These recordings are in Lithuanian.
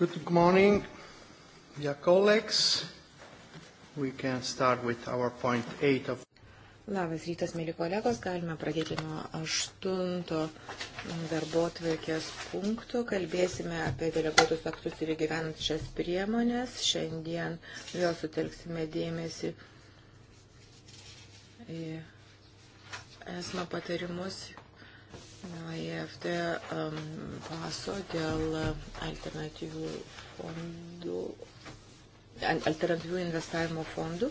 Good morning, dear colleagues. We can start with our point 8 of. Labas rytas, mėly kolegos, galime pradėti nuo aštunto darbo tvarkės punktų. Kalbėsime apie deleguotus aktus ir gyvenančias priemonės. Šiandien vėl sutelksime dėmesį į esmą patarimus EFT um, paso dėl uh, alternatyvių fondų, alternatyvių investavimo fondų.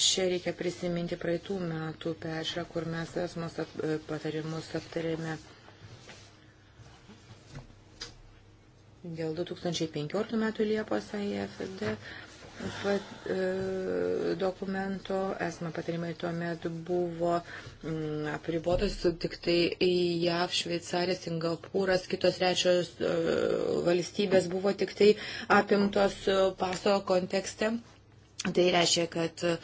Čia reikia prisiminti praeitų metų peržiūrą, kur mes esmos e, patarimus aptarėme dėl 2015 metų Liepos AFD. E pat, e, dokumento, esame patarimai tuo metu buvo m, mm, apribotas tik tai JAV, Šveicarija, Singapūras, kitos rečios e, valstybės buvo tik tai apimtos e, paso kontekste. Tai reiškia, kad e,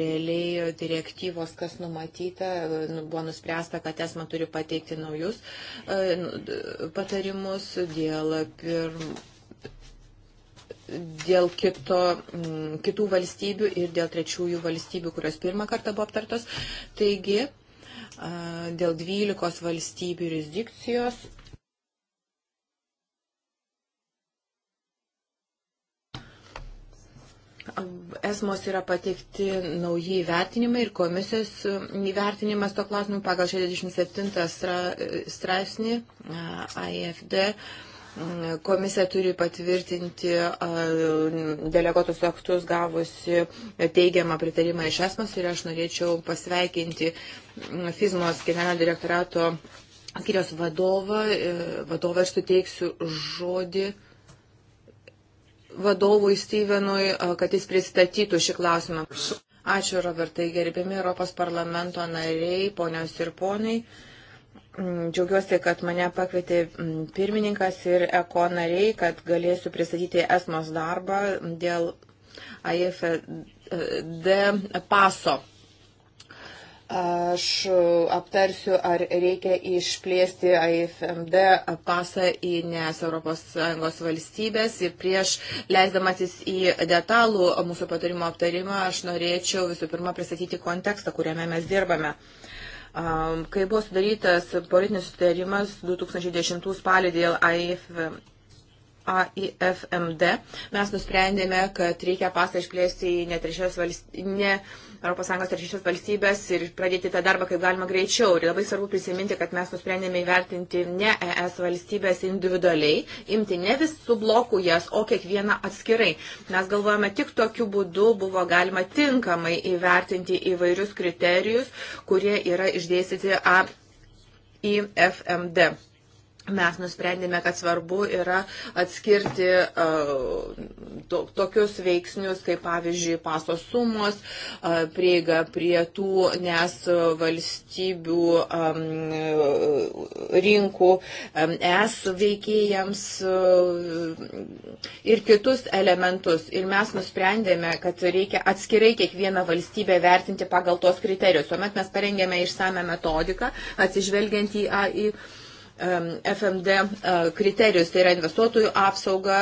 realiai direktyvos, kas numatyta, nu, buvo nuspręsta, kad esma turi pateikti naujus e, patarimus dėl pirmo dėl kito, mm, kitų valstybių ir dėl trečiųjų valstybių, kurios pirmą kartą buvo aptartos. Taigi, dėl 12 valstybių jurisdikcijos Esmos yra pateikti nauji įvertinimai ir komisijos e, įvertinimas to klausimu pagal 67 e, straipsnį AFD Komisija turi patvirtinti deleguotus aktus gavusi teigiamą pritarimą iš esmos ir aš norėčiau pasveikinti FIZMOS generalinio direktorato skiriaus vadovą. E, vadovą aš suteiksiu žodį vadovui Stevenui, kad jis pristatytų šį klausimą. Ačiū, Robertai, gerbiami Europos parlamento nariai, ponios ir ponai. Mm, džiaugiuosi, kad mane pakvietė mm, pirmininkas ir eko nariai, kad galėsiu pristatyti esmos darbą dėl AFD paso. Aš aptarsiu, ar reikia išplėsti AFMD pasą į nes ES valstybės. Ir prieš leisdamasis į detalų mūsų patarimo aptarimą, aš norėčiau visų pirma pristatyti kontekstą, kuriame mes dirbame. Uh, Kai buvo sudarytas politinis sutarimas 2010 spalį dėl AIF AIFMD, mes nusprendėme, kad reikia pasą išplėsti į netrišias valstybės, ne ES trečiosios valstybės ir pradėti tą darbą kaip galima greičiau. Ir labai svarbu prisiminti, kad mes nusprendėme įvertinti ne ES valstybės individualiai, imti ne visų blokų jas, o kiekvieną atskirai. Mes galvojame, tik tokiu būdu buvo galima tinkamai įvertinti įvairius kriterijus, kurie yra išdėstyti AIFMD mes nusprendėme, kad svarbu yra atskirti uh, to, tokius veiksnius, kaip pavyzdžiui paso sumos, uh, prieiga prie tų nes valstybių um, rinkų um, es veikėjams uh, ir kitus elementus. Ir mes nusprendėme, kad reikia atskirai kiekvieną valstybę vertinti pagal tos kriterijus. Tuomet mes parengėme išsame metodiką, atsižvelgiant į, į, į FMD kriterijus, tai yra investuotojų apsaugą,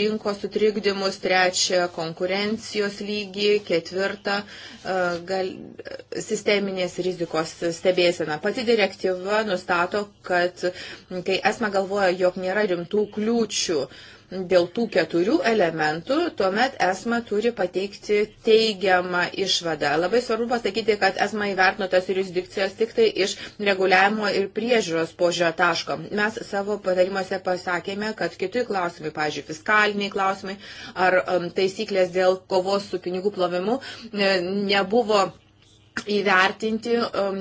rinkos sutrikdymus, trečią konkurencijos lygį, ketvirtą gal, sisteminės rizikos stebėseną. Pati direktyva nustato, kad kai esame galvoja, jog nėra rimtų kliūčių, dėl tų keturių elementų, tuomet esma turi pateikti teigiamą išvadą. Labai svarbu pasakyti, kad esma įvertino tas jurisdikcijas tik tai iš reguliavimo ir priežiūros požiūrio taško. Mes savo patarimuose pasakėme, kad kiti klausimai, pavyzdžiui, fiskaliniai klausimai ar um, taisyklės dėl kovos su pinigų plovimu ne, nebuvo įvertinti um,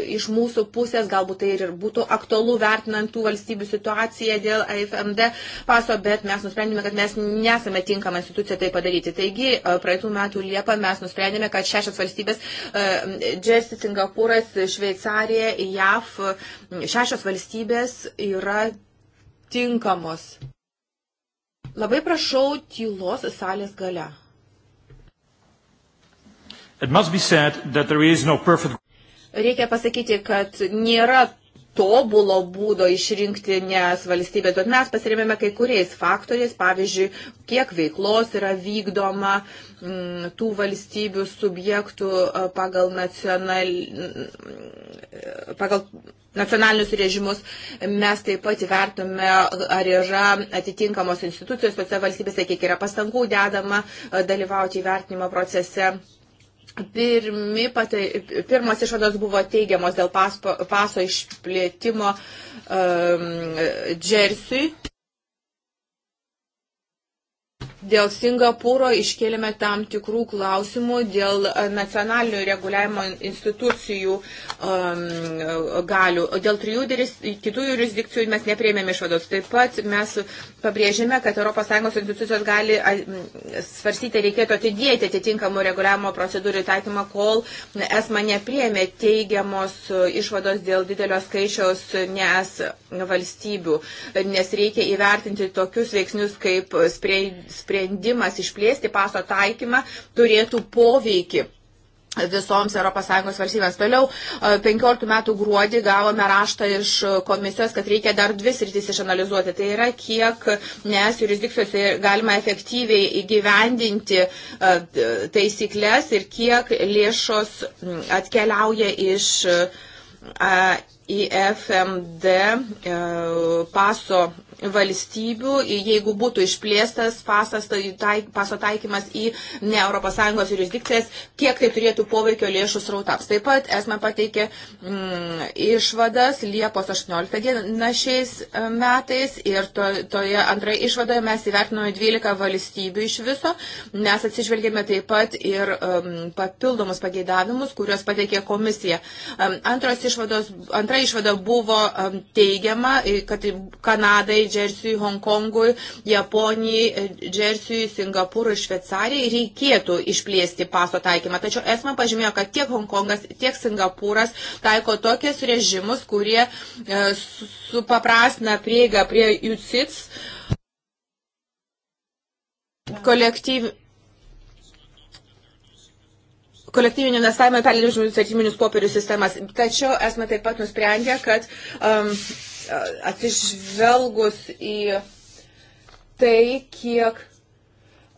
iš mūsų pusės, galbūt tai ir būtų aktualu vertinant tų valstybių situaciją dėl AFMD paso, bet mes nusprendėme, kad mes nesame tinkama institucija tai padaryti. Taigi, uh, praeitų metų Liepą mes nusprendėme, kad šešias valstybės, uh, Džesi, Singapūras, Šveicarija, JAF, uh, šešios valstybės yra tinkamos. Labai prašau tylos salės gale. No perfect... Reikia pasakyti, kad nėra tobulo būdo išrinkti nes valstybė, bet mes pasirėmėme kai kuriais faktoriais, pavyzdžiui, kiek veiklos yra vykdoma m, mm, tų valstybių subjektų pagal, nacional, pagal nacionalinius režimus. Mes taip pat įvertume, ar yra atitinkamos institucijos tose valstybėse, kiek yra pastangų dedama dalyvauti įvertinimo procese. Pirmi, patai, pirmas išvados buvo teigiamos dėl paspo, paso išplėtimo um, Džersiui. Dėl Singapūro iškėlėme tam tikrų klausimų dėl e, nacionalinių reguliavimo institucijų um, galių. Dėl trijų diris, kitų jurisdikcijų mes neprieimėme išvados. Taip pat mes pabrėžėme, kad ES institucijos gali svarstyti, reikėtų atidėti atitinkamų reguliavimo procedūrų taikymą, kol esma neprieėmė teigiamos išvados dėl didelio skaičiaus nes valstybių, nes reikia įvertinti tokius veiksnius kaip sprei, sprei sprendimas išplėsti paso taikymą turėtų poveikį visoms ES valstybėms. Toliau 15 e, metų gruodį gavome raštą iš komisijos, kad reikia dar dvi sritis išanalizuoti. Tai yra, kiek nes jurisdikcijose galima efektyviai įgyvendinti e, taisyklės ir kiek lėšos atkeliauja iš e, IFMD paso valstybių, jeigu būtų išplėstas pasas, tai, tai- paso taikymas į ne ES jurisdikcijas, kiek tai turėtų poveikio lėšų srautams. Taip pat esame pateikę mm, išvadas Liepos 18 dieną šiais e, metais ir to, toje antroje išvadoje mes įvertinome 12 valstybių iš viso, nes atsižvelgėme taip pat ir mm, papildomus pageidavimus, kuriuos pateikė komisija. Antros išvados, antra išvada buvo teigiama, kad Kanadai, Džersiui, Hongkongui, Japonijai, Džersiui, Singapūrui ir Šveicarijai reikėtų išplėsti paso taikymą. Tačiau esmė pažymėjo, kad tiek Hongkongas, tiek Singapūras taiko tokius režimus, kurie e, supaprastina prieigą prie UCITS kolektyv, kolektyvinio investavimo į perleidžiamus vertybinius popierių sistemas. Tačiau esame taip pat nusprendę, kad um, atsižvelgus į tai, kiek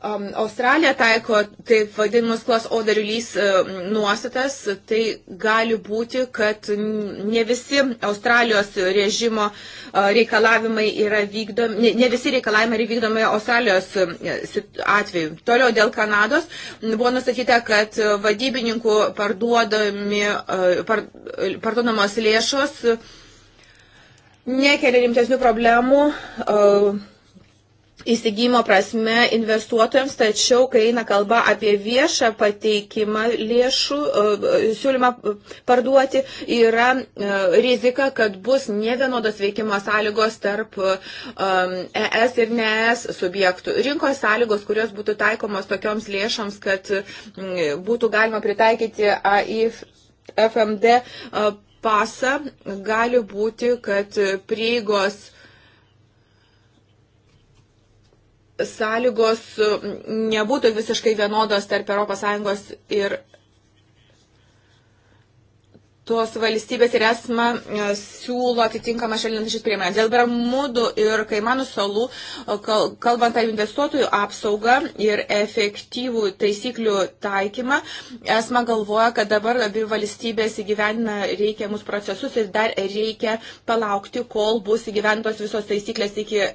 um, Australija taiko taip vadinimus klas oderlys um, e, nuostatas, tai gali būti, kad ne visi Australijos režimo uh, reikalavimai yra vykdomi, ne, ne visi reikalavimai yra vykdomi Australijos e, atveju. Toliau dėl Kanados buvo nustatyta, kad vadybininkų parduodami, uh, par, parduodamos lėšos uh, nekelia rimtesnių problemų. Uh, e, įsigymo prasme investuotojams, tačiau kai eina kalba apie viešą pateikimą lėšų, e, siūlymą parduoti, yra e, rizika, kad bus nevienodos veikimo sąlygos tarp ES ir ne ES subjektų. Rinkos sąlygos, kurios būtų taikomos tokioms lėšoms, kad būtų galima pritaikyti AIF FMD pasą, gali būti, kad prieigos sąlygos nebūtų visiškai vienodos tarp ES ir tos valstybės ir esma e, siūlo atitinkamą šalinančias priemonės. Dėl Bermudų ir Kaimanų salų, kalbant apie investuotojų apsaugą ir efektyvų taisyklių taikymą, esma galvoja, kad dabar abi valstybės įgyvenina reikiamus procesus ir dar reikia palaukti, kol bus įgyventos visos taisyklės iki e,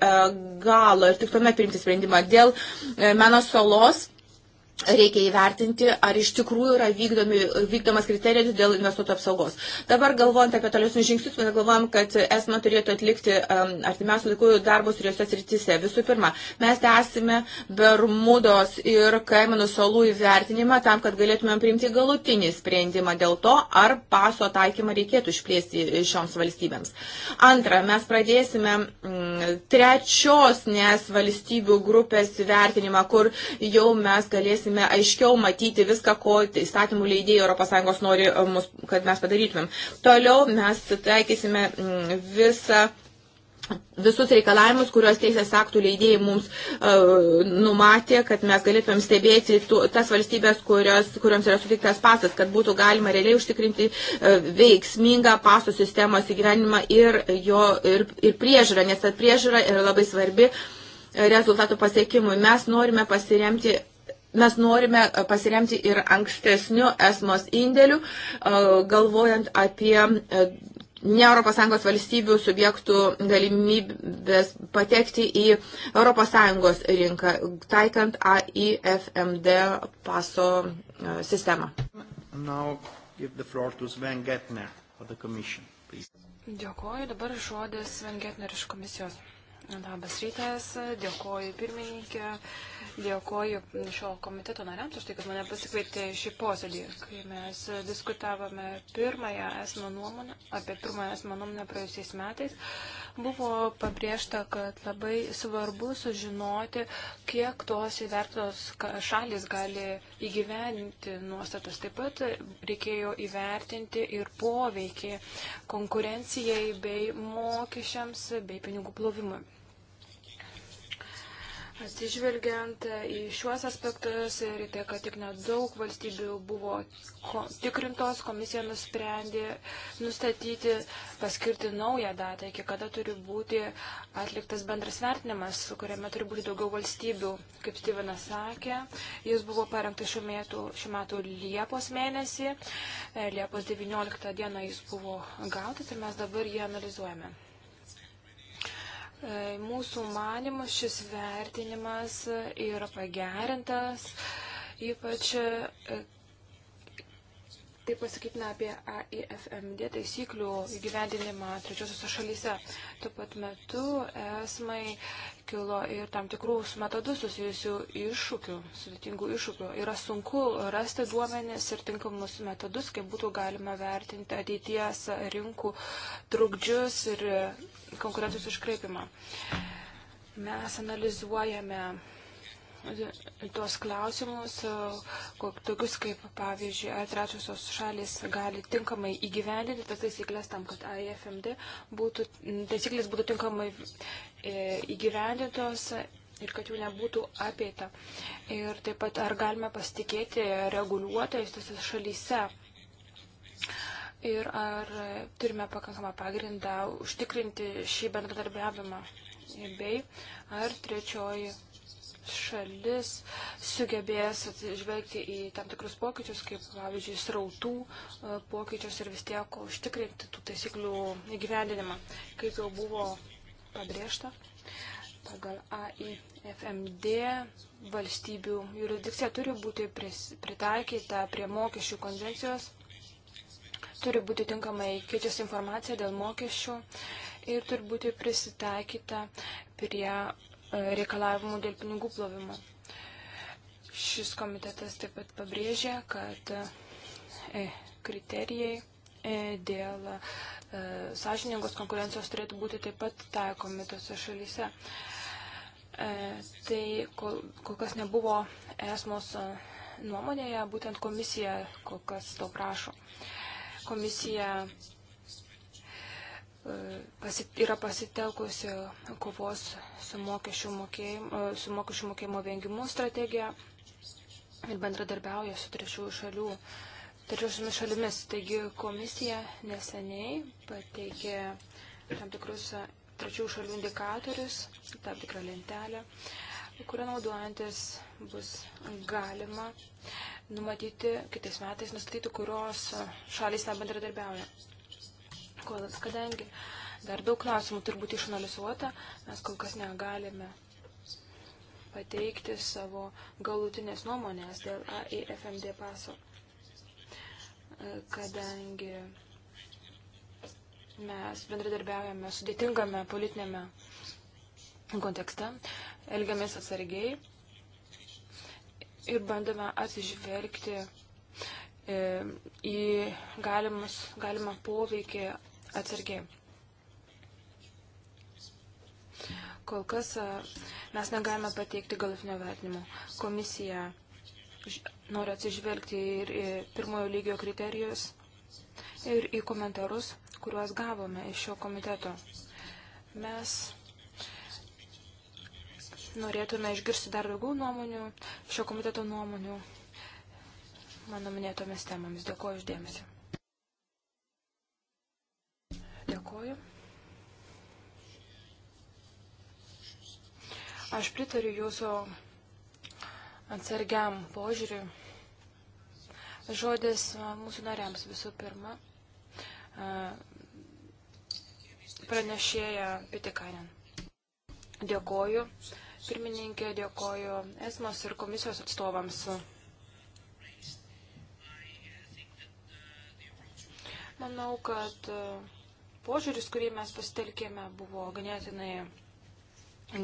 galo ir tik tuomet priimti sprendimą. Dėl e, meno salos reikia įvertinti, ar iš tikrųjų yra vykdomi, vykdomas kriterijus dėl investuotojų apsaugos. Dabar galvojant apie tolesnius žingsnius, mes galvojam, kad esma turėtų atlikti um, artimiausių laikų darbus trijose srityse. Visų pirma, mes tęsime Bermudos ir Kaimanų salų įvertinimą tam, kad galėtumėm priimti galutinį sprendimą dėl to, ar paso taikymą reikėtų išplėsti šioms valstybėms. Antra, mes pradėsime mm, trečios nes valstybių grupės įvertinimą, kur jau mes galėsime galėsime aiškiau matyti viską, ko įstatymų leidėjai ES nori, e, kad mes padarytumėm. Toliau mes taikysime mm, visą visus reikalavimus, kuriuos teisės aktų leidėjai mums uh, numatė, kad mes galėtumėm stebėti tu, tas valstybės, kurios, kuriuoms yra suteiktas pasas, kad būtų galima realiai užtikrinti uh, veiksmingą pasų sistemos įgyvenimą ir, jo, ir, ir priežiūrą, nes ta priežiūra yra labai svarbi rezultatų pasiekimui. Mes norime pasiremti Mes norime e, pasiremti ir ankstesniu esmos indėliu, e, galvojant apie e, ne ES valstybių subjektų galimybės patekti į ES rinką, taikant AIFMD paso sistemą. Dėkuoju, dabar žodis Sven Getner iš komisijos. Labas rytas, dėkoju pirmininkė, dėkoju šio komiteto nariams už tai, kad mane pasikvietė šį posėdį, kai mes diskutavome pirmąją esmą nuomonę, apie pirmąją esmą nuomonę praėjusiais metais. Buvo pabrėžta, kad labai svarbu sužinoti, kiek tos įvertos šalis gali įgyveninti nuostatas. Taip pat reikėjo įvertinti ir poveikį konkurencijai bei mokesčiams bei pinigų plovimui. Atsižvelgiant į šiuos aspektus ir į tai, kad tik nedaug valstybių buvo tikrintos, komisija nusprendė nustatyti, paskirti naują datą, iki kada turi būti atliktas bendras vertinimas, kuriame turi būti daugiau valstybių, kaip Stevenas sakė. Jis buvo parengtas šiuo metu, šiuo metu Liepos mėnesį. E, Liepos 19 dieną jis buvo gautas ir mes dabar jį analizuojame. E, mūsų manimas šis vertinimas yra pagerintas, ypač e, Tai pasakytina apie AIFMD taisyklių įgyvendinimą trečiosiuose šalyse. Tuo pat metu esmai kilo ir tam tikrų su metodu susijusių iššūkių, sudėtingų iššūkių. Yra sunku rasti duomenis ir tinkamus metodus, kaip būtų galima vertinti ateities rinkų trukdžius ir konkurentus iškreipimą. Mes analizuojame tuos klausimus, e, tokius kaip, pavyzdžiui, ar trečiosios šalis gali tinkamai įgyvendinti tas taisyklės tam, kad AIFMD būtų, taisyklės būtų tinkamai e, įgyvendintos ir kad jų nebūtų apeita. Ir taip pat, ar galime pasitikėti reguliuotojais tose šalyse. Ir ar turime pakankamą pagrindą užtikrinti šį bendradarbiavimą. Bei ar trečioji šalis sugebės atsižvelgti į tam tikrus pokyčius, kaip pavyzdžiui, srautų e, pokyčius ir vis tiek užtikrinti tų taisyklių įgyvendinimą, kaip jau buvo pabrėžta. Pagal AIFMD valstybių jurisdikcija turi būti pritaikyta prie mokesčių konvencijos, turi būti tinkamai keičiasi informacija dėl mokesčių ir turi būti prisitaikyta prie reikalavimų dėl pinigų plovimo. Šis komitetas taip pat pabrėžė, kad e, kriterijai e, dėl e, sąžiningos konkurencijos turėtų būti taip pat taikomi tose šalyse. Tai kol, kol kas nebuvo esmos nuomonėje, būtent komisija kol kas to prašo. Komisija yra pasitelkusi kovos su mokesčių mokėjimo, e, su mokesčių mokėjimo vengimu strategiją ir bendradarbiauja su trečiųjų šalių. Trečiosiomis šalimis. Taigi komisija neseniai pateikė tam tikrus trečiųjų šalių indikatorius, tam tikrą lentelę, kurią naudojantis bus galima numatyti kitais metais, nustatyti, kurios šalys nebendradarbiauja kadangi dar daug klausimų turi būti išanalizuota, mes kol kas negalime pateikti savo galutinės nuomonės dėl AIFMD paso, e, kadangi mes bendradarbiaujame sudėtingame politinėme kontekste, elgiamės atsargiai ir bandome atsižvelgti e, į galimus, galimą poveikį atsargiai. Kol kas mes negalime pateikti galutinio vertinimo. Komisija nori atsižvelgti ir į pirmojo lygio kriterijus, ir į komentarus, kuriuos gavome iš šio komiteto. Mes norėtume išgirsti dar daugiau nuomonių, šio komiteto nuomonių, mano minėtomis temomis. Dėkuoju uždėmesi. Dėkoju. Aš pritariu jūsų atsargiam požiūriui. Žodis mūsų nariams visų pirma. Pranešėja Pitikanin. Dėkoju. Pirmininkė, dėkoju esmos ir komisijos atstovams. Manau, kad uh, požiūris, kurį mes pasitelkėme, buvo ganėtinai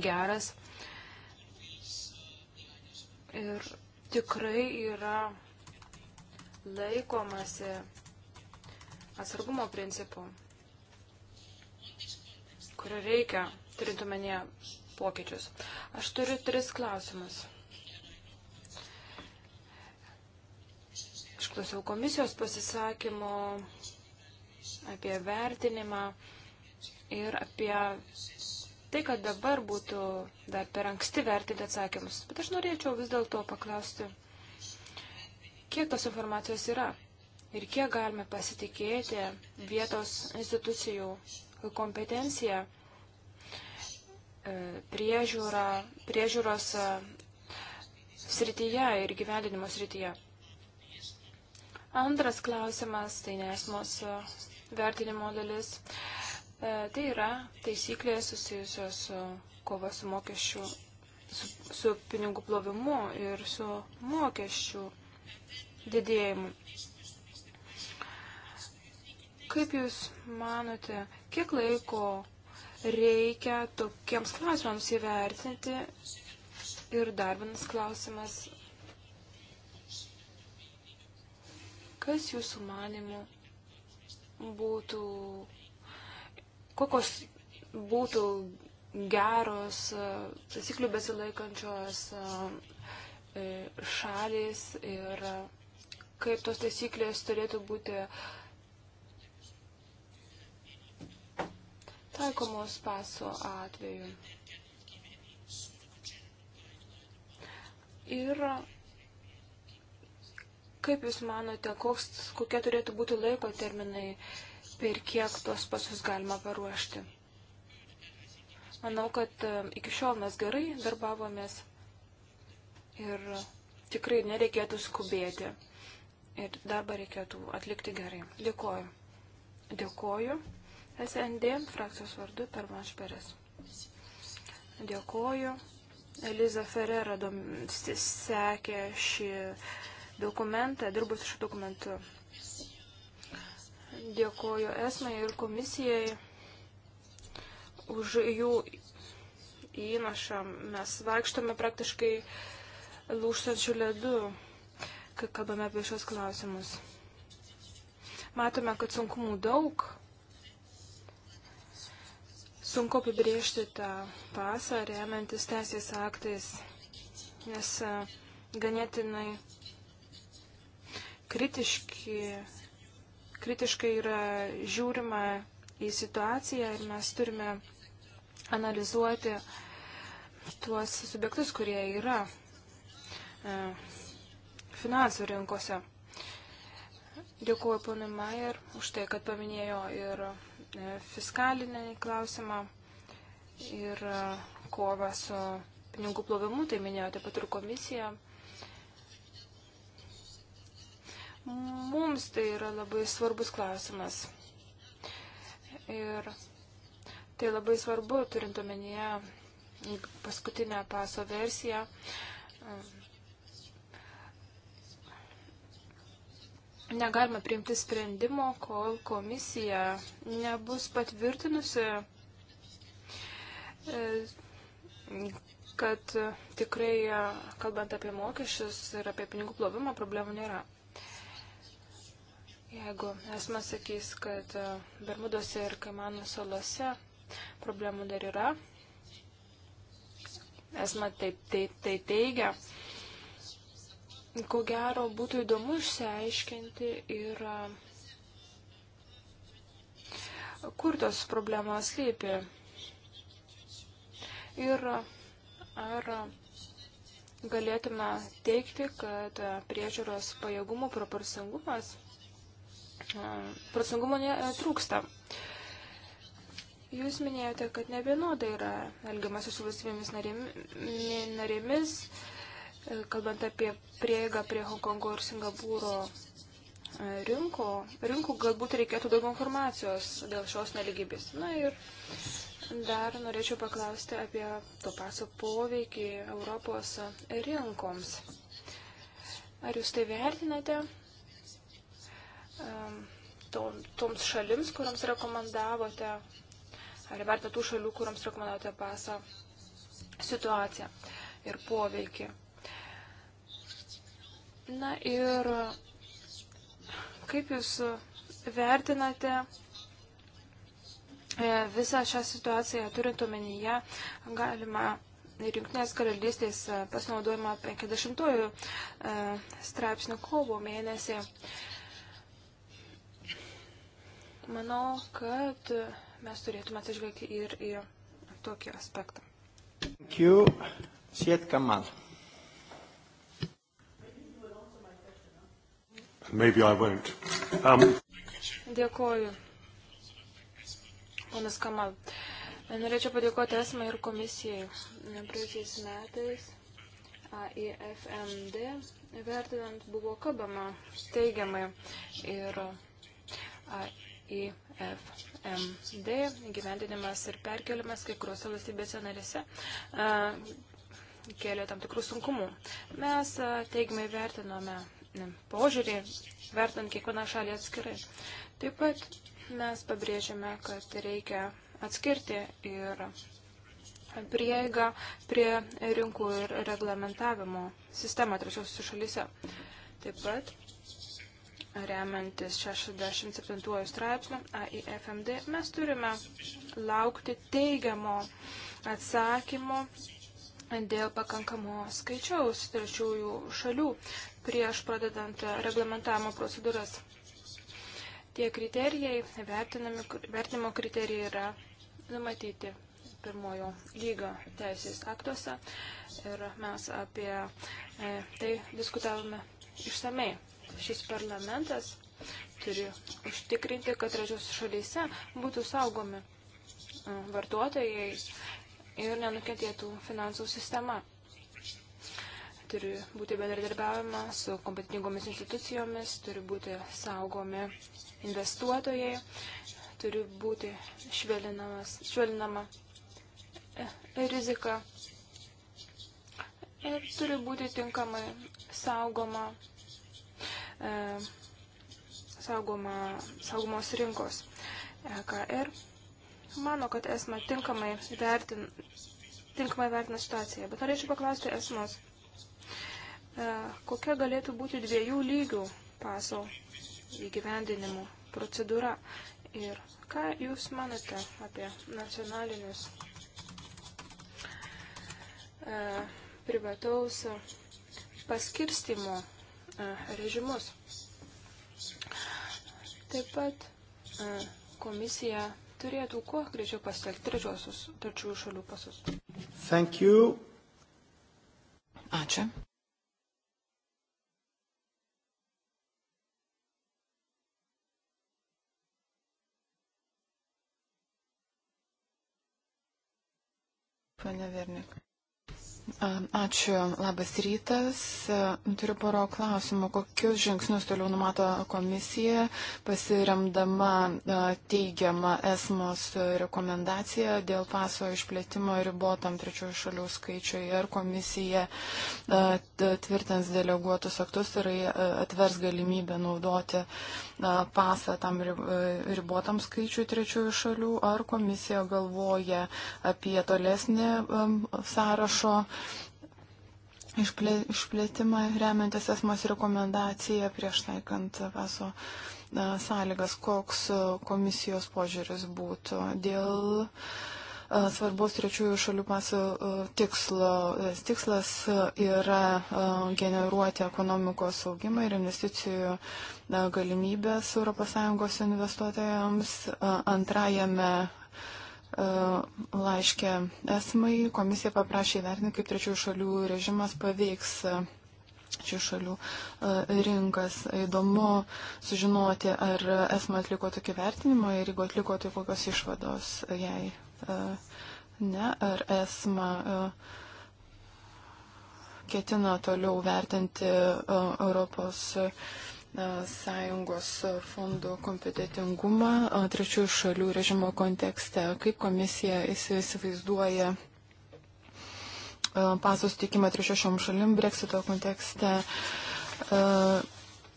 geras. Ir tikrai yra laikomasi atsargumo principų, kurio reikia, turint omenyje pokyčius. Aš turiu tris klausimus. Išklausiau komisijos pasisakymo apie vertinimą ir apie tai, kad dabar būtų dar per anksti vertinti atsakymus. Bet aš norėčiau vis dėlto paklausti, kiek tos informacijos yra ir kiek galime pasitikėti vietos institucijų kompetenciją, e, priežiūrą, priežiūros e, srityje ir gyvendinimo srityje. Antras klausimas, tai nesmos vertinimo dalis. E, tai yra taisyklės susijusios su kova su mokesčių, su, su pinigų plovimu ir su mokesčių didėjimu. Kaip Jūs manote, kiek laiko reikia tokiems klausimams įvertinti ir dar vienas klausimas. Kas Jūsų manimų būtų, kokios būtų geros, e, taisyklių besilaikančios e, e, šalis ir kaip tos taisyklės turėtų būti taikomos paso atveju. Ir Kaip Jūs manote, koks, kokie turėtų būti laiko terminai, per kiek tuos pasus galima paruošti? Manau, kad e, iki šiol mes gerai darbavomės ir tikrai nereikėtų skubėti. Ir darbą reikėtų atlikti gerai. Dėkoju. Dėkoju. SND frakcijos vardu Pervanš Peres. Dėkoju. Eliza Ferrera sekė šį dokumentą, dirbu su šiuo dokumentu. Dėkoju esmai ir komisijai už jų įnašą. Mes vaikštome praktiškai lūštančių ledų, kai kalbame apie šios klausimus. Matome, kad sunkumų daug. Sunku apibriežti tą pasą remiantis teisės aktais, nes e, ganėtinai kritiški, kritiškai yra žiūrima į situaciją ir mes turime analizuoti tuos subjektus, kurie yra e, finansų rinkose. Dėkuoju ponui Mayer už tai, kad paminėjo ir e, fiskalinį klausimą ir e, kovą su pinigų plovimu, tai minėjo taip pat ir komisija. Mums tai yra labai svarbus klausimas. Ir tai labai svarbu, turint omenyje paskutinę paso versiją. Negalime priimti sprendimo, kol komisija nebus patvirtinusi e, kad tikrai, kalbant apie mokesčius ir apie pinigų plovimą, problemų nėra. Jeigu esmė sakys, kad e, Bermuduose ir Kaimanų salose problemų dar yra, esmė taip, taip, taip teigia, ko gero būtų įdomu išsiaiškinti ir e, kur tos problemos lypi. Ir ar galėtume teikti, kad e, priežiūros pajėgumų proporcingumas procingumo trūksta. Jūs minėjote, kad nevienodai yra elgiamasi su valstybėmis narėmis, kalbant apie prieigą prie Hongkongo ir Singapūro e, rinkų. Rinkų galbūt reikėtų daugiau informacijos dėl šios neligybės. Na ir dar norėčiau paklausti apie to paso poveikį Europos rinkoms. Ar jūs tai vertinate? toms šalims, kuriams rekomendavote, ar įvertinate tų šalių, kuriams rekomendavote pasą situaciją ir poveikį. Na ir kaip Jūs vertinate e, visą šią situaciją, turint omenyje, galima ir Junktinės karalystės e, pasinaudojimą 50 e, straipsnių kovo mėnesį. Manau, kad mes turėtume atsižvelgti ir į tokį aspektą. Thank you. Siet Kamal. Maybe I won't. Um... Dėkoju. Ponas Kamal. Norėčiau padėkoti esmai ir komisijai. Praėjusiais metais AIFMD vertinant buvo kalbama teigiamai ir į FMD, gyvendinimas ir perkeliamas kai kuriuose valstybėse narėse kėlė tam tikrų sunkumų. Mes teigiamai vertinome požiūrį, vertant kiekvieną šalį atskirai. Taip pat mes pabrėžiame, kad reikia atskirti ir prieigą prie rinkų ir reglamentavimo sistemą trečiosios šalyse. Taip pat remiantis 67 straipsnių AIFMD, mes turime laukti teigiamo atsakymo dėl pakankamo skaičiaus trečiųjų šalių prieš pradedant reglamentavimo procedūras. Tie kriterijai, vertinimo kriterijai yra numatyti pirmojo lygio teisės aktuose ir mes apie e, tai diskutavome išsamei šis parlamentas turi užtikrinti, kad trečios šalyse būtų saugomi e, vartotojai ir nenukentėtų finansų sistema. Turi būti bendradarbiavima su kompetingomis institucijomis, turi būti saugomi investuotojai, turi būti švelinama e, rizika ir turi būti tinkamai saugoma E, saugoma, saugomos rinkos EKR. Mano, kad esma tinkamai, vertin, tinkamai vertina situaciją, bet norėčiau paklausti esmos, e, kokia galėtų būti dviejų lygių paso įgyvendinimo procedūra ir ką jūs manote apie nacionalinius e, privataus paskirstimo E, režimus. Taip pat e, komisija turėtų kuo greičiau pasiekti trečiosius trečiųjų šalių pasus. Thank you. Ačiū. Pane Vernik. Ačiū, labas rytas. Turiu poro klausimų. Kokius žingsnius toliau numato komisija, pasiremdama teigiamą esmos rekomendaciją dėl paso išplėtimo ribotam trečiųjų šalių skaičiui? Ar komisija tvirtins deleguotus aktus ir atvers galimybę naudoti pasą tam ribotam skaičiui trečiųjų šalių? Ar komisija galvoja apie tolesnį sąrašo? išplėtimą remiantis esmos rekomendacija prieš taikant vaso sąlygas, koks komisijos požiūris būtų dėl svarbos trečiųjų šalių paso tikslo. Tikslas yra generuoti ekonomikos augimą ir investicijų galimybės ES investuotojams. Antrajame E, laiškė esmai komisija paprašė įvertinti, kaip trečiųjų šalių režimas paveiks šių e, šalių e, rinkas. Įdomu sužinoti, ar esmą atliko tokį vertinimą ir jeigu atliko, tai kokios išvados jai. Ne, ar esmą ketina toliau vertinti Europos. Uh, sąjungos fondų kompetitingumą trečiųjų šalių režimo kontekste. Kaip komisija įsivaizduoja paso sutikimą trečiosiom šalim breksito kontekste?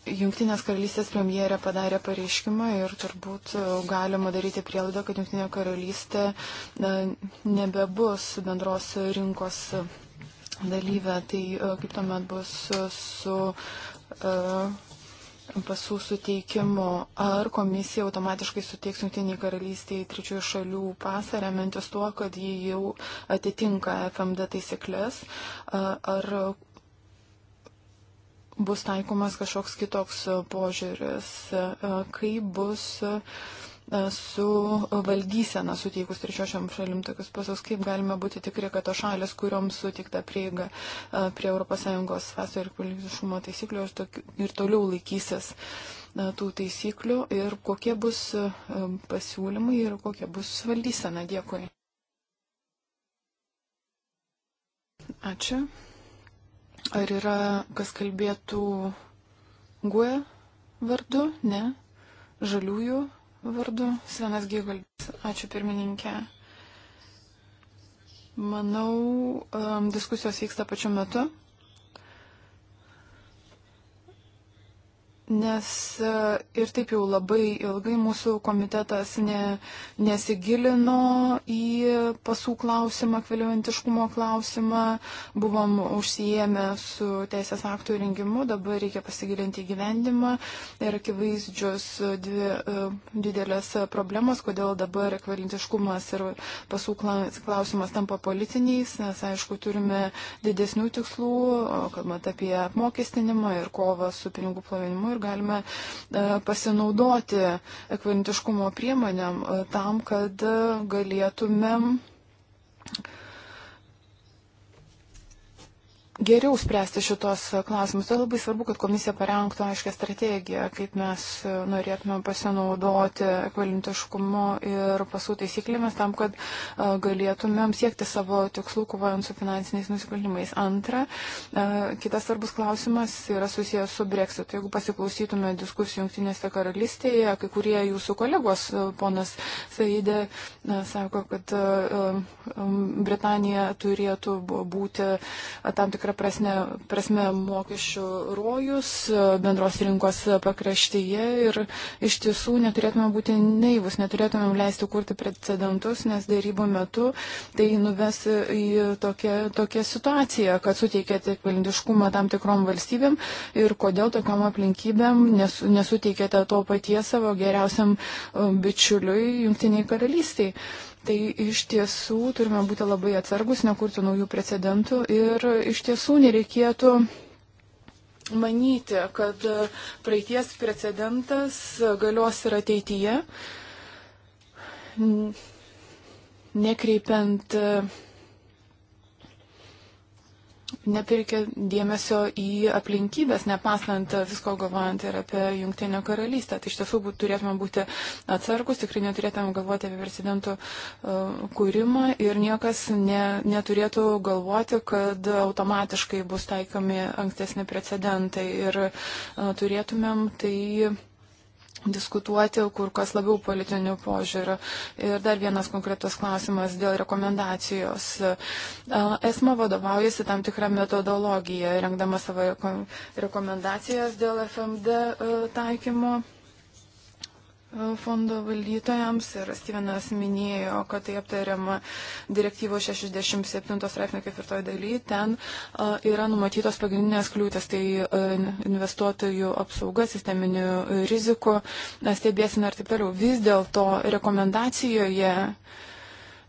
Junktinės karalystės premjerė padarė pareiškimą ir turbūt galima daryti prielaidą, kad Junktinė karalystė nebebus bendros rinkos dalyvė. Tai kaip tuomet bus su pasų suteikimo, ar komisija automatiškai suteiks Junktiniai karalystiai trečiųjų šalių pasą, remiantis tuo, kad jie jau atitinka FMD taisyklės, ar bus taikomas kažkoks kitoks požiūris, kaip bus E, su valdysena suteikus trečiošiam šalim tokius pasus, kaip galime būti tikri, kad tos šalis, kuriuoms suteikta prieiga e, prie ES vasto ir kvalifikumo taisyklių ir toliau laikysis e, tų taisyklių ir kokie bus pasiūlymai ir kokia bus valdysena. Dėkui. Ačiū. Ar yra kas kalbėtų GUE vardu? Ne. Žaliųjų vardu Svenas Gygolis. Ačiū pirmininkė. Manau, diskusijos vyksta pačiu metu. nes e, ir taip jau labai ilgai mūsų komitetas ne, nesigilino į pasų klausimą, kvaliojantiškumo klausimą, buvom užsijėmę su teisės aktų rengimu, dabar reikia pasigilinti į gyvendimą ir akivaizdžios dvi e, didelės problemos, kodėl dabar kvaliojantiškumas ir pasų klausimas tampa politiniais, nes aišku turime didesnių tikslų, kalbant apie apmokestinimą ir kovą su pinigų plovinimu ir galime e, pasinaudoti ekvivalentiškumo priemonėm e, tam, kad e, galėtumėm geriau spręsti šitos klausimus. Tai labai svarbu, kad komisija parengtų aiškę strategiją, kaip mes norėtume pasinaudoti ekvalintiškumu ir pasų taisyklėmis tam, kad galėtumėm siekti savo tikslų, kovojant su finansiniais nusikaltimais. Antra, kitas svarbus klausimas yra susijęs su breksitu. Jeigu pasiklausytume diskusijų Junktinėse karalystėje, kai kurie jūsų kolegos, ponas Saidė, sako, kad Britanija turėtų būti tam tikrą tikrą prasme, prasme mokesčių rojus e, bendros rinkos pakraštyje ir iš tiesų neturėtume būti naivus, neturėtume leisti kurti precedentus, nes dėrybo metu tai nuves į tokią, tokią situaciją, kad suteikia tik valindiškumą tam tikrom valstybėm ir kodėl tokiam aplinkybėm nes, nesuteikėte to paties savo geriausiam e, bičiuliui Junktiniai karalystiai. Tai iš tiesų turime būti labai atsargus, nekurti naujų precedentų ir iš tiesų nereikėtų manyti, kad praeities precedentas galios ir ateityje, nekreipiant nepirkė dėmesio į aplinkybės, nepasnant visko galvojant ir apie Junktinę karalystę. Tai iš tiesų būt, turėtume būti atsargus, tikrai neturėtume galvoti apie precedentų uh, e, kūrimą ir niekas ne, neturėtų galvoti, kad automatiškai bus taikomi ankstesni precedentai ir uh, turėtumėm tai diskutuoti, kur kas labiau politinių požiūrių. Ir dar vienas konkretus klausimas dėl rekomendacijos. ESMA vadovaujasi tam tikrą metodologiją, rengdama savo rekomendacijas dėl FMD e, taikymo fondo valdytojams ir Stevenas minėjo, kad tai aptariama direktyvo 67 straipsnio ketvirtoje dalyje. Ten yra numatytos pagrindinės kliūtis, tai investuotojų apsauga, sisteminių rizikų, stebėsime ir taip toliau. Vis dėlto rekomendacijoje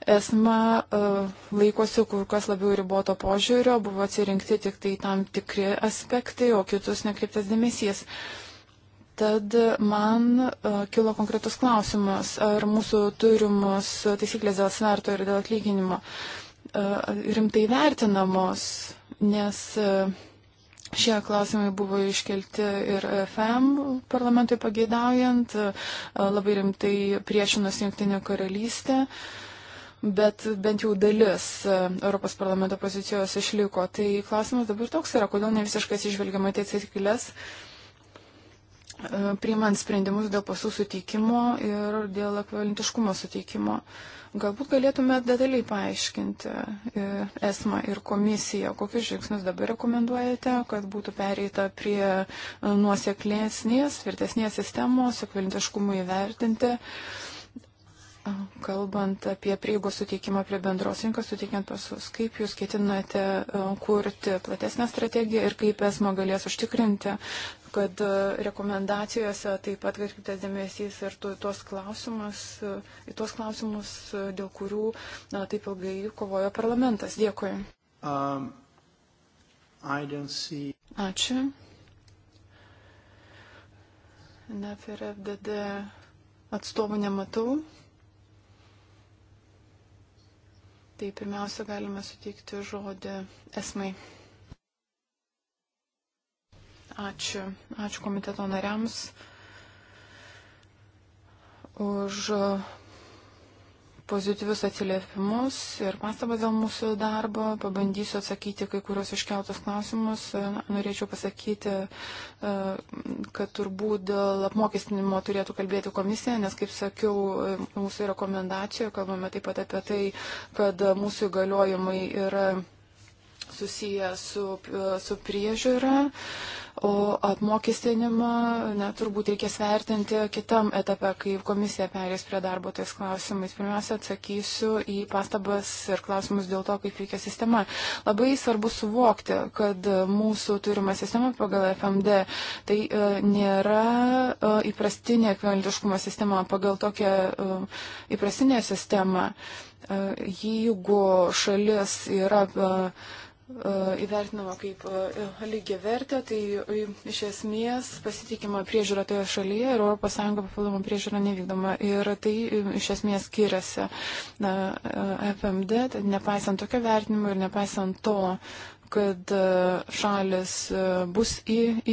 esma laikosi kur kas labiau riboto požiūrio, buvo atsirinkti tik tai tam tikri aspektai, o kitus nekreiptas dėmesys. Uh, Tad man e, kilo konkretus klausimas, ar mūsų turimus taisyklės dėl sverto ir dėl atlyginimo e, rimtai vertinamos, nes e, šie klausimai buvo iškelti ir FM parlamentui pageidaujant, labai rimtai priešinus Junktinė karalystė bet bent jau dalis Europos parlamento pozicijos išliko. Tai klausimas dabar toks yra, kodėl ne visiškai atsižvelgiama tiek atsiklės E, priimant sprendimus dėl pasų suteikimo ir dėl ekvivalentiškumo suteikimo. Galbūt galėtume detaliai paaiškinti e, esmą ir komisiją, kokius žingsnius dabar rekomenduojate, kad būtų pereita prie e, nuoseklėsnės, tvirtesnės sistemos, ekvivalentiškumui įvertinti. Uh, kalbant apie prieigos suteikimą prie bendros rinkos, suteikiant pasus, kaip jūs ketinate e, kurti platesnę strategiją ir kaip esmo galės užtikrinti, kad e, rekomendacijose taip pat atkreiptas dėmesys ir tuos klausimus, į e, tuos klausimus, dėl kurių na, taip ilgai kovojo parlamentas. Dėkui. Um, see... Ačiū. Na, per FDD atstovų nematau. tai pirmiausia galime suteikti žodį esmai. Ačiū. Ačiū komiteto nariams už pozityvius atsiliepimus ir pastabas dėl mūsų darbo. Pabandysiu atsakyti kai kurios iškeltos klausimus. Na, norėčiau pasakyti, e, kad turbūt dėl apmokestinimo turėtų kalbėti komisija, nes, kaip sakiau, mūsų rekomendacijoje kalbame taip pat apie tai, kad mūsų įgaliojimai yra susiję su, e, su priežiūra. Uh, o apmokestinimą na, turbūt reikės vertinti kitam etape, kai komisija perės prie darbo tais klausimais. Pirmiausia, atsakysiu į pastabas ir klausimus dėl to, kaip veikia sistema. Labai svarbu suvokti, kad mūsų turima sistema pagal FMD tai e, nėra e, įprastinė ekvivalentiškumo sistema pagal tokią e, įprastinę sistemą. E, jeigu šalis yra. E, E, įvertinama kaip e, lygia vertė, tai e, iš esmės pasitikima priežiūra toje šalyje ir ES papildoma priežiūra nevykdoma. Ir tai iš esmės skiriasi na, FMD, tai nepaisant tokio vertinimo ir nepaisant to, kad e, šalis e, bus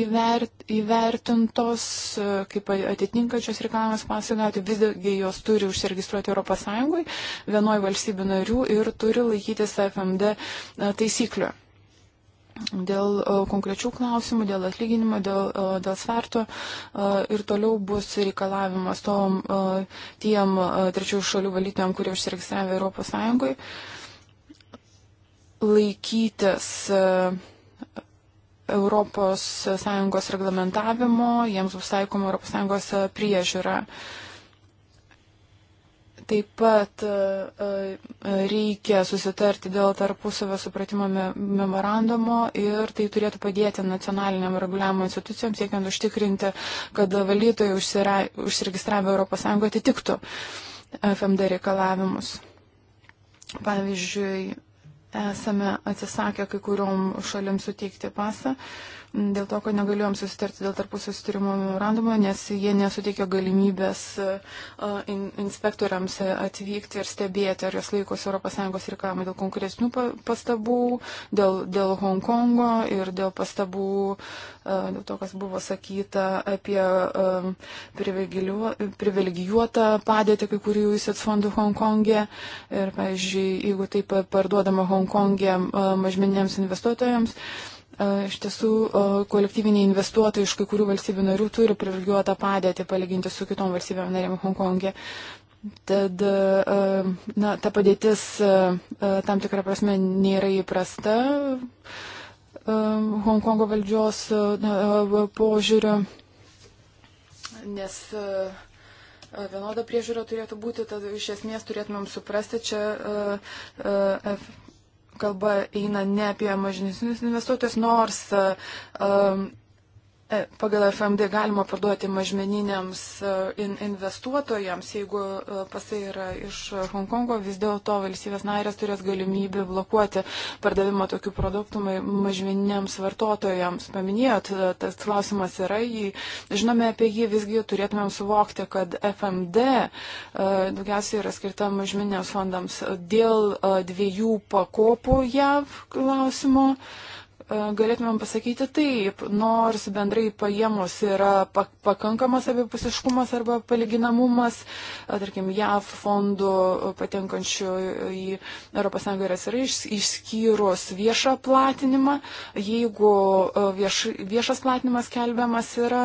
įvert, įvertintos e, kaip atitinkančios reikalavimas pasigauti, visgi jos turi užsiregistruoti ES, vienoje valstybių narių ir turi laikytis FMD taisyklių. Dėl konkrečių klausimų, dėl atlyginimo, dėl, dėl sverto ir toliau bus reikalavimas tom tiem trečiųjų šalių valytojams, kurie užsiregistravę ES laikytis ES reglamentavimo, jiems bus taikoma ES e, priežiūra. Taip pat e, e, reikia susitarti dėl tarpusavio supratimo memorandumo ir tai turėtų padėti nacionaliniam reguliavimo institucijom siekiant užtikrinti, kad valytojai užsiregistravę ES atitiktų FMD reikalavimus. Pavyzdžiui, esame atsisakę kai kuriuom šalim suteikti pasą dėl to, kad negalėjom susitarti dėl tarpusio sutarimo memorandumo, nes jie nesuteikė galimybės inspektoriams atvykti ir stebėti, ar jos laikosi ES reikalavimų dėl konkrečių pastabų, dėl, dėl Hongkongo ir dėl pastabų, dėl to, kas buvo sakyta apie privilegijuotą padėtį kai kurių įsits fondų Hongkongė. E. Ir, pavyzdžiui, jeigu taip parduodama Hongkongė e mažmeniniams investuotojams, Iš tiesų, kolektyviniai investuotojai iš kai kurių valstybių narių turi privilegijuotą padėtį palyginti su kitom valstybėm narėm Hongkongė. Tad na, ta padėtis tam tikrą prasme nėra įprasta Hongkongo valdžios požiūriu, nes vienoda priežiūra turėtų būti, tad iš esmės turėtumėm suprasti čia. Uh, uh, kalba eina ne apie mažesnius investuotojus, nors um, E, pagal FMD galima parduoti mažmeniniams e, investuotojams, jeigu e, pasai yra iš Hongkongo, vis dėlto valstybės narės turės galimybę blokuoti pardavimą tokių produktų mažmeniniams vartotojams. Paminėjot, tas klausimas yra, jį, žinome apie jį, visgi turėtumėm suvokti, kad FMD daugiausiai yra skirta mažmeniniams fondams dėl dviejų pakopų JAV klausimo E, galėtumėm pasakyti taip, nors bendrai paėmus yra pakankamas abipusiškumas arba palyginamumas, e, tarkim, JAV fondų patenkančių į ES yra išskyrus viešą platinimą, jeigu e, vieš, viešas platinimas kelbiamas yra,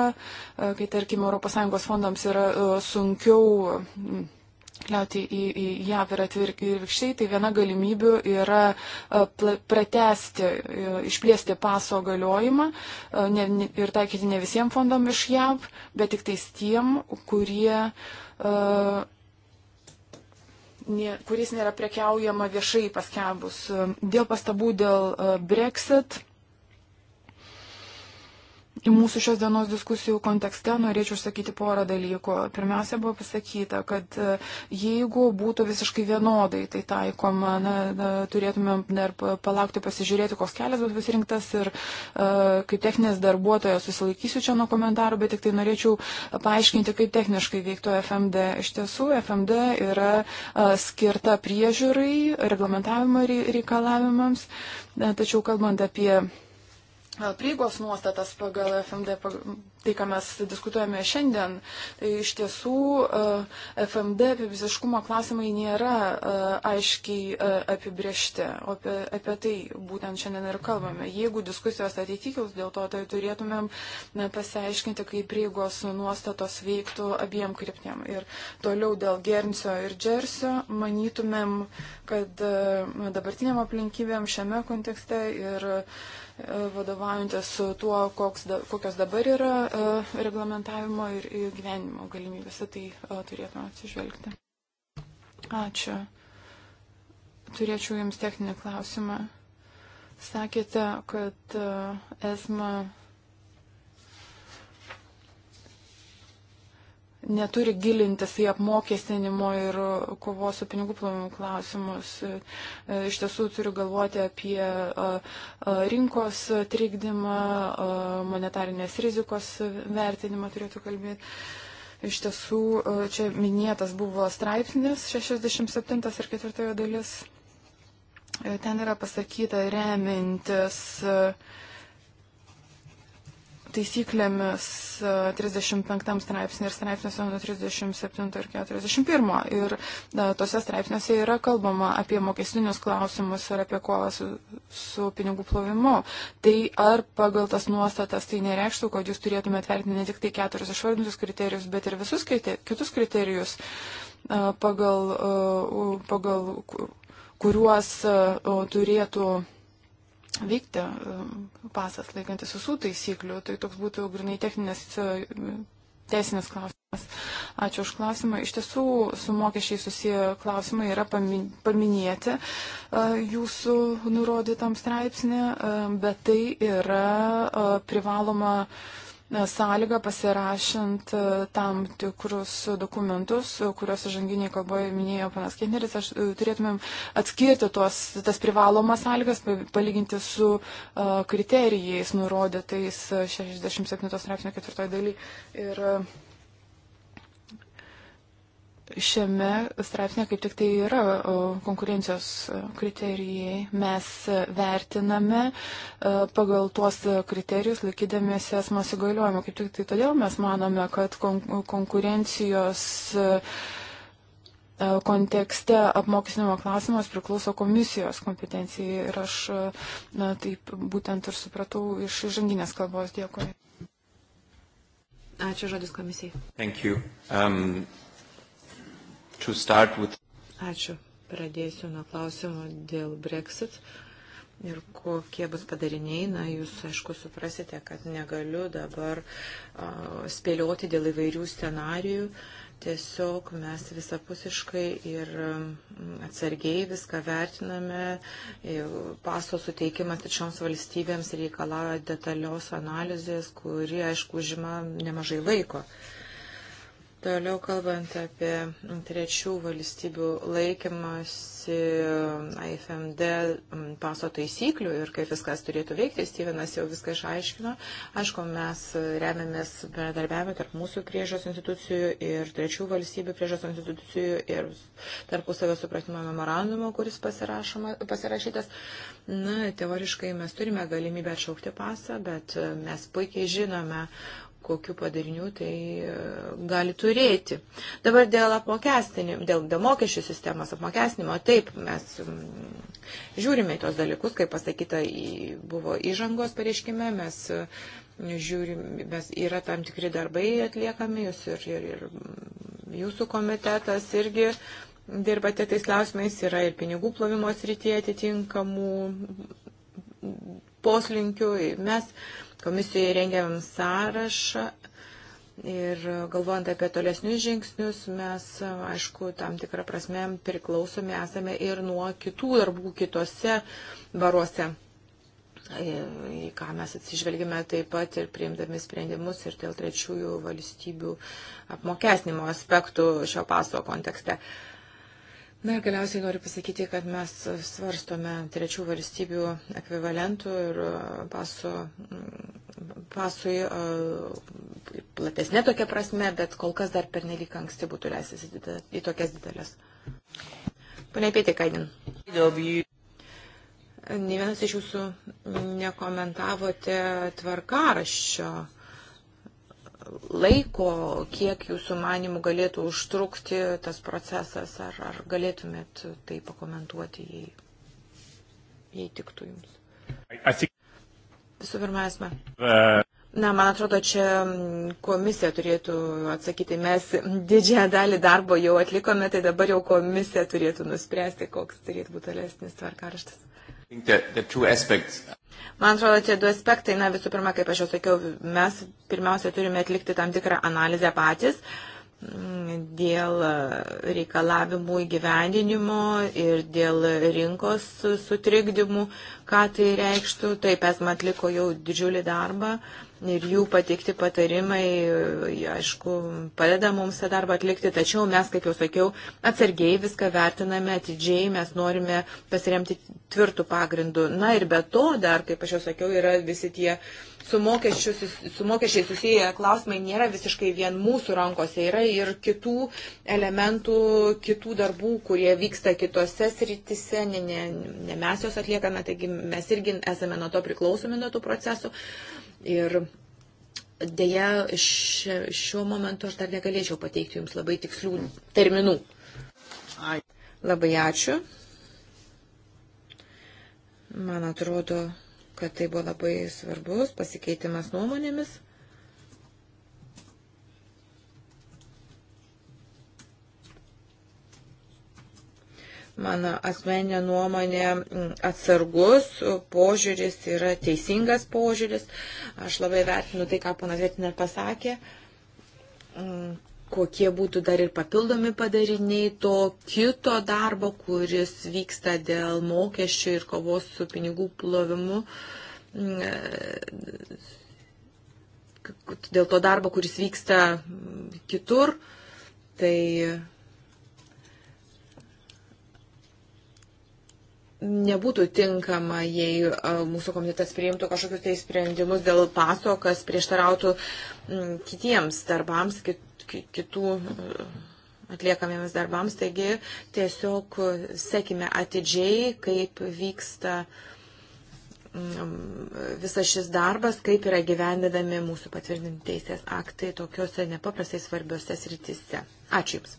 kai, tarkim, ES fondams yra sunkiau keliauti į, į JAV ir atvirkščiai, tai viena galimybių yra e, pratesti, e, išplėsti paso galiojimą e, ne, ne, ir taikyti ne visiems fondom iš JAV, bet tik tais tiem, kurie, uh, ne, kuris nėra prekiaujama viešai paskelbus. Dėl pastabų dėl Brexit mūsų šios dienos diskusijų kontekste norėčiau išsakyti porą dalykų. Pirmiausia, buvo pasakyta, kad e, jeigu būtų visiškai vienodai tai taikoma, na, na, turėtume dar palaukti, pasižiūrėti, koks kelias bus pasirinktas ir e, kaip techninės darbuotojas susilaikysiu čia nuo komentarų, bet tik tai norėčiau paaiškinti, kaip techniškai veiktų FMD. Iš tiesų, FMD yra e, skirta priežiūrai, reglamentavimo reikalavimams, tačiau kalbant apie prieigos nuostatas pagal FMD, tai ką mes diskutuojame šiandien, tai iš tiesų e, FMD apibiziškumo klausimai nėra e, aiškiai e, apibriešti, o apie, apie tai būtent šiandien ir kalbame. Jeigu diskusijos ateitikils dėl to, tai turėtumėm pasiaiškinti, kaip prieigos nuostatos veiktų abiem kryptėm. Ir toliau dėl Gernsio ir Džersio manytumėm, kad dabartiniam aplinkybėm šiame kontekste ir uh, vadovaujantis tuo, da, kokios dabar yra e, reglamentavimo ir gyvenimo galimybės. Tai e, turėtume atsižvelgti. Ačiū. Turėčiau Jums techninį klausimą. Sakėte, kad e, esma neturi gilintis į apmokestinimo ir kovos su pinigų plovimu klausimus. E, iš tiesų turi galvoti apie e, e, rinkos trikdymą, monetarinės rizikos vertinimą turėtų kalbėti. Iš tiesų, čia minėtas buvo straipsnis 67 ir 4 dalis. Ten yra pasakyta remintis uh, taisyklėmis 35 e, straipsnė ir straipsniuose nuo 37 ir 41. Ir da, e, tose straipsniuose yra kalbama apie mokestinius klausimus ir apie kovą su, su pinigų plovimu. Tai ar pagal tas nuostatas tai nereikštų, kad jūs turėtumėte vertinti ne tik tai keturis išvardintus kriterijus, bet ir visus kriter, kitus kriterijus e, pagal, pagal kuriuos turėtų veikti e, pasas laikantis visų taisyklių, tai toks būtų grinai techninis e, teisinis klausimas. Ačiū už klausimą. Iš tiesų, su mokesčiai susiję klausimai yra paminėti e, jūsų nurodytam straipsnė, bet tai yra privaloma sąlyga pasirašant e, tam tikrus dokumentus, kuriuos žanginiai kalboje minėjo panas Kehneris, aš e, turėtumėm atskirti tuos, tas privalomas sąlygas, palyginti su e, kriterijais nurodytais 67 straipsnio ketvirtoj daly. Ir, Šiame straipsnė kaip tik tai yra konkurencijos e, kriterijai. Mes vertiname e, pagal tuos kriterijus laikydamiesi esmos įgaliojimo. Kaip tik tai todėl mes manome, kad konkurencijos e, kontekste apmokestinimo klausimas priklauso komisijos kompetencijai ir aš na, taip būtent ir supratau iš žanginės kalbos. Dėkui. Ačiū žodis komisijai. Thank you. Um with... Ačiū. Pradėsiu nuo klausimo dėl Brexit ir kokie bus padariniai, na, jūs aišku suprasite, kad negaliu dabar uh, spėlioti dėl įvairių scenarijų. Tiesiog mes visapusiškai ir atsargiai viską vertiname. E, paso suteikimas trečioms valstybėms reikalauja detalios analizės, kuri, aišku, žima nemažai laiko. Uh, Toliau kalbant apie trečių valstybių laikymasi AFMD mm, paso taisyklių ir kaip viskas turėtų veikti, Stevenas jau viską išaiškino. Aišku, mes remiamės bendarbiavimą tarp mūsų priežos institucijų ir trečių valstybių priežos institucijų ir tarpusavio supratimo memorandumo, kuris pasirašytas. Na, teoriškai mes turime galimybę atšaukti pasą, bet mes puikiai žinome, kokiu padariniu tai e, gali turėti. Dabar dėl apmokestinimo, dėl, dėl mokesčių sistemos apmokestinimo, taip, mes žiūrime į tos dalykus, kaip pasakyta, į, buvo įžangos pareiškime, mes e, žiūrime, mes yra tam tikri darbai atliekami, jūs ir, ir, ir jūsų komitetas irgi dirbate tais klausimais, yra ir pinigų plovimo srityje atitinkamų poslinkių. Mes Komisijoje rengiam sąrašą ir galvojant apie tolesnius žingsnius, mes, aišku, tam tikrą prasme priklausomi esame ir nuo kitų darbų kitose baruose į ką mes atsižvelgime taip pat ir priimdami sprendimus ir dėl trečiųjų valstybių apmokesnimo aspektų šio paso kontekste. Uh, Na ir galiausiai noriu pasakyti, kad mes svarstome trečių valstybių ekvivalentų ir e, paso, pasui e, platesnė tokia prasme, bet kol kas dar pernelyg anksti būtų leistis į tokias didelės. Pane Pietikainin. Ne vienas iš jūsų nekomentavote tvarkaraščio laiko, kiek jūsų manimų galėtų užtrukti tas procesas, ar, ar galėtumėt tai pakomentuoti, jei, jei tiktų jums? Think... Visų pirma, esmė. Uh... Na, man atrodo, čia komisija turėtų atsakyti. Mes didžiąją dalį darbo jau atlikome, tai dabar jau komisija turėtų nuspręsti, koks turėtų būti tolesnis tvarkaraštas. Uh, Man atrodo, tie du aspektai, na visų pirma, kaip aš jau sakiau, mes pirmiausia turime atlikti tam tikrą analizę patys mm, dėl uh, reikalavimų įgyvendinimo ir dėl rinkos sutrikdymų, ką tai reikštų. Taip, esame atliko jau didžiulį darbą. Uh, ir jų pateikti patarimai, aišku, padeda mums tą darbą atlikti, tačiau mes, kaip jau sakiau, atsargiai viską vertiname, atidžiai mes norime pasiremti tvirtų pagrindų. Na ir be to dar, kaip aš jau sakiau, yra visi tie su, su mokesčiai susiję klausimai nėra visiškai vien mūsų rankose, yra ir kitų elementų, kitų darbų, kurie vyksta kitose sritise, ne, ne, ne mes juos atliekame, taigi mes irgi esame nuo to priklausomi nuo tų procesų. Ir dėja, šiuo momentu aš dar negalėčiau pateikti Jums labai tikslių terminų. Labai ačiū. Man atrodo, kad tai buvo labai svarbus pasikeitimas nuomonėmis. Mano asmeninė nuomonė atsargus požiūris yra teisingas požiūris. Aš labai vertinu tai, ką ponas Vietinė pasakė kokie būtų dar ir papildomi padariniai to kito darbo, kuris vyksta dėl mokesčių ir kovos su pinigų plovimu, mm, e, dėl to darbo, kuris vyksta kitur. Tai nebūtų tinkama, jei e, mūsų komitetas priimtų kažkokius tai sprendimus dėl paso, kas prieštarautų mm, kitiems darbams, kit, kitų e, atliekamiems darbams. Taigi tiesiog e, sekime atidžiai, kaip vyksta mm, visas šis darbas, kaip yra gyvendinami mūsų patvirtinti teisės aktai tokiuose nepaprastai svarbiuose srityse. Ačiū Jums.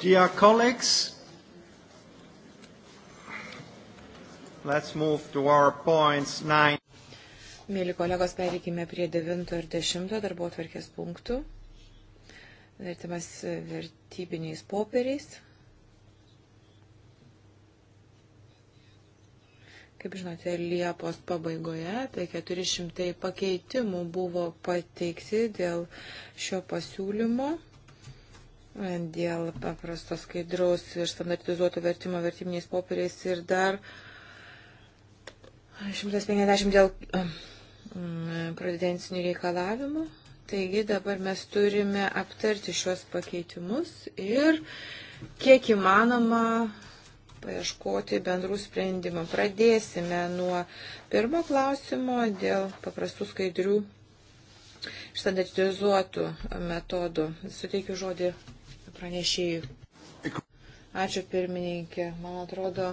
Dear colleagues, let's move to our points 9. Mėly kolegos, pereikime prie 9 ir 10 darbo atverkės punktų. Vertimas vertybiniais popieriais. Kaip žinote, Liepos pabaigoje apie 400 pakeitimų buvo pateikti dėl šio pasiūlymo dėl paprasto skaidraus ir standartizuoto vertimo vertiminiais popieriais ir dar 150 dėl um, mm, prudencinių reikalavimų. Taigi dabar mes turime aptarti šios pakeitimus ir kiek įmanoma paieškoti bendrų sprendimų. Pradėsime nuo pirmo klausimo dėl paprastų skaidrių standartizuotų metodų. Suteikiu žodį pranešėjui. Ačiū pirmininkė. Man atrodo,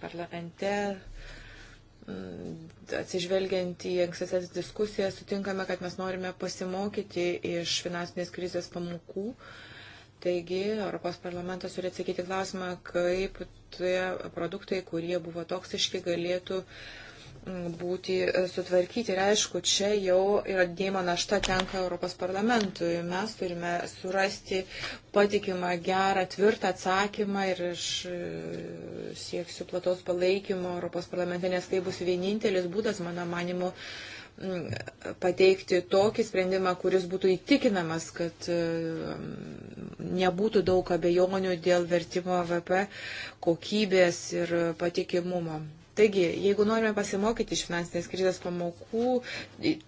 parlamente mm, atsižvelgiant į ankstesias diskusijas, sutinkame, kad mes norime pasimokyti iš finansinės krizės pamokų. Taigi, Europos parlamentas turi atsakyti klausimą, kaip tie produktai, kurie buvo toksiški, galėtų uh, būti e, sutvarkyti. Ir aišku, čia jau įrodinėjimo našta tenka Europos parlamentui. Mes turime surasti patikimą, gerą, tvirtą atsakymą ir aš e, sieksiu plataus palaikymo Europos parlamente, nes tai bus vienintelis būdas, mano manimu, pateikti tokį sprendimą, kuris būtų įtikinamas, kad e, nebūtų daug abejonių dėl vertimo VP kokybės ir patikimumo. Taigi, jeigu norime pasimokyti iš finansinės krizės pamokų,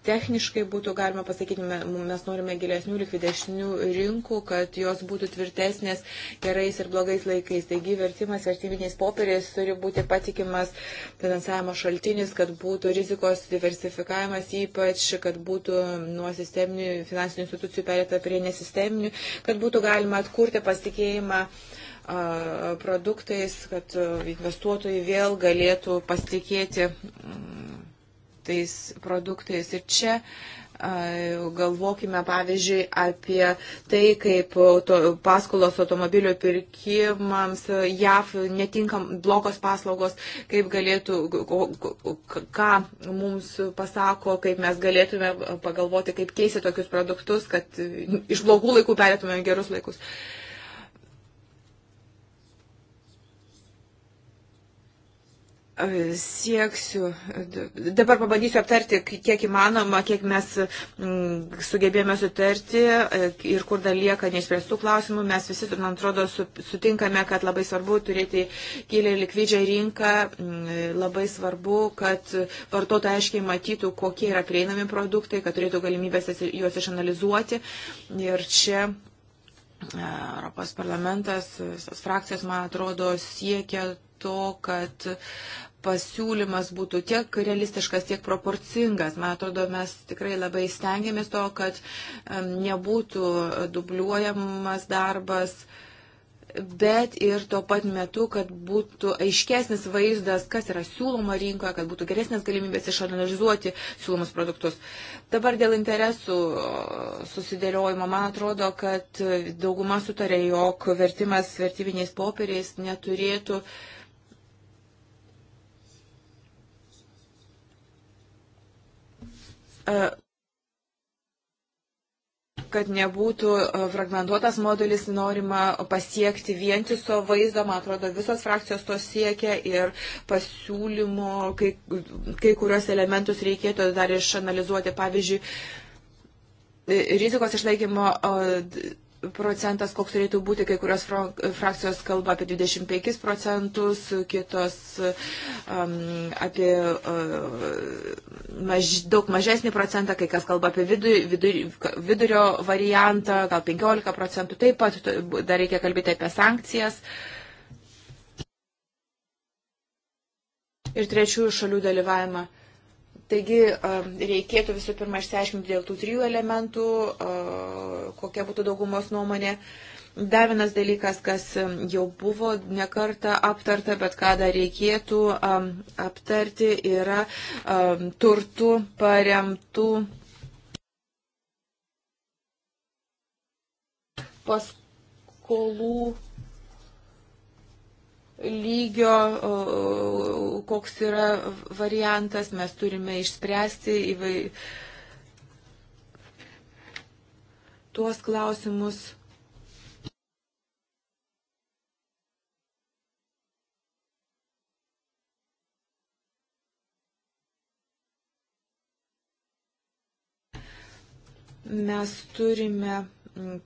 techniškai būtų galima pasakyti, mes norime gilesnių likvidesnių rinkų, kad jos būtų tvirtesnės gerais ir blogais laikais. Taigi, vertimas vertybiniais popieriais turi būti patikimas finansavimo šaltinis, kad būtų rizikos diversifikavimas, ypač, kad būtų nuo sisteminių finansinių institucijų perėta prie nesisteminių, kad būtų galima atkurti pasitikėjimą uh, produktais, kad investuotojai vėl galėtų pasitikėti mm, tais produktais. Ir čia galvokime pavyzdžiui apie tai, kaip auto, paskolos automobilio pirkimams JAF netinkam blogos paslaugos, kaip galėtų, ką mums pasako, kaip mes galėtume pagalvoti, kaip keisti tokius produktus, kad iš blogų laikų perėtume gerus laikus. Uh, Sieksiu, dabar pabandysiu aptarti, kiek įmanoma, kiek mes mm, sugebėjome sutarti e, ir kur dar lieka neišspręstų klausimų. Mes visi, man atrodo, sutinkame, kad labai svarbu turėti gilę likvidžią rinką, mm, labai svarbu, kad vartotojai aiškiai matytų, kokie yra prieinami produktai, kad turėtų galimybės juos išanalizuoti. Ir čia e, Europos parlamentas, visos frakcijos, man atrodo, siekia to, kad pasiūlymas būtų tiek realistiškas, tiek proporcingas. Man atrodo, mes tikrai labai stengiamės to, kad nebūtų dubliuojamas darbas bet ir tuo pat metu, kad būtų aiškesnis vaizdas, kas yra siūloma rinkoje, kad būtų geresnės galimybės išanalizuoti siūlomus produktus. Dabar dėl interesų susidėliojimo, man atrodo, kad dauguma sutarė, jog vertimas vertybiniais popieriais neturėtų uh, E, kad nebūtų e, fragmentuotas modelis, norima pasiekti vientiso vaizdo, man atrodo, visos frakcijos to siekia ir pasiūlymo, kai, kai kurios elementus reikėtų dar išanalizuoti, pavyzdžiui, e, rizikos išlaikymo. Uh, procentas, koks turėtų būti, kai kurios frakcijos kalba apie 25 procentus, kitos um, apie uh, maž, daug mažesnį procentą, kai kas kalba apie vidu, vidu, vidurio variantą, gal 15 procentų, taip pat dar reikia kalbėti apie sankcijas. Ir trečiųjų šalių dalyvavimą. Uh, Taigi um, reikėtų visų pirma išsiaiškinti dėl tų trijų elementų, uh, kokia būtų daugumos nuomonė. Dar vienas dalykas, kas um, jau buvo nekarta aptarta, bet ką dar reikėtų um, aptarti, yra um, turtų paremtų paskolų lygio, koks yra variantas, mes turime išspręsti įvai... tuos klausimus. Mes turime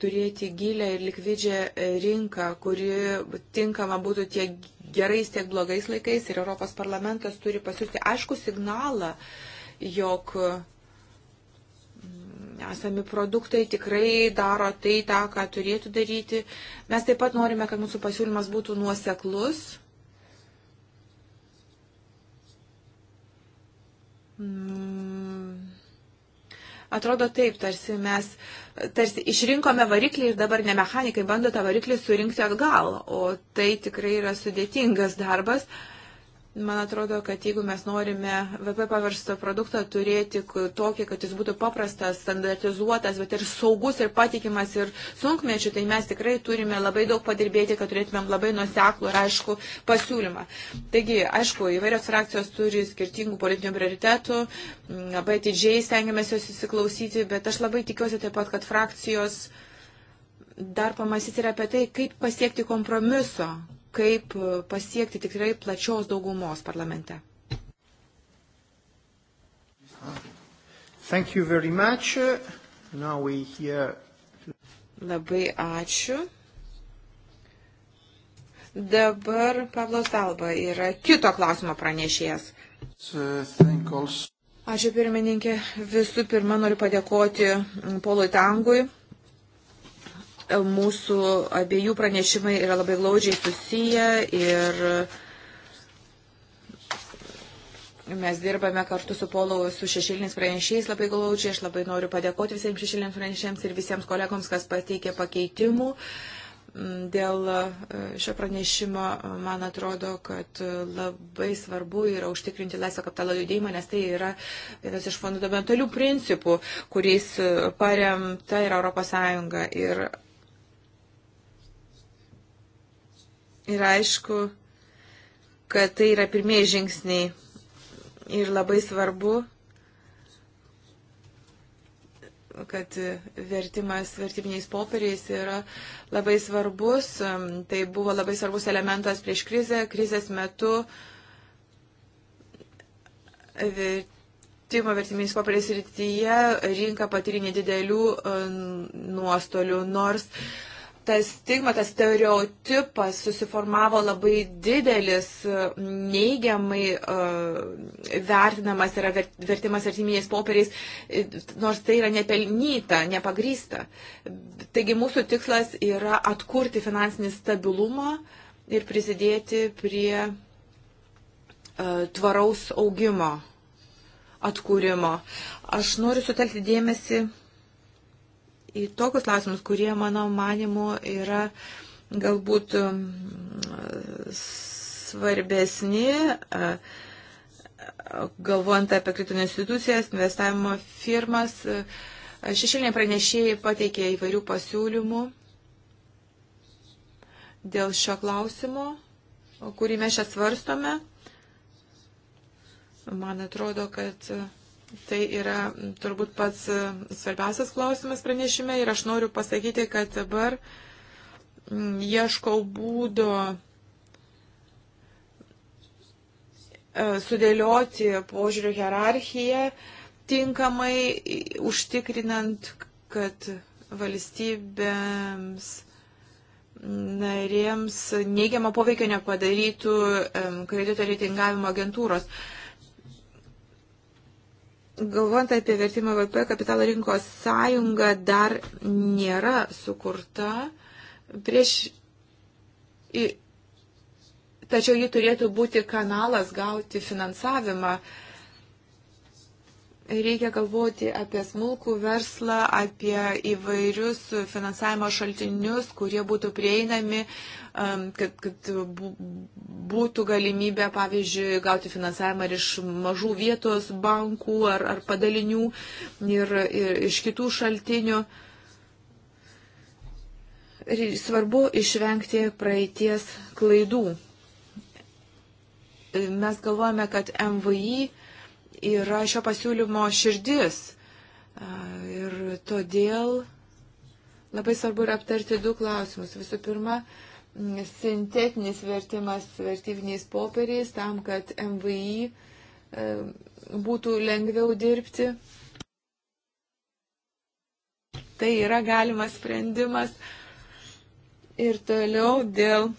turėti gilę ir likvidžią e, rinką, kuri tinkama būtų tiek gerais, tiek blogais laikais. Ir Europos parlamentas turi pasiūsti aišku signalą, jog esami produktai tikrai daro tai, tą, ką turėtų daryti. Mes taip pat norime, kad mūsų pasiūlymas būtų nuoseklus. Mm Atrodo taip, tarsi mes tarsi išrinkome variklį ir dabar ne mechanikai bando tą variklį surinkti atgal, o tai tikrai yra sudėtingas darbas. Uh, Man atrodo, kad jeigu mes norime VP paverstą produktą turėti tokį, kad jis būtų paprastas, standartizuotas, bet ir saugus ir patikimas ir sunkmečių, tai mes tikrai turime labai daug padirbėti, kad turėtumėm labai nuseklų ir aišku pasiūlymą. Taigi, aišku, įvairios frakcijos turi skirtingų politinių prioritetų, labai atidžiai stengiamės juos įsiklausyti, bet aš labai tikiuosi taip pat, kad frakcijos dar pamastyti ir apie tai, kaip pasiekti kompromiso, kaip e, pasiekti tikrai plačios daugumos parlamente. Hear... Labai ačiū. Dabar Pablo Salba yra kito klausimo pranešėjas. Ačiū pirmininkė. Visų pirma, noriu padėkoti Polui Tangui Mūsų abiejų pranešimai yra labai glaudžiai susiję ir mes dirbame kartu su Polu, su šešėliniais pranešėjais labai glaudžiai. Aš labai noriu padėkoti visiems šešėliniams pranešėjams ir visiems kolegoms, kas pateikė pakeitimų. Mm, dėl e, šio pranešimo man atrodo, kad labai svarbu yra užtikrinti laisvą kapitalo judėjimą, nes tai yra vienas iš fundamentalių principų, kuriais e, paremta yra Europos Sąjunga. Ir Ir aišku, kad tai yra pirmieji žingsniai. Ir labai svarbu, kad vertimas vertybiniais popieriais yra labai svarbus. Um, tai buvo labai svarbus elementas prieš krizę. Krizės metu vertimo vertybiniais popieriais rytyje rinka patyrė nedidelių um, nuostolių, nors uh, tas stigma, tas stereotipas susiformavo labai didelis, neigiamai uh, vertinamas yra vertimas artiminiais popieriais, e, nors tai yra nepelnyta, nepagrysta. Taigi mūsų tikslas yra atkurti finansinį stabilumą ir prisidėti prie uh, tvaraus augimo atkūrimo. Aš noriu sutelkti dėmesį į tokius klausimus, kurie mano manimu yra galbūt um, svarbesni, galvojant apie kritinių institucijas, investavimo firmas. Šešėliniai pranešėjai pateikė įvairių pasiūlymų dėl šio klausimo, kurį mes čia svarstome. Man atrodo, kad Tai yra turbūt pats e, svarbiausias klausimas pranešime ir aš noriu pasakyti, kad dabar mm, ieškau būdo e, sudėlioti požiūrių hierarchiją tinkamai, užtikrinant, kad valstybėms narėms neigiamą poveikį nepadarytų kredito reitingavimo agentūros galvojant apie vertimą VP, kapitalo rinkos sąjunga dar nėra sukurta. Prieš, tačiau ji turėtų būti kanalas gauti finansavimą. Uh, Reikia galvoti apie smulkų verslą, apie įvairius finansavimo šaltinius, kurie būtų prieinami, um, kad, kad būtų galimybė, pavyzdžiui, gauti finansavimą ir iš mažų vietos bankų ar, ar padalinių ir, ir iš kitų šaltinių. Svarbu išvengti praeities klaidų. Mes galvojame, kad MVI yra šio pasiūlymo širdis. Ir todėl labai svarbu yra aptarti du klausimus. Visų pirma, sintetinis vertimas vertybiniais popieriais tam, kad MVI e, būtų lengviau dirbti. Tai yra galimas sprendimas. Ir toliau dėl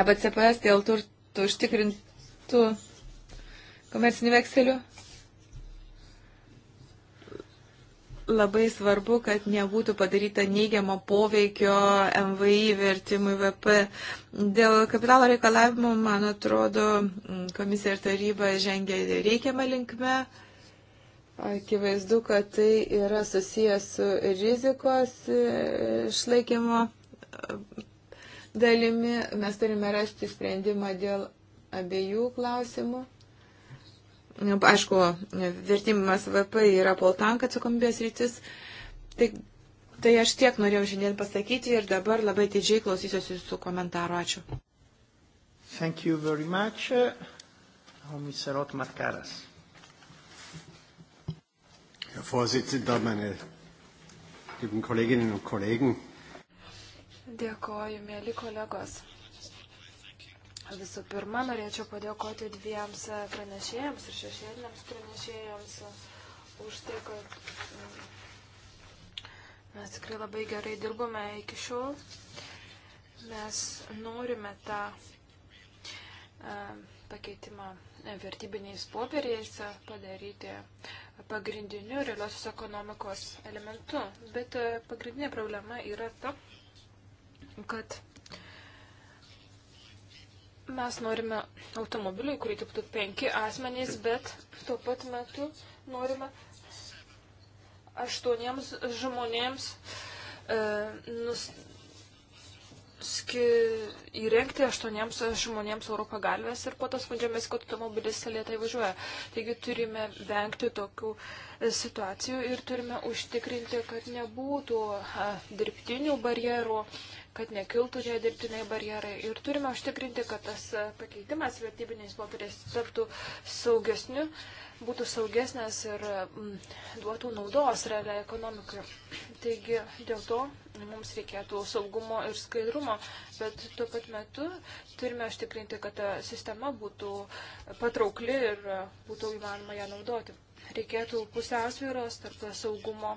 ABCPS, dėl turtų užtikrintų komercinių vekselių. Labai svarbu, kad nebūtų padaryta neigiamo poveikio MVI vertimui VP. Dėl kapitalo reikalavimų, man atrodo, komisija ir taryba žengia reikiamą linkmę. Akivaizdu, kad tai yra susijęs su rizikos e, išlaikymo e, dalimi. Mes turime rasti sprendimą dėl abiejų klausimų. Aišku, vertimas VP yra Poltanka atsakomybės rytis. Tai, tai aš tiek norėjau šiandien pasakyti ir dabar labai didžiai klausysiuosi jūsų komentaro. Ačiū. Thank you very much. Mr. Otmar Karas. Herr Vorsitzender, meine lieben Kolleginnen und Kollegen. Dėkoju, mėly kolegos. Visų pirma, norėčiau padėkoti dviems pranešėjams ir šešėliniams pranešėjams už tai, kad mm, mes tikrai labai gerai dirbome iki šiol. Mes norime tą e, pakeitimą vertybiniais popieriais padaryti pagrindiniu realiosios ekonomikos elementu. Bet e, pagrindinė problema yra ta, kad Mes norime automobilį, kurį tiktų penki asmenys, bet tuo pat metu norime aštuoniems žmonėms e, nus, ski, įrengti aštuoniems žmonėms oro pagalbės ir po to skundžiamės, kad automobilis lietai važiuoja. Taigi turime vengti tokių e, situacijų ir turime užtikrinti, kad nebūtų e, dirbtinių barjerų. E, kad nekiltų čia dirbtiniai barjerai. Ir turime užtikrinti, kad tas e, pakeitimas vertybiniais popieriais taptų saugesniu, būtų saugesnės ir mm, duotų naudos realiai ekonomikai. Taigi dėl to mums reikėtų saugumo ir skaidrumo, bet tuo pat metu turime užtikrinti, kad ta sistema būtų patraukli ir e, būtų įmanoma ją naudoti. Reikėtų pusiausvyros tarp saugumo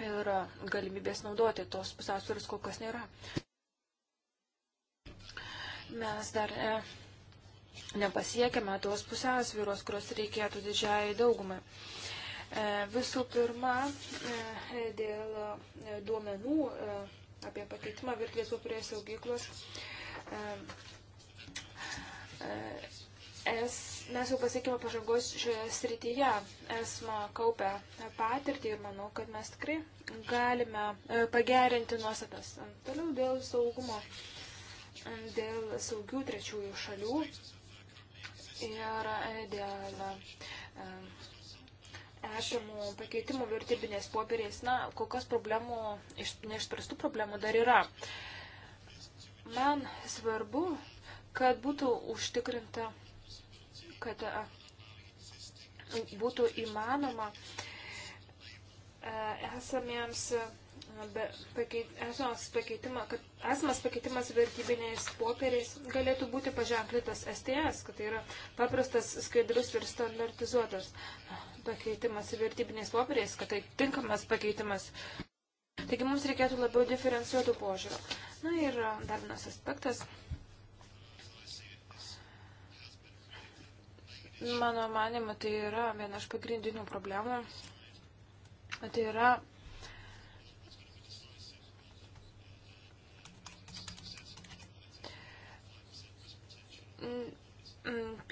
ir galimybės naudoti tos pusiausvėros kol kas nėra. Mes dar ne, nepasiekėme tos pusiausvėros, kurios reikėtų didžiai daugumai. E, visų pirma, e, dėl e, duomenų apie pakeitimą virklės prie saugyklos. S mes jau pasiekime pažangos šioje srityje. Esame kaupę patirtį ir manau, kad mes tikrai galime e, pagerinti nuostatas. Toliau dėl saugumo, dėl saugių trečiųjų šalių ir e, dėl e, esamų pakeitimų vertybinės popieriais. Na, kol kas problemų, neišspręstų problemų dar yra. Man svarbu, kad būtų užtikrinta kad būtų įmanoma esamiems esamas pakeitimas, kad esamas pakeitimas vertybiniais popieriais galėtų būti paženklintas STS, kad tai yra paprastas, skaidrus ir standartizuotas pakeitimas vertybiniais popieriais, kad tai tinkamas pakeitimas. Taigi mums reikėtų labiau diferencijuotų požiūrių. Na ir dar vienas aspektas. Mano manimo, tai yra viena iš pagrindinių problemų. Tai yra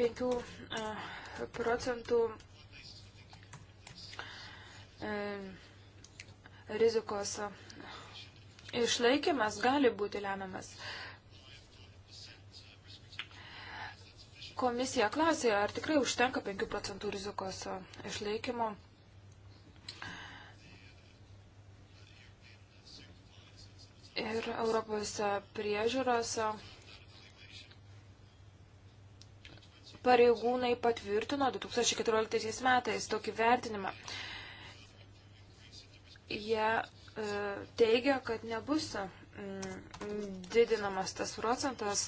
penkių procentų rizikos išlaikymas gali būti lemiamas. Komisija klausė, ar tikrai užtenka 5 procentų rizikos išlaikymo. ir Europos priežiūros pareigūnai patvirtino 2014 metais tokį vertinimą. Jie e, teigia, kad nebus didinamas tas procentas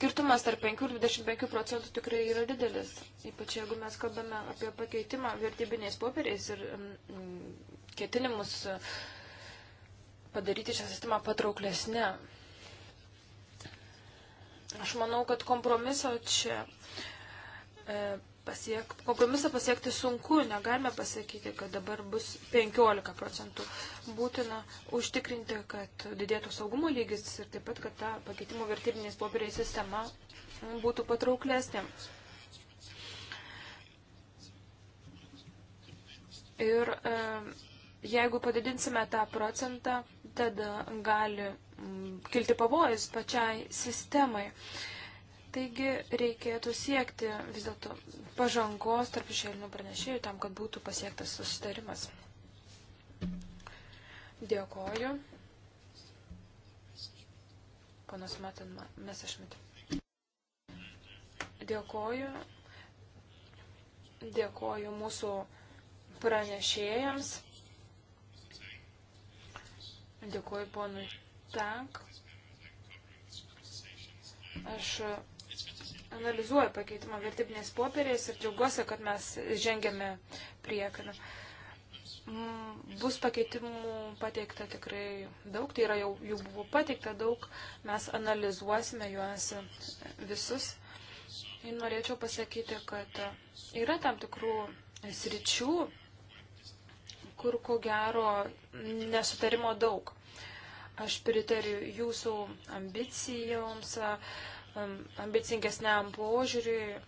skirtumas tarp 5 ir 25 procentų tikrai yra didelis. Ypač jeigu mes kalbame apie pakeitimą vertybiniais popieriais ir mm, ketinimus e, padaryti šią sistemą patrauklesnę. Aš manau, kad kompromiso čia e, pasiek, kompromisą pasiekti sunku, negalime pasakyti, kad dabar bus 15 procentų. Būtina užtikrinti, kad didėtų saugumo lygis ir taip pat, kad ta pakeitimo vertybiniais popieriais sistema būtų patrauklesnė. Ir e, jeigu padidinsime tą procentą, tada gali m, kilti pavojus pačiai sistemai. E, Taigi reikėtų siekti vis dėlto pažangos tarp šešėlinių pranešėjų tam, kad būtų pasiektas susitarimas. Dėkoju. Ponas Matin Mesašmit. Dėkoju. Dėkoju mūsų pranešėjams. Dėkoju ponui Tank. Aš analizuoju pakeitimo vertybinės popierės ir džiaugiuosi, kad mes žengėme priekin. Mm, bus pakeitimų pateikta tikrai daug, tai yra jau, jų buvo pateikta daug, mes analizuosime juos visus. Ir norėčiau pasakyti, kad yra tam tikrų sričių, kur ko gero nesutarimo daug. Aš pritariu jūsų ambicijoms, ambicingesniam požiūriui.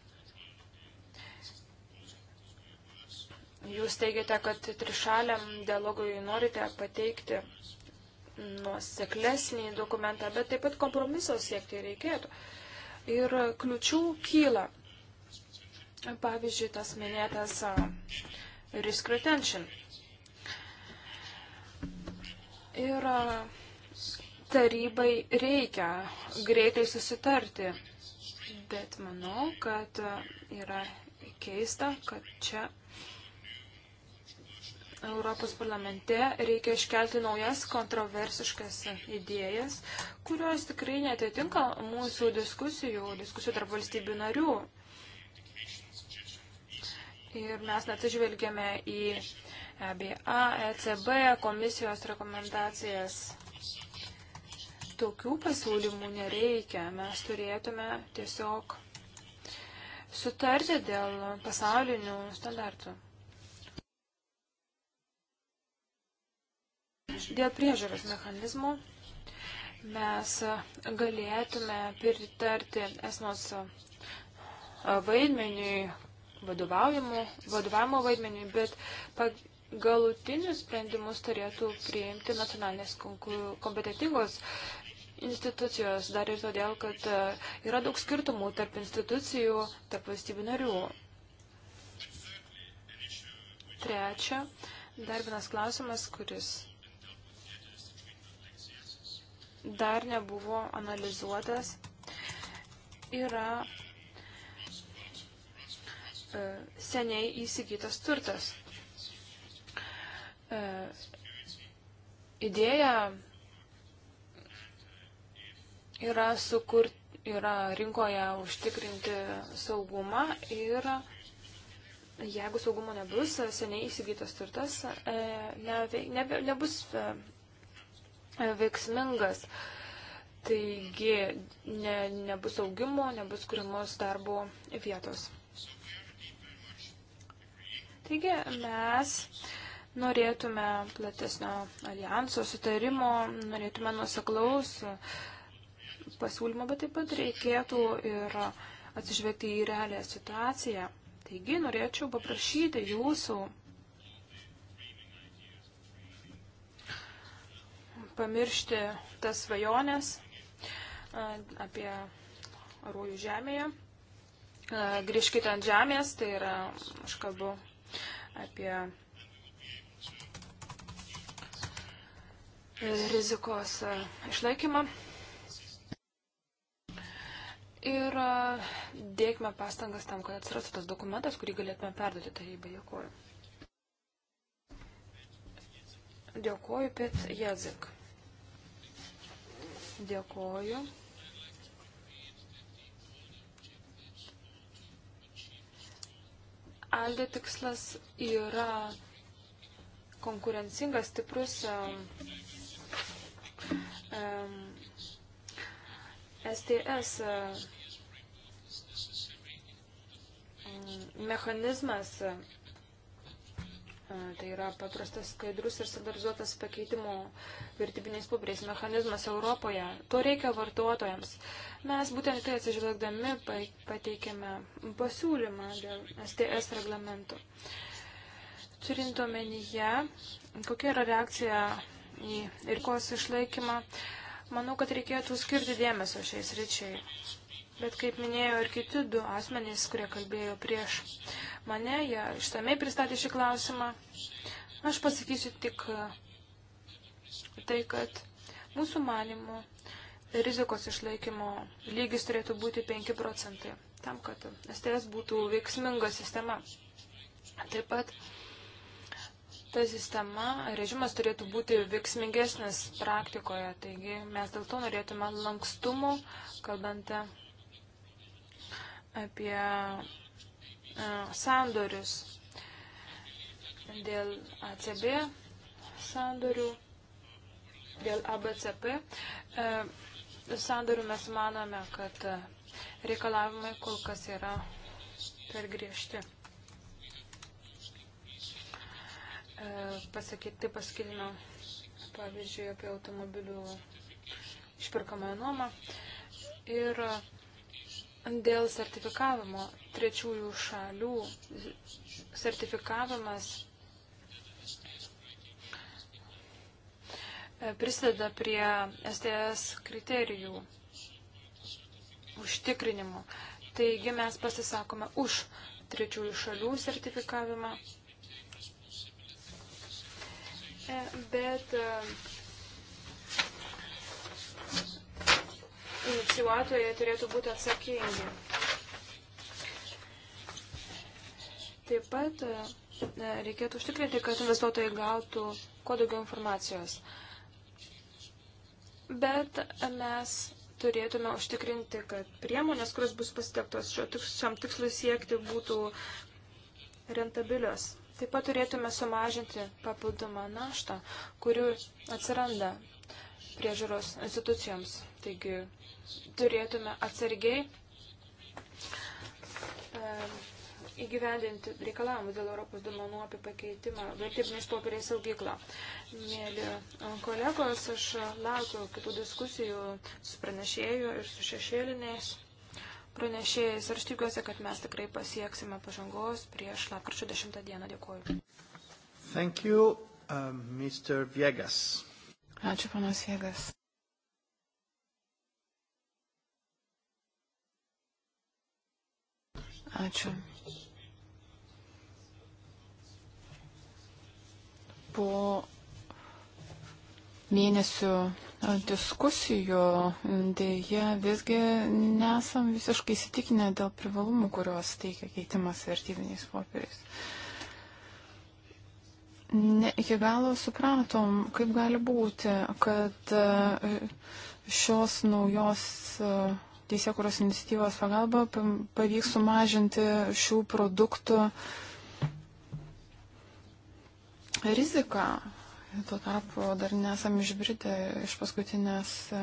Jūs teigiate, kad trišaliam dialogui norite pateikti nuoseklesnį dokumentą, bet taip pat kompromiso siekti reikėtų. Ir kliučių kyla. Pavyzdžiui, tas minėtas risk retention. Ir uh, tarybai reikia greitai susitarti. Bet manau, kad yra keista, kad čia Europos parlamente reikia iškelti naujas kontroversiškas idėjas, kurios tikrai netitinka mūsų diskusijų, diskusijų tarp valstybių narių. Ir mes net išvelgėme į EBA, ECB komisijos rekomendacijas tokių pasiūlymų nereikia. Mes turėtume tiesiog sutarti dėl pasaulinių standartų. Dėl priežaros mechanizmų mes galėtume pritarti esmos vaidmeniui, vadovavimo vaidmeniui, bet galutinius sprendimus turėtų priimti nacionalinės kompetentingos institucijos, dar ir todėl, kad e, yra daug skirtumų tarp institucijų, tarp valstybių narių. Trečia, dar vienas klausimas, kuris dar nebuvo analizuotas, yra e, seniai įsigytas turtas. E, idėja yra, sukur, yra rinkoje užtikrinti saugumą ir jeigu saugumo nebus, seniai įsigytas turtas e, nebe, nebe, nebus e, veiksmingas. Taigi ne, nebus augimo, nebus kūrimos darbo vietos. Taigi mes norėtume platesnio alijanso sutarimo, norėtume nuoseklaus pasiūlymo, bet taip pat reikėtų ir atsižvelgti į realią situaciją. Taigi norėčiau paprašyti jūsų pamiršti tas svajonės apie rojų žemėje. Grįžkite ant žemės, tai yra, aš kalbu apie rizikos išlaikymą ir e, dėkime pastangas tam, kad atsirastų tas dokumentas, kurį galėtume perduoti tarybai. Dėkuoju. Dėkuoju, Pet Jazik. Dėkuoju. Aldė tikslas yra konkurencingas, stiprus um, um, STS e, mm, mechanizmas, e, e, tai yra paprastas skaidrus ir standardizuotas pakeitimo vertybiniais popieriais mechanizmas Europoje, to reikia vartotojams. Mes būtent tai atsižvelgdami pateikėme pasiūlymą dėl STS reglamento. Turint omenyje, kokia yra reakcija į irkos išlaikymą, uh, Manau, kad reikėtų skirti dėmesio šiais ryčiai. Bet kaip minėjo ir kiti du asmenys, kurie kalbėjo prieš mane, jie išsamei pristatė šį klausimą. Aš pasakysiu tik tai, kad mūsų manimų rizikos išlaikymo lygis turėtų būti 5 procentai, tam, kad STS būtų veiksminga sistema. Taip pat ta sistema, režimas turėtų būti veiksmingesnis praktikoje. Taigi mes dėl to norėtume lankstumų, kalbant e, apie e, sandorius dėl ACB sandorių, dėl ABCP e, sandorių mes manome, kad reikalavimai kol kas yra per griežti. E, pasakyti, tai paskilino, pavyzdžiui, apie automobilių išpirkamąją nuomą. Ir dėl sertifikavimo trečiųjų šalių sertifikavimas e, prisideda prie STS kriterijų užtikrinimu. Taigi mes pasisakome už trečiųjų šalių sertifikavimą E, bet e, inicijuotojai turėtų būti atsakingi. Taip pat e, reikėtų užtikrinti, kad investuotojai gautų kuo daugiau informacijos. Bet mes turėtume užtikrinti, kad priemonės, kurios bus pasitektos šiam tikslui siekti, būtų rentabilios. Taip pat turėtume sumažinti papildomą naštą, kuri atsiranda priežiūros institucijoms. Taigi turėtume atsargiai e, įgyvendinti reikalavimus dėl Europos duomenų apie pakeitimą vertybiniais popieriais saugyklą. Mėly e, kolegos, aš laukiu kitų diskusijų su pranešėju ir su šešėliniais pranešėjais ir aš tikiuosi, kad mes tikrai pasieksime pažangos prieš lapkričio 10 dieną. Dėkuoju. Thank you, uh, um, Mr. Viegas. Ačiū, panas Viegas. Ačiū. Po mėnesių diskusijų dėje visgi nesam visiškai įsitikinę dėl privalumų, kuriuos teikia keitimas vertybiniais popieriais. Ne iki galo supratom, kaip gali būti, kad e, šios naujos e, teisėkuros iniciatyvos pagalba pavyks sumažinti šių produktų riziką Tuo tarpu dar nesam išbritę iš paskutinės e,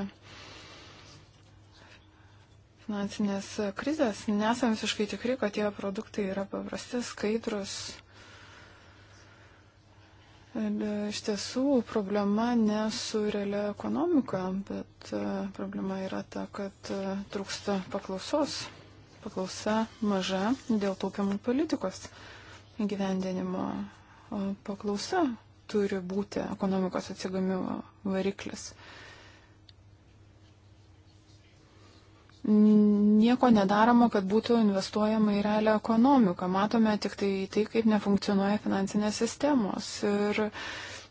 finansinės krizės. Nesam visiškai tikri, kad tie produktai yra paprasti, skaidrus. Ir e, iš tiesų problema ne su realia ekonomika, bet e, problema yra ta, kad trūksta paklausos. Paklausa maža dėl taupiamų politikos gyvendinimo paklausa turi būti ekonomikos atsigavimo variklis. Nieko nedaroma, kad būtų investuojama į realią ekonomiką. Matome tik tai, tai kaip nefunkcionuoja finansinės sistemos. Ir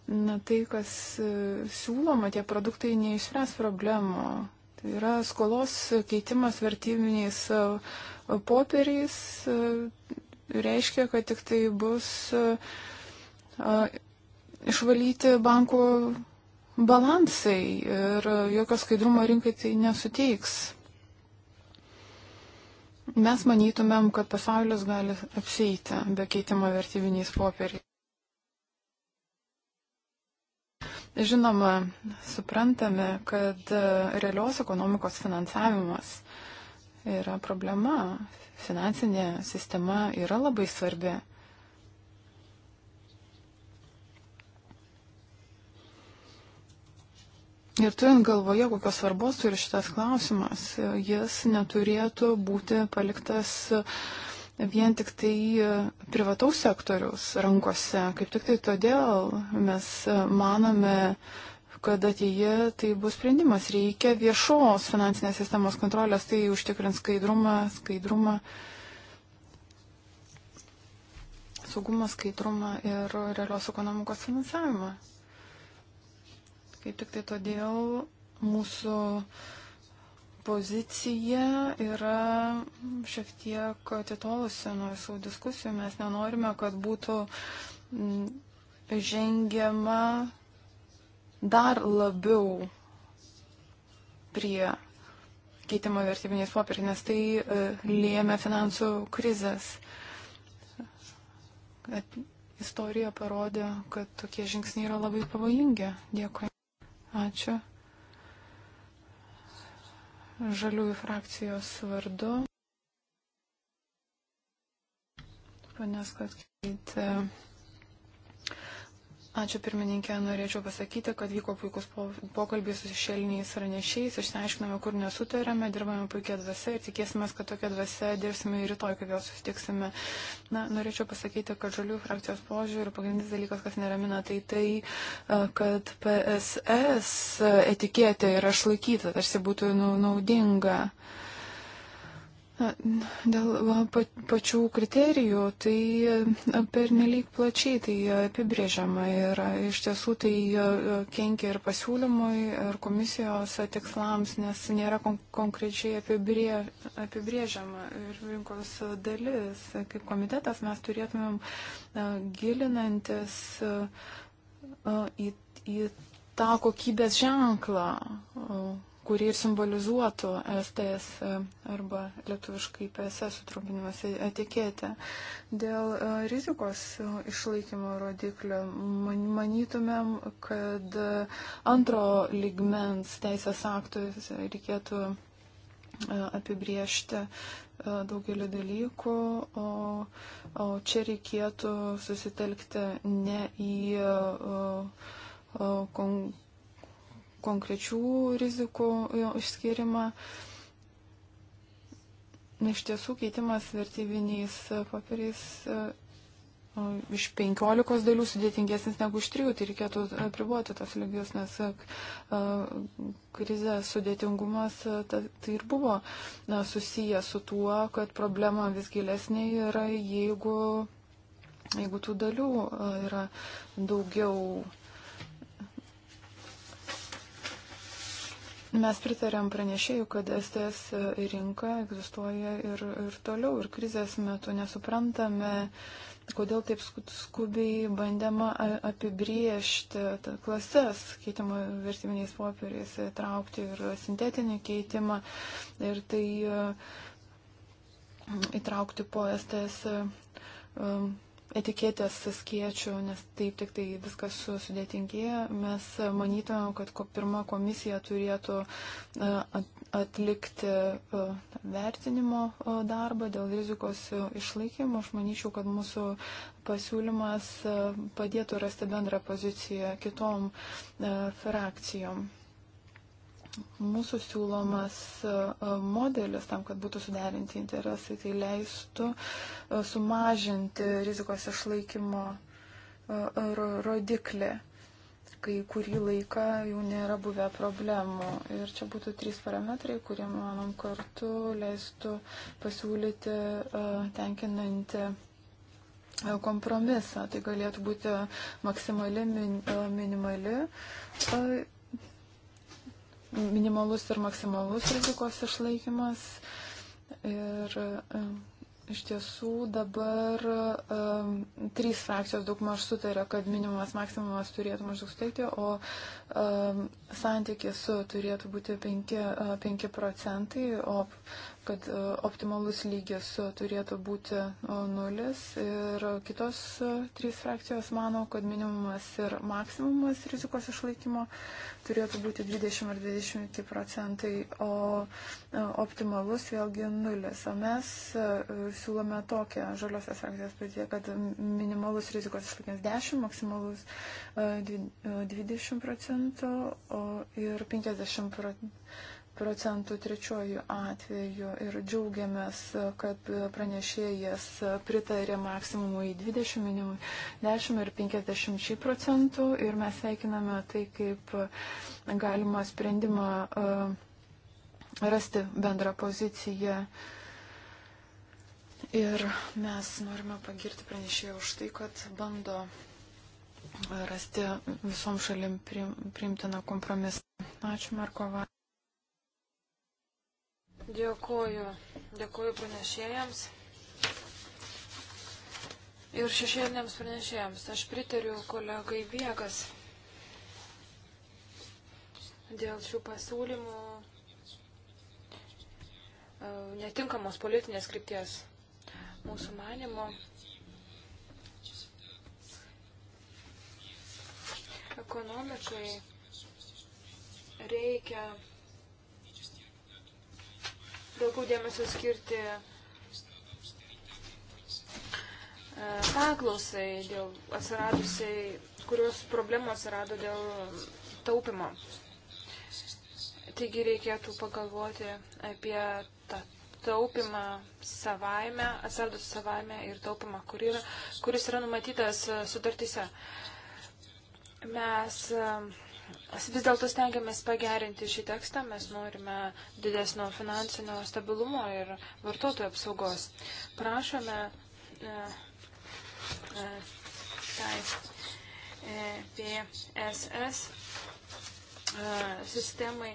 na, tai, kas e, siūloma, tie produktai neišspręs problemų. Tai yra skolos keitimas vertybiniais e, popieriais e, reiškia, kad tik tai bus išvalyti bankų balansai ir jokio skaidrumo rinkai tai nesuteiks. Mes manytumėm, kad pasaulis gali apsėti be keitimo vertybiniais popieriais. Žinoma, suprantame, kad realios ekonomikos finansavimas yra problema. Finansinė sistema yra labai svarbi. Ir turint galvoje, kokios svarbos turi šitas klausimas, jis neturėtų būti paliktas vien tik tai privataus sektoriaus rankose. Kaip tik tai todėl mes manome, kad ateitie tai bus sprendimas. Reikia viešos finansinės sistemos kontrolės, tai užtikrins skaidrumą, skaidrumą, saugumą, skaidrumą ir realios ekonomikos finansavimą. Kaip tik tai todėl mūsų pozicija yra šiek tiek atitolusi nuo visų diskusijų. Mes nenorime, kad būtų mm, žengiama dar labiau prie keitimo vertybiniais popieriais, nes tai e, lėmė finansų krizės. Istorija parodė, kad tokie žingsniai yra labai pavojingi. Dėkui. Ačiū. Žaliųjų frakcijos vardu. Panės, kad keitė Ačiū pirmininkė, norėčiau pasakyti, kad vyko puikus pokalbis su šešėliniais ranešiais, išsiaiškinome, kur nesutarėme, dirbame puikia dvasia ir tikėsime, kad tokia dvasia dirbsime ir rytoj, kai vėl susitiksime. Na, norėčiau pasakyti, kad žalių frakcijos požiūrį pagrindinis dalykas, kas neramina, tai tai, kad PSS etiketė yra išlaikyta, tarsi būtų naudinga. Uh, Na, dėl pačių kriterijų, tai e, pernelyg plačiai tai apibrėžiama ir e, iš tiesų tai e, kenkia ir pasiūlymui, ir komisijos tikslams, nes nėra kon konkrečiai apibrė apibrėžiama ir rinkos dalis. Kaip komitetas mes turėtumėm gilinantis į, į tą kokybės ženklą kurie ir simbolizuotų STS e, arba lietuviškai PSS sutrumpinimas etiketė. Dėl e, rizikos išlaikymo rodiklio manytumėm, kad antro ligmens teisės aktų reikėtų e, apibriežti daugelį dalykų, o, o čia reikėtų susitelkti ne į o, o, kon, konkrečių rizikų išskirimą. Iš tiesų keitimas vertybiniais popieriais e, iš penkiolikos dalių sudėtingesnis negu iš trijų, tai reikėtų apriboti tas lygius, nes e, e, krizės sudėtingumas tai ir buvo susijęs su tuo, kad problema vis gilesnė yra, jeigu, jeigu tų dalių yra daugiau. Mes pritarėm pranešėjų, kad STS rinka egzistuoja ir, ir toliau, ir krizės metu nesuprantame, kodėl taip skubiai bandėma apibriežti klases keitimo vertybiniais popieriais, traukti ir sintetinį keitimą ir tai įtraukti po STS etiketės skiečių, nes taip tik tai viskas sudėtingėja. Mes manytumėm, kad ko pirma komisija turėtų e, atlikti e, vertinimo e, darbą dėl rizikos išlaikymo. Aš manyčiau, kad mūsų pasiūlymas padėtų rasti bendrą poziciją kitom frakcijom mūsų siūlomas e, e, modelis tam, kad būtų suderinti interesai, tai leistų e, sumažinti rizikos išlaikymo rodiklį, kai kurį laiką jau nėra buvę problemų. Ir čia būtų trys parametrai, kurie, manom, kartu leistų pasiūlyti tenkinantį kompromisą. Tai galėtų būti maksimali, minimali minimalus ir maksimalus rizikos išlaikymas. Ir e, iš tiesų dabar um, trys frakcijos daugmaž sutarė, kad minimumas maksimumas turėtų maždaug suteikti, o um, santykis turėtų būti 5, 5 procentai, o kad e, optimalus lygis e, turėtų būti e, nulis ir kitos trys frakcijos mano, kad minimumas ir maksimumas rizikos išlaikymo turėtų būti 20 ar 20 procentai, o optimalus vėlgi nulis. O mes siūlome tokią žaliosios frakcijos poziciją, kad minimalus rizikos išlaikymas 10, maksimalus 20 procentų ir 50 procentų procentų trečiojų atveju ir džiaugiamės, kad pranešėjas pritarė maksimumui 20, minimum 10 ir 50 procentų ir mes sveikiname tai kaip galima sprendimą e, rasti bendrą poziciją. Ir mes norime pagirti pranešėją už tai, kad bando rasti visom šalim priimtiną kompromisą. Ačiū, Markova. Dėkuoju. Dėkuoju pranešėjams ir šešėliniams pranešėjams. Aš pritariu kolegai Viegas dėl šių pasiūlymų e, netinkamos politinės krypties mūsų manimo. Ekonomiškai reikia daugiau dėmesio skirti e, paklausai, dėl atsiradusiai, kurios problemos atsirado dėl taupimo. Taigi reikėtų pagalvoti apie tą taupimą savaime, atsiradus savaime ir taupimą, kur yra, kuris yra numatytas e, sutartyse. Mes uh, Vis dėlto stengiamės pagerinti šį tekstą, mes norime didesnio finansinio stabilumo ir vartotojų apsaugos. Prašome e, e, tai e, PSS e, sistemai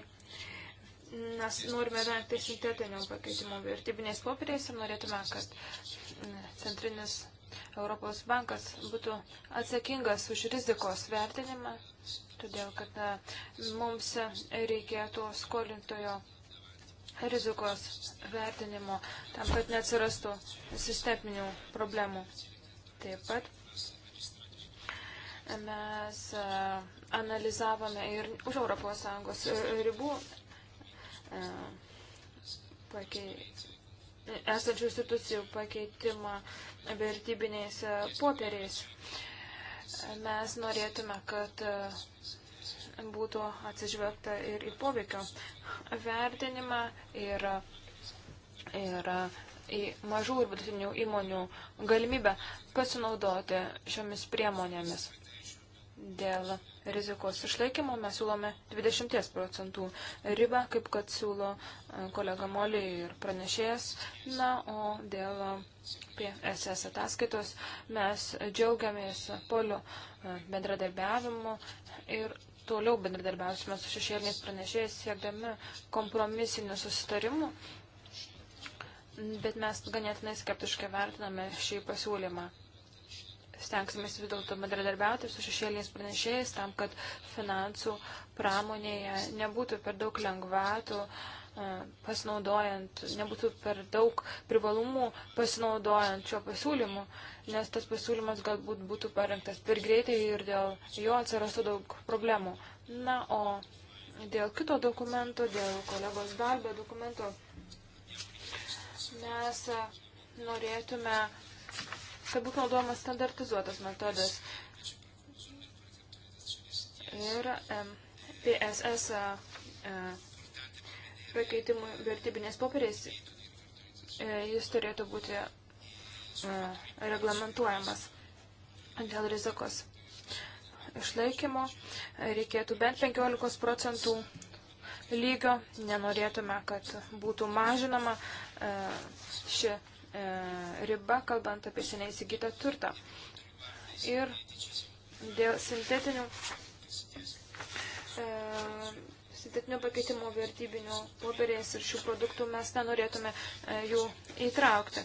mes norime vengti sintetinio pakeitimo vertybinės popieriais ir norėtume, kad e, Centrinis Europos bankas būtų atsakingas už rizikos vertinimą todėl kad na, mums reikia to skolintojo rizikos vertinimo, tam, kad neatsirastų sisteminių problemų. Taip pat mes analizavome ir už ES ribų pakei, esančių institucijų pakeitimą vertybiniais popieriais mes norėtume, kad e, būtų atsižvelgta ir į poveikio vertinimą ir, ir į mažų ir vidutinių įmonių galimybę pasinaudoti šiomis priemonėmis dėl rizikos išlaikymo mes siūlome 20 procentų ribą, kaip kad siūlo e, kolega Molė ir pranešėjas. Na, o dėl e, PSS ataskaitos mes džiaugiamės polio e, bendradarbiavimu ir toliau bendradarbiausime su šešėliniais pranešėjais siekdami kompromisinių susitarimų. Bet mes ganėtinai skeptiškai vertiname šį pasiūlymą stengsimės vis dėlto bendradarbiauti su šešėliniais pranešėjais tam, kad finansų pramonėje nebūtų per daug lengvatų e, pasinaudojant, nebūtų per daug privalumų pasinaudojant šio pasiūlymu, nes tas pasiūlymas galbūt būtų parengtas per greitai ir dėl jo atsirastų daug problemų. Na, o dėl kito dokumento, dėl kolegos darbo dokumento, mes norėtume kad būtų naudojamas standartizuotas metodas. Ir PSS pakeitimų vertybinės popieriais e, jis turėtų būti reglamentuojamas dėl rizikos išlaikymo. Reikėtų bent 15 procentų lygio. Nenorėtume, kad būtų mažinama ši E, riba, kalbant apie seniai įsigytą turtą. Ir dėl sintetinių, e, sintetinių pakeitimų vertybinių popieriais ir šių produktų mes nenorėtume e, jų įtraukti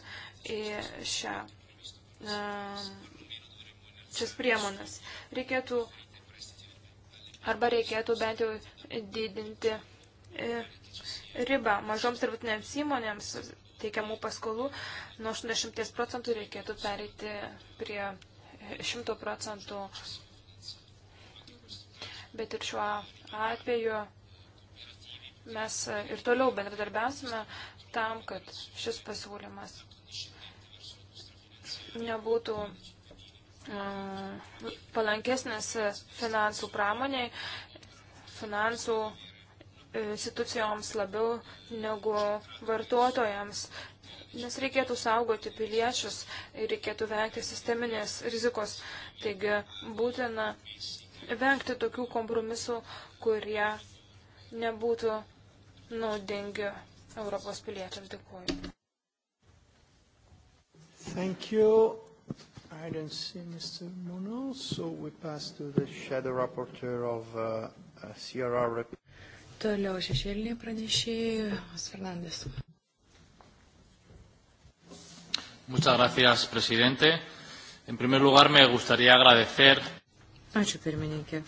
į šią, e, šias priemonės. Reikėtų arba reikėtų bent jau didinti e, ribą mažoms ir būtinėms įmonėms teikiamų paskolų, nuo 80 procentų reikėtų pereiti prie 100 procentų. Bet ir šiuo atveju mes ir toliau bendradarbiausime tam, kad šis pasiūlymas nebūtų mm, palankesnis finansų pramoniai, finansų institucijoms labiau negu vartotojams, nes reikėtų saugoti piliečius ir reikėtų vengti sisteminės rizikos. Taigi būtina vengti tokių kompromisų, kurie nebūtų naudingi Europos piliečiams. Dėkuoju. Thank you. I don't see Mr. Muno, so we pass to the shadow rapporteur of uh, uh, CRR. Toliau šešėliniai pranešėjai, Fernandes. Muchas gracias, presidente. En primer lugar, me gustaría agradecer. Ačiū, pirmininkė.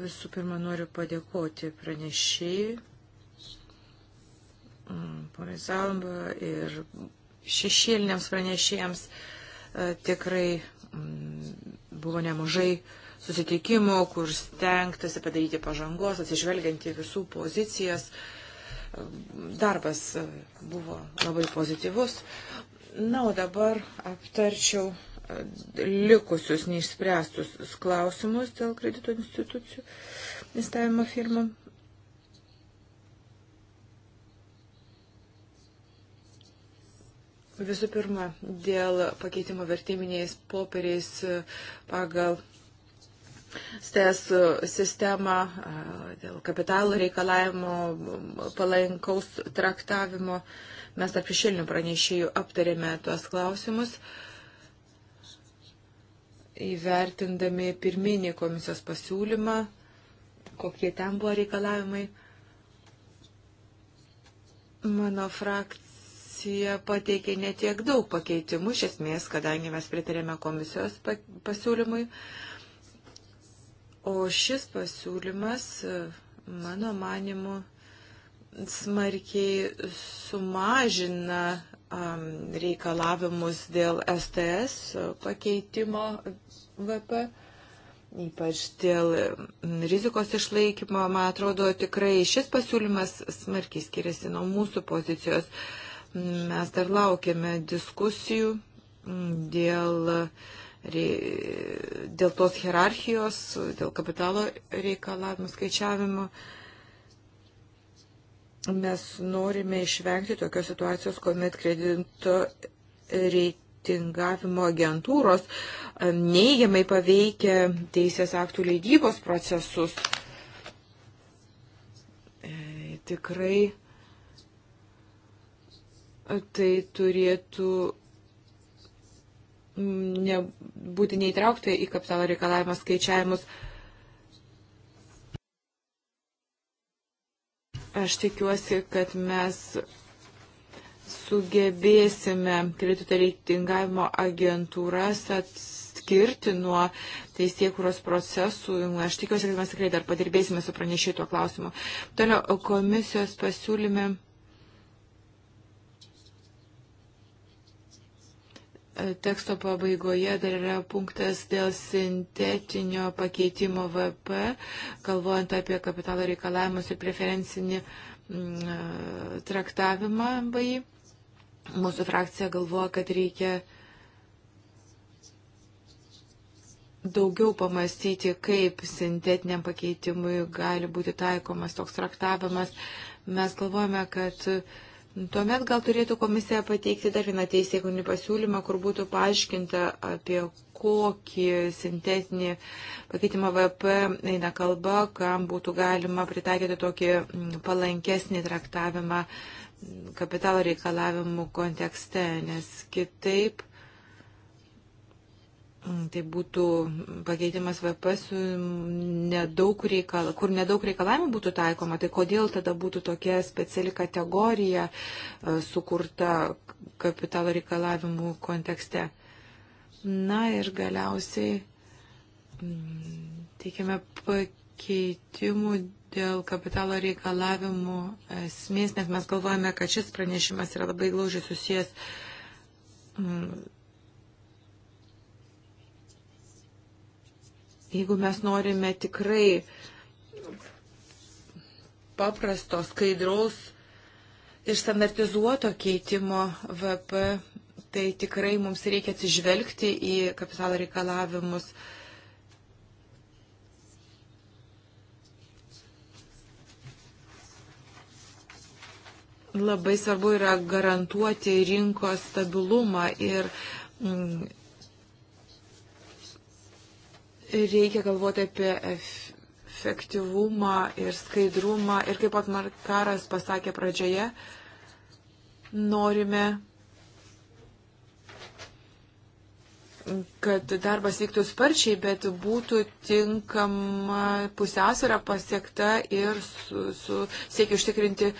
Visų pirma, noriu padėkoti pranešėjai, mm, ponai Zalba ir šešėliniams pranešėjams e, tikrai mm, buvo nemažai uh, susitikimų, kur stengtasi padaryti pažangos, atsižvelgiant į visų pozicijas. Darbas buvo labai pozityvus. Na, o dabar aptarčiau likusius neišspręstus klausimus dėl kredito institucijų investavimo firmam. Visų pirma, dėl pakeitimo vertybiniais popieriais pagal STES sistemą, dėl kapitalo reikalavimo palankaus traktavimo. Mes tarp šešėlinių pranešėjų aptarėme tuos klausimus, įvertindami pirminį komisijos pasiūlymą, kokie ten buvo reikalavimai. Mano frakcija pateikė netiek daug pakeitimų, iš esmės, kadangi mes pritarėme komisijos pasiūlymui. Uh, O šis pasiūlymas, mano manimu, smarkiai sumažina reikalavimus dėl STS pakeitimo VP ypač dėl rizikos išlaikymo, man atrodo, tikrai šis pasiūlymas smarkiai skiriasi nuo mūsų pozicijos. Mes dar laukiame diskusijų dėl dėl tos hierarchijos, dėl kapitalo reikalavimų skaičiavimo. Mes norime išvengti tokios situacijos, kuomet kredito reitingavimo agentūros neigiamai paveikia teisės aktų leidybos procesus. E, tikrai e, tai turėtų būti neįtraukti į kapitalo reikalavimo skaičiavimus. Aš tikiuosi, kad mes sugebėsime kredito reitingavimo agentūras atskirti nuo teisėkūros procesų. Aš tikiuosi, kad mes tikrai dar padirbėsime su pranešėju tuo klausimu. Toliau komisijos pasiūlyme teksto pabaigoje dar yra punktas dėl sintetinio pakeitimo VP, kalbuojant apie kapitalo reikalavimus ir preferencinį mm, e, traktavimą MBI. Mūsų frakcija galvoja, kad reikia daugiau pamastyti, kaip sintetiniam pakeitimui gali būti taikomas toks traktavimas. Mes galvojame, kad uh, Tuomet gal turėtų komisija pateikti dar vieną teisėkunį pasiūlymą, kur būtų paaiškinta, apie kokį sintetinį pakeitimą VP eina kalba, kam būtų galima pritaikyti tokį mm, palankesnį traktavimą mm, kapitalo reikalavimų kontekste, nes kitaip Mm, tai būtų pakeitimas VP su nedaug reikala, kur nedaug reikalavimų būtų taikoma, tai kodėl tada būtų tokia speciali kategorija e, sukurta kapitalo reikalavimų kontekste. Na ir galiausiai mm, teikiame pakeitimų dėl kapitalo reikalavimų esmės, nes mes galvojame, kad šis pranešimas yra labai glaužiai susijęs mm, Jeigu mes norime tikrai paprasto, skaidraus ir standartizuoto keitimo VP, tai tikrai mums reikia atsižvelgti į kapitalo reikalavimus. Labai svarbu yra garantuoti rinkos stabilumą ir mm, Reikia galvoti apie efektyvumą ir skaidrumą. Ir kaip Otmarkaras pasakė pradžioje, norime kad darbas vyktų sparčiai, bet būtų tinkama pusiausvėra pasiekta ir su, su siekiu užtikrinti e,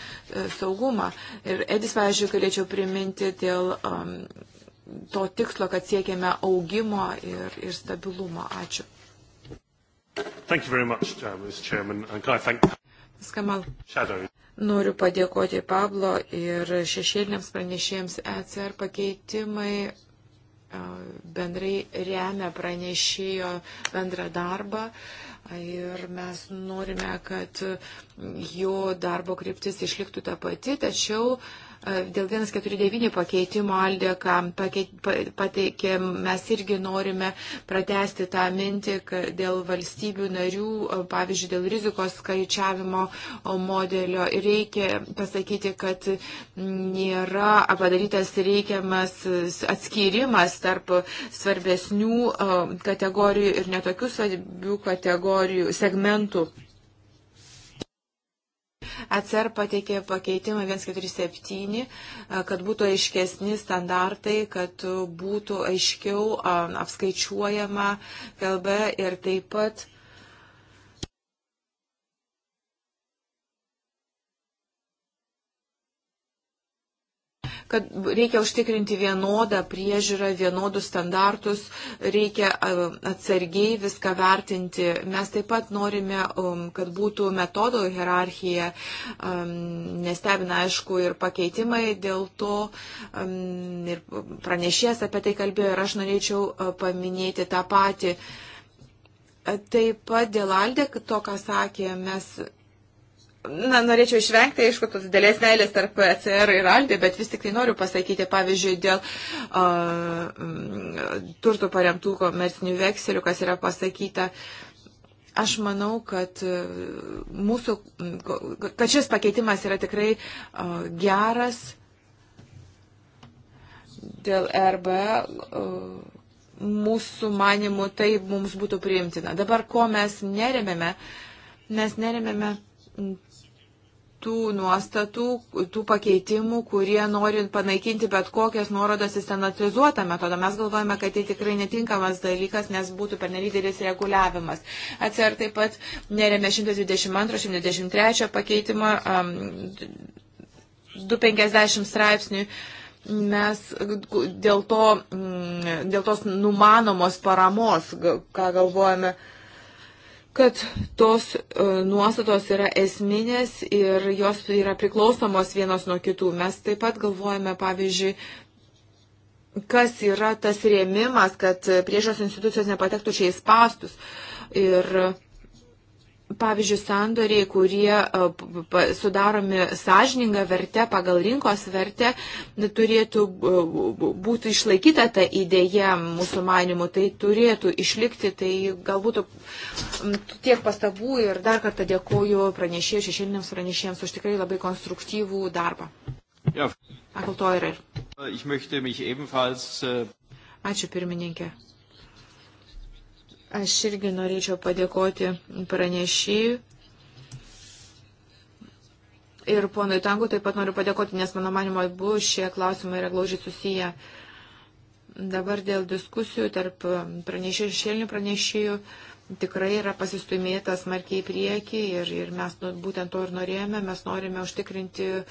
saugumą. Ir Edis, pavyzdžiui, galėčiau priminti dėl um, to tikslo, kad siekiame augimo ir, ir stabilumo. Ačiū. Thank you very much, uh, Mr. Chairman. And can I thank Skamal. Shadow. Noriu padėkoti Pablo ir šešėliniams pranešėjams ECR pakeitimai uh, bendrai remia pranešėjo bendrą darbą ir mes norime, kad jo darbo kryptis išliktų tą patį, tačiau uh, Dėl 149 pakeitimo Aldė, ką pateikė, mes irgi norime pratesti tą mintį dėl valstybių narių, pavyzdžiui, dėl rizikos skaičiavimo modelio. Reikia pasakyti, kad nėra padarytas reikiamas atskyrimas tarp svarbesnių kategorijų ir netokių svarbių kategorijų segmentų. ECR pateikė pakeitimą 147, kad būtų aiškesni standartai, kad būtų aiškiau apskaičiuojama kalba ir taip pat kad reikia užtikrinti vienodą priežiūrą, vienodus standartus, reikia atsargiai viską vertinti. Mes taip pat norime, um, kad būtų metodų hierarchija, um, nestebina aišku ir pakeitimai, dėl to um, ir pranešės apie tai kalbėjo ir aš norėčiau paminėti tą patį. Taip pat dėl Aldė, to, ką sakė, mes Na, norėčiau išvengti, aišku, tos dėlės meilės tarp ECR ir Aldė, bet vis tik tai noriu pasakyti, pavyzdžiui, dėl uh, turtų paremtų komercinių vekselių, kas yra pasakyta. Aš manau, kad, e, mūsų, kad šis pakeitimas yra tikrai uh, geras dėl e RBA. Uh, mūsų manimų tai mums būtų priimtina. Dabar ko mes neremėme? Mes neremėme tų nuostatų, tų pakeitimų, kurie norint panaikinti bet kokias nuorodas į standartizuotą metodą. Mes galvojame, kad tai tikrai netinkamas dalykas, nes būtų pernelydelis reguliavimas. Atsir taip pat neremė 122-123 pakeitimą, um, 250 straipsnių mes dėl, to, mm, dėl tos numanomos paramos, ką galvojame, kad tos e, nuostatos yra esminės ir jos yra priklausomos vienos nuo kitų. Mes taip pat galvojame, pavyzdžiui, kas yra tas rėmimas, kad priežos institucijos nepatektų čia į spastus. Ir Pavyzdžiui, sandoriai, kurie e, sudaromi sąžininga verte pagal rinkos verte, turėtų e, būti išlaikyta ta idėja mūsų manimų, tai turėtų išlikti, tai galbūt tiek pastabų ir dar kartą dėkoju pranešėjų šešėliniams pranešėjams už tikrai labai konstruktyvų darbą. Ja. Äh, Ačiū pirmininkė. Aš irgi norėčiau padėkoti pranešėjui. Ir ponui Tangu taip pat noriu padėkoti, nes mano manimo, abu šie klausimai yra glaužiai susiję. Dabar dėl diskusijų tarp pranešėjų ir šėlinių pranešėjų tikrai yra pasistumėta smarkiai į priekį ir, ir mes nu, būtent to ir norėjome, mes norime užtikrinti e,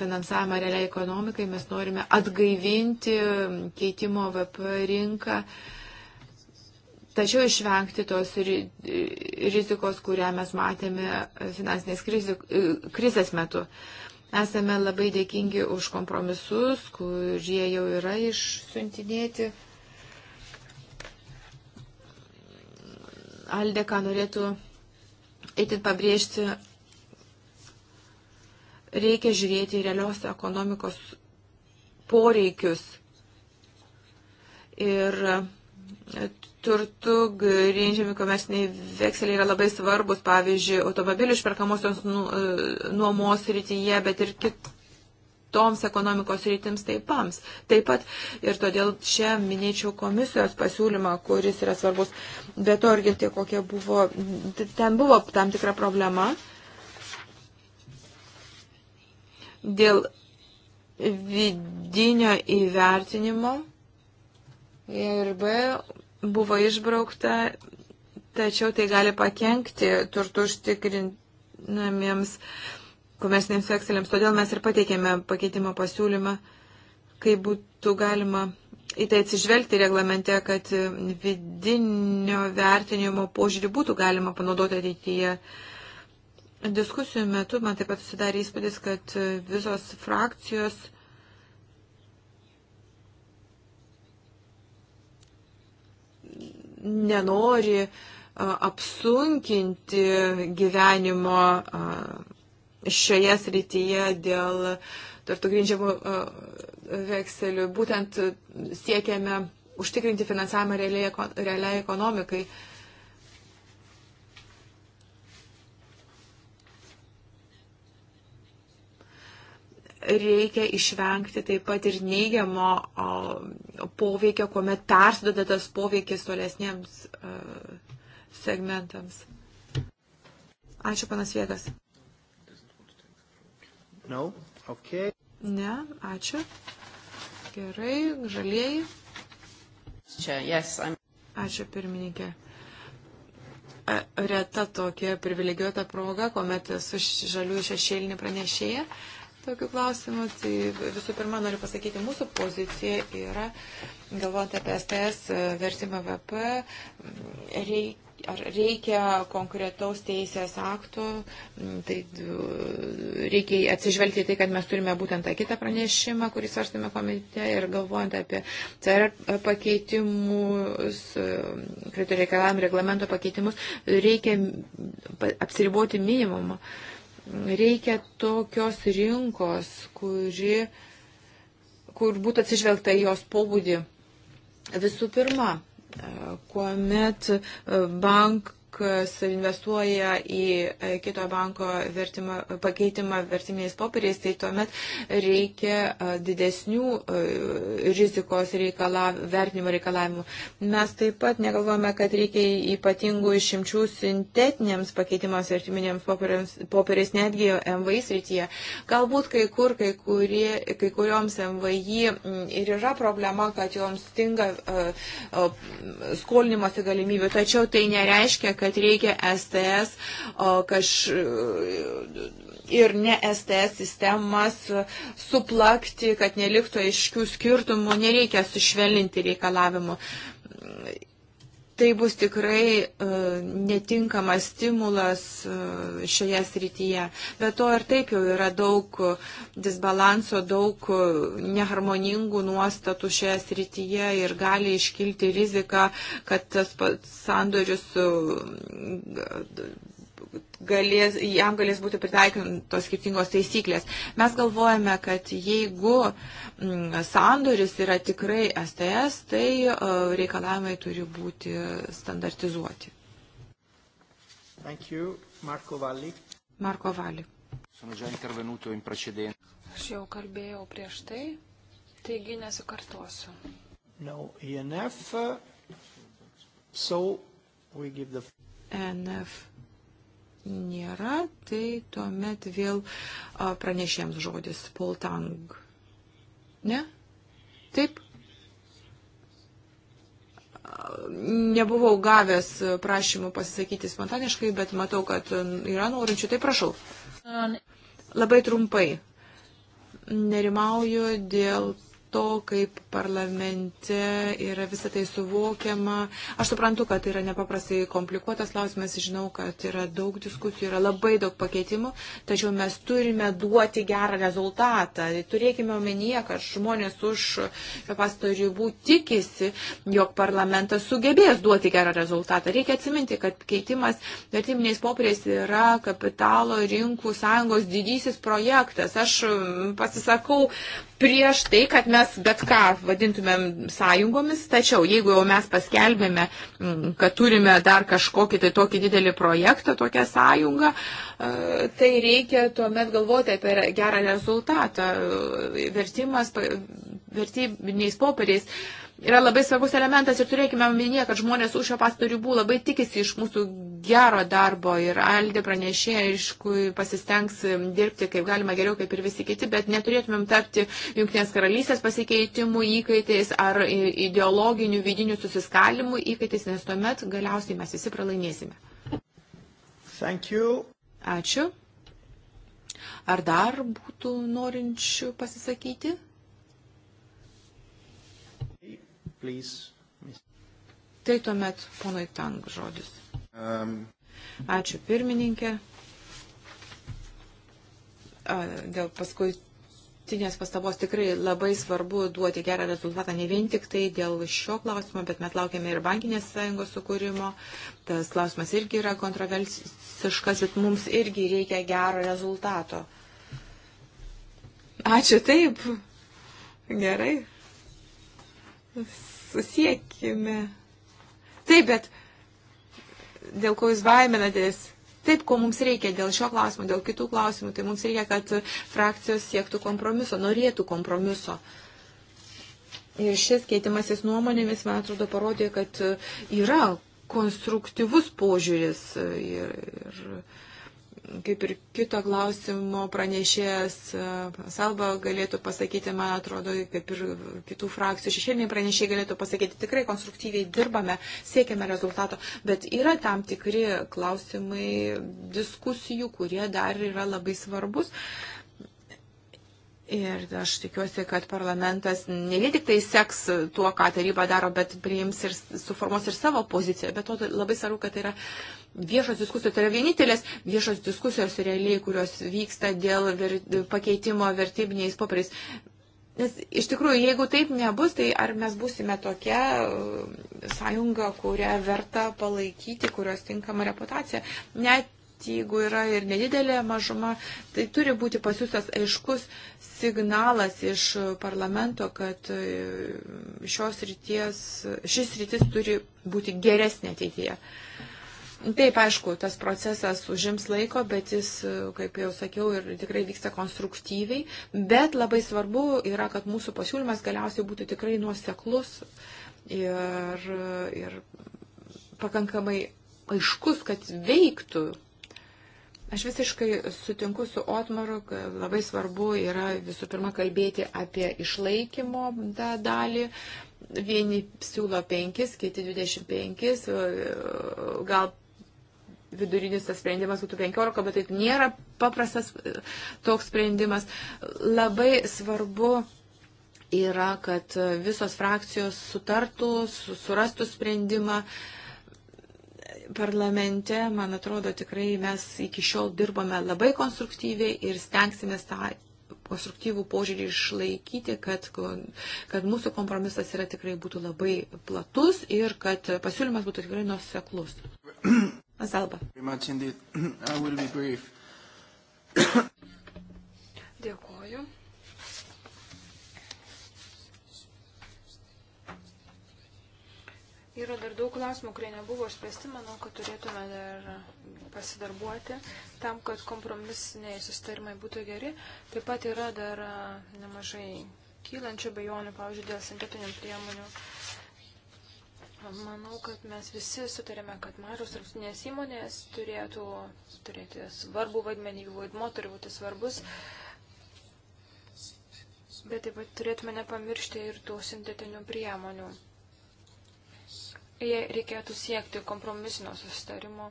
finansavimą realiai ekonomikai, mes norime atgaivinti keitimo VP rinką. Uh, Tačiau išvengti tos rizikos, kurią mes matėme finansinės krizės metu. Esame labai dėkingi už kompromisus, kurie jau yra išsiuntinėti. Aldė, ką norėtų itin pabrėžti, reikia žiūrėti į realios ekonomikos poreikius. Ir turtu grindžiami komerciniai vekseliai yra labai svarbus, pavyzdžiui, automobilių išperkamosios nu, e, nuomos rytyje, bet ir kitoms ekonomikos rytims taip, taip pat. Ir todėl čia minėčiau komisijos pasiūlymą, kuris yra svarbus. Bet to irgi tai kokia buvo, ten buvo tam tikra problema dėl vidinio įvertinimo. IRB buvo išbraukta, tačiau tai gali pakenkti turtų užtikrinamiems komersiniams vekseliams. Todėl mes ir pateikėme pakeitimo pasiūlymą, kaip būtų galima į tai atsižvelgti reglamente, kad vidinio vertinimo požiūrį būtų galima panaudoti ateityje. Diskusijų metu man taip pat susidarė įspūdis, kad visos frakcijos nenori apsunkinti gyvenimo šioje srityje dėl turtų grindžiamų vekselių. Būtent siekiame užtikrinti finansavimą realiai, realiai ekonomikai. Uh, reikia išvengti taip pat ir neigiamo poveikio, kuomet persidada tas poveikis tolesniems segmentams. Ačiū, panas Viegas. No? Okay. Ne, ačiū. Gerai, žalieji. Čia, yes, I'm... Ačiū, pirmininkė. Reta tokia privilegijuota proga, kuomet esu žaliųjų šešėlinį pranešėję. Uh, tokių klausimų. Tai visų pirma, noriu pasakyti, mūsų pozicija yra, galvojant apie STS e, vertimą VP, reikia ar reikia konkretaus teisės akto, tai e, reikia atsižvelgti į tai, kad mes turime būtent tą kitą pranešimą, kurį svarstame komitete ir galvojant apie CR pakeitimus, e, kriterijų reikalavimų reglamento pakeitimus, reikia apsiriboti minimumą. Uh, Reikia tokios rinkos, kuri, kur būtų atsižvelgta į jos pobūdį. Visų pirma, kuomet e, bank, bankas investuoja į e, kito banko vertimą, pakeitimą vertimiais popieriais, tai tuomet reikia e, didesnių e, rizikos reikalav, vertinimo reikalavimų. Mes taip pat negalvojame, kad reikia ypatingų išimčių sintetiniams pakeitimams vertiminiams popieriais netgi MVI srityje. Galbūt kai kur, kai, kurie, kai kurioms MVI ir yra problema, kad joms stinga uh, uh, skolinimosi galimybių, tačiau tai nereiškia, kad reikia STS kaž, ir ne STS sistemas suplakti, kad neliktų aiškių skirtumų, nereikia sušvelninti reikalavimų tai bus tikrai e, netinkamas stimulas e, šioje srityje. Bet to ir taip jau yra daug disbalanso, daug neharmoningų nuostatų šioje srityje ir gali iškilti rizika, kad tas sandorius e, galės, jam galės būti pritaikintos skirtingos taisyklės. Mes galvojame, kad jeigu mm, sandoris yra tikrai STS, tai e, reikalavimai turi būti standartizuoti. Marko Valli. Marko Valli. Aš jau kalbėjau prieš tai, taigi nesikartosiu. No, ENF, so we give the... E NF nėra, tai tuomet vėl pranešėms žodis poltang. Ne? Taip? Nebuvau gavęs prašymų pasisakyti spontaniškai, bet matau, kad yra norinčių, tai prašau. Labai trumpai. Nerimauju dėl to, kaip parlamente yra visą tai suvokiama. Aš suprantu, kad tai yra nepaprastai komplikuotas klausimas, žinau, kad yra daug diskusijų, yra labai daug pakeitimų, tačiau mes turime duoti gerą rezultatą. Turėkime omenyje, kad žmonės už pastato ribų tikisi, jog parlamentas sugebės duoti gerą rezultatą. Reikia atsiminti, kad keitimas vertiminiais popieriais yra kapitalo rinkų sąjungos didysis projektas. Aš pasisakau prieš tai, kad mes bet ką vadintumėm sąjungomis, tačiau jeigu jau mes paskelbėme, mm, kad turime dar kažkokį tai tokį didelį projektą, tokią sąjungą, e, tai reikia tuomet galvoti apie gerą rezultatą. E, vertimas vertybiniais popieriais yra labai svarbus elementas ir turėkime omenyje, kad žmonės už šio pastato ribų labai tikisi iš mūsų gero darbo ir Aldė pranešė, aišku, pasistengs dirbti kaip galima geriau, kaip ir visi kiti, bet neturėtumėm tapti Junktinės karalystės pasikeitimų įkaitais ar ideologinių vidinių susiskalimų įkaitais, nes tuomet galiausiai mes visi pralaimėsime. Ačiū. Ar dar būtų norinčių pasisakyti? please. Tai tuomet ponui Tang žodis. Um. Ačiū pirmininkė. A, dėl paskutinės pastabos tikrai labai svarbu duoti gerą rezultatą ne vien tik tai dėl šio klausimo, bet mes laukiame ir bankinės sąjungos sukūrimo. Tas klausimas irgi yra kontroversiškas, bet mums irgi reikia gero rezultato. Ačiū taip. Gerai siekime. Taip, bet dėl ko jūs baiminatės? Taip, ko mums reikia dėl šio klausimo, dėl kitų klausimų, tai mums reikia, kad frakcijos siektų kompromiso, norėtų kompromiso. Ir šis keitimasis nuomonėmis, man atrodo, parodė, kad yra konstruktyvus požiūris ir, ir kaip ir kito klausimo pranešėjas e, Salba galėtų pasakyti, man atrodo, kaip ir kitų frakcijų šešėliniai pranešėjai galėtų pasakyti, tikrai konstruktyviai dirbame, siekiame rezultato, bet yra tam tikri klausimai diskusijų, kurie dar yra labai svarbus. Uh, Ir aš tikiuosi, kad parlamentas ne vien tik tai seks tuo, ką taryba daro, bet priims ir suformuos ir savo poziciją. Bet to labai svarbu, kad tai yra viešos diskusijos, tai yra vienintelės viešos diskusijos realiai, kurios vyksta dėl ver, pakeitimo vertybiniais popieriais. Nes iš tikrųjų, jeigu taip nebus, tai ar mes būsime tokia uh, sąjunga, kurią verta palaikyti, kurios tinkama reputacija. Net jeigu yra ir nedidelė mažuma, tai turi būti pasiūstas aiškus signalas iš parlamento, kad e, šios ryties, šis rytis turi būti geresnė ateityje. Taip, aišku, tas procesas užims laiko, bet jis, e, kaip jau sakiau, ir tikrai vyksta konstruktyviai, bet labai svarbu yra, kad mūsų pasiūlymas galiausiai būtų tikrai nuoseklus ir, ir pakankamai aiškus, kad veiktų Aš visiškai sutinku su Otmaru, kad labai svarbu yra visų pirma kalbėti apie išlaikymo tą dalį. Vieni siūlo 5, kiti 25, gal vidurinis tas sprendimas būtų 15, bet tai nėra paprastas toks sprendimas. Labai svarbu yra, kad visos frakcijos sutartų, surastų sprendimą. Uh, parlamente, man atrodo, tikrai mes iki šiol dirbame labai konstruktyviai ir stengsime tą konstruktyvų požiūrį išlaikyti, kad, kad mūsų kompromisas yra tikrai būtų labai platus ir kad pasiūlymas būtų tikrai nuoseklus. Azalba. Dėkuoju. Yra dar daug klausimų, kurie nebuvo išspręsti, manau, kad turėtume dar pasidarbuoti tam, kad kompromisiniai sustarimai būtų geri. Taip pat yra dar nemažai kylančių bejonių, pavyzdžiui, dėl sintetinių priemonių. Manau, kad mes visi sutarėme, kad mažos tarptautinės įmonės turėtų turėti svarbų vaidmenį, jų vaidmo turi būti svarbus. Bet taip pat turėtume nepamiršti ir tų sintetinių priemonių reikėtų siekti kompromisinio susitarimo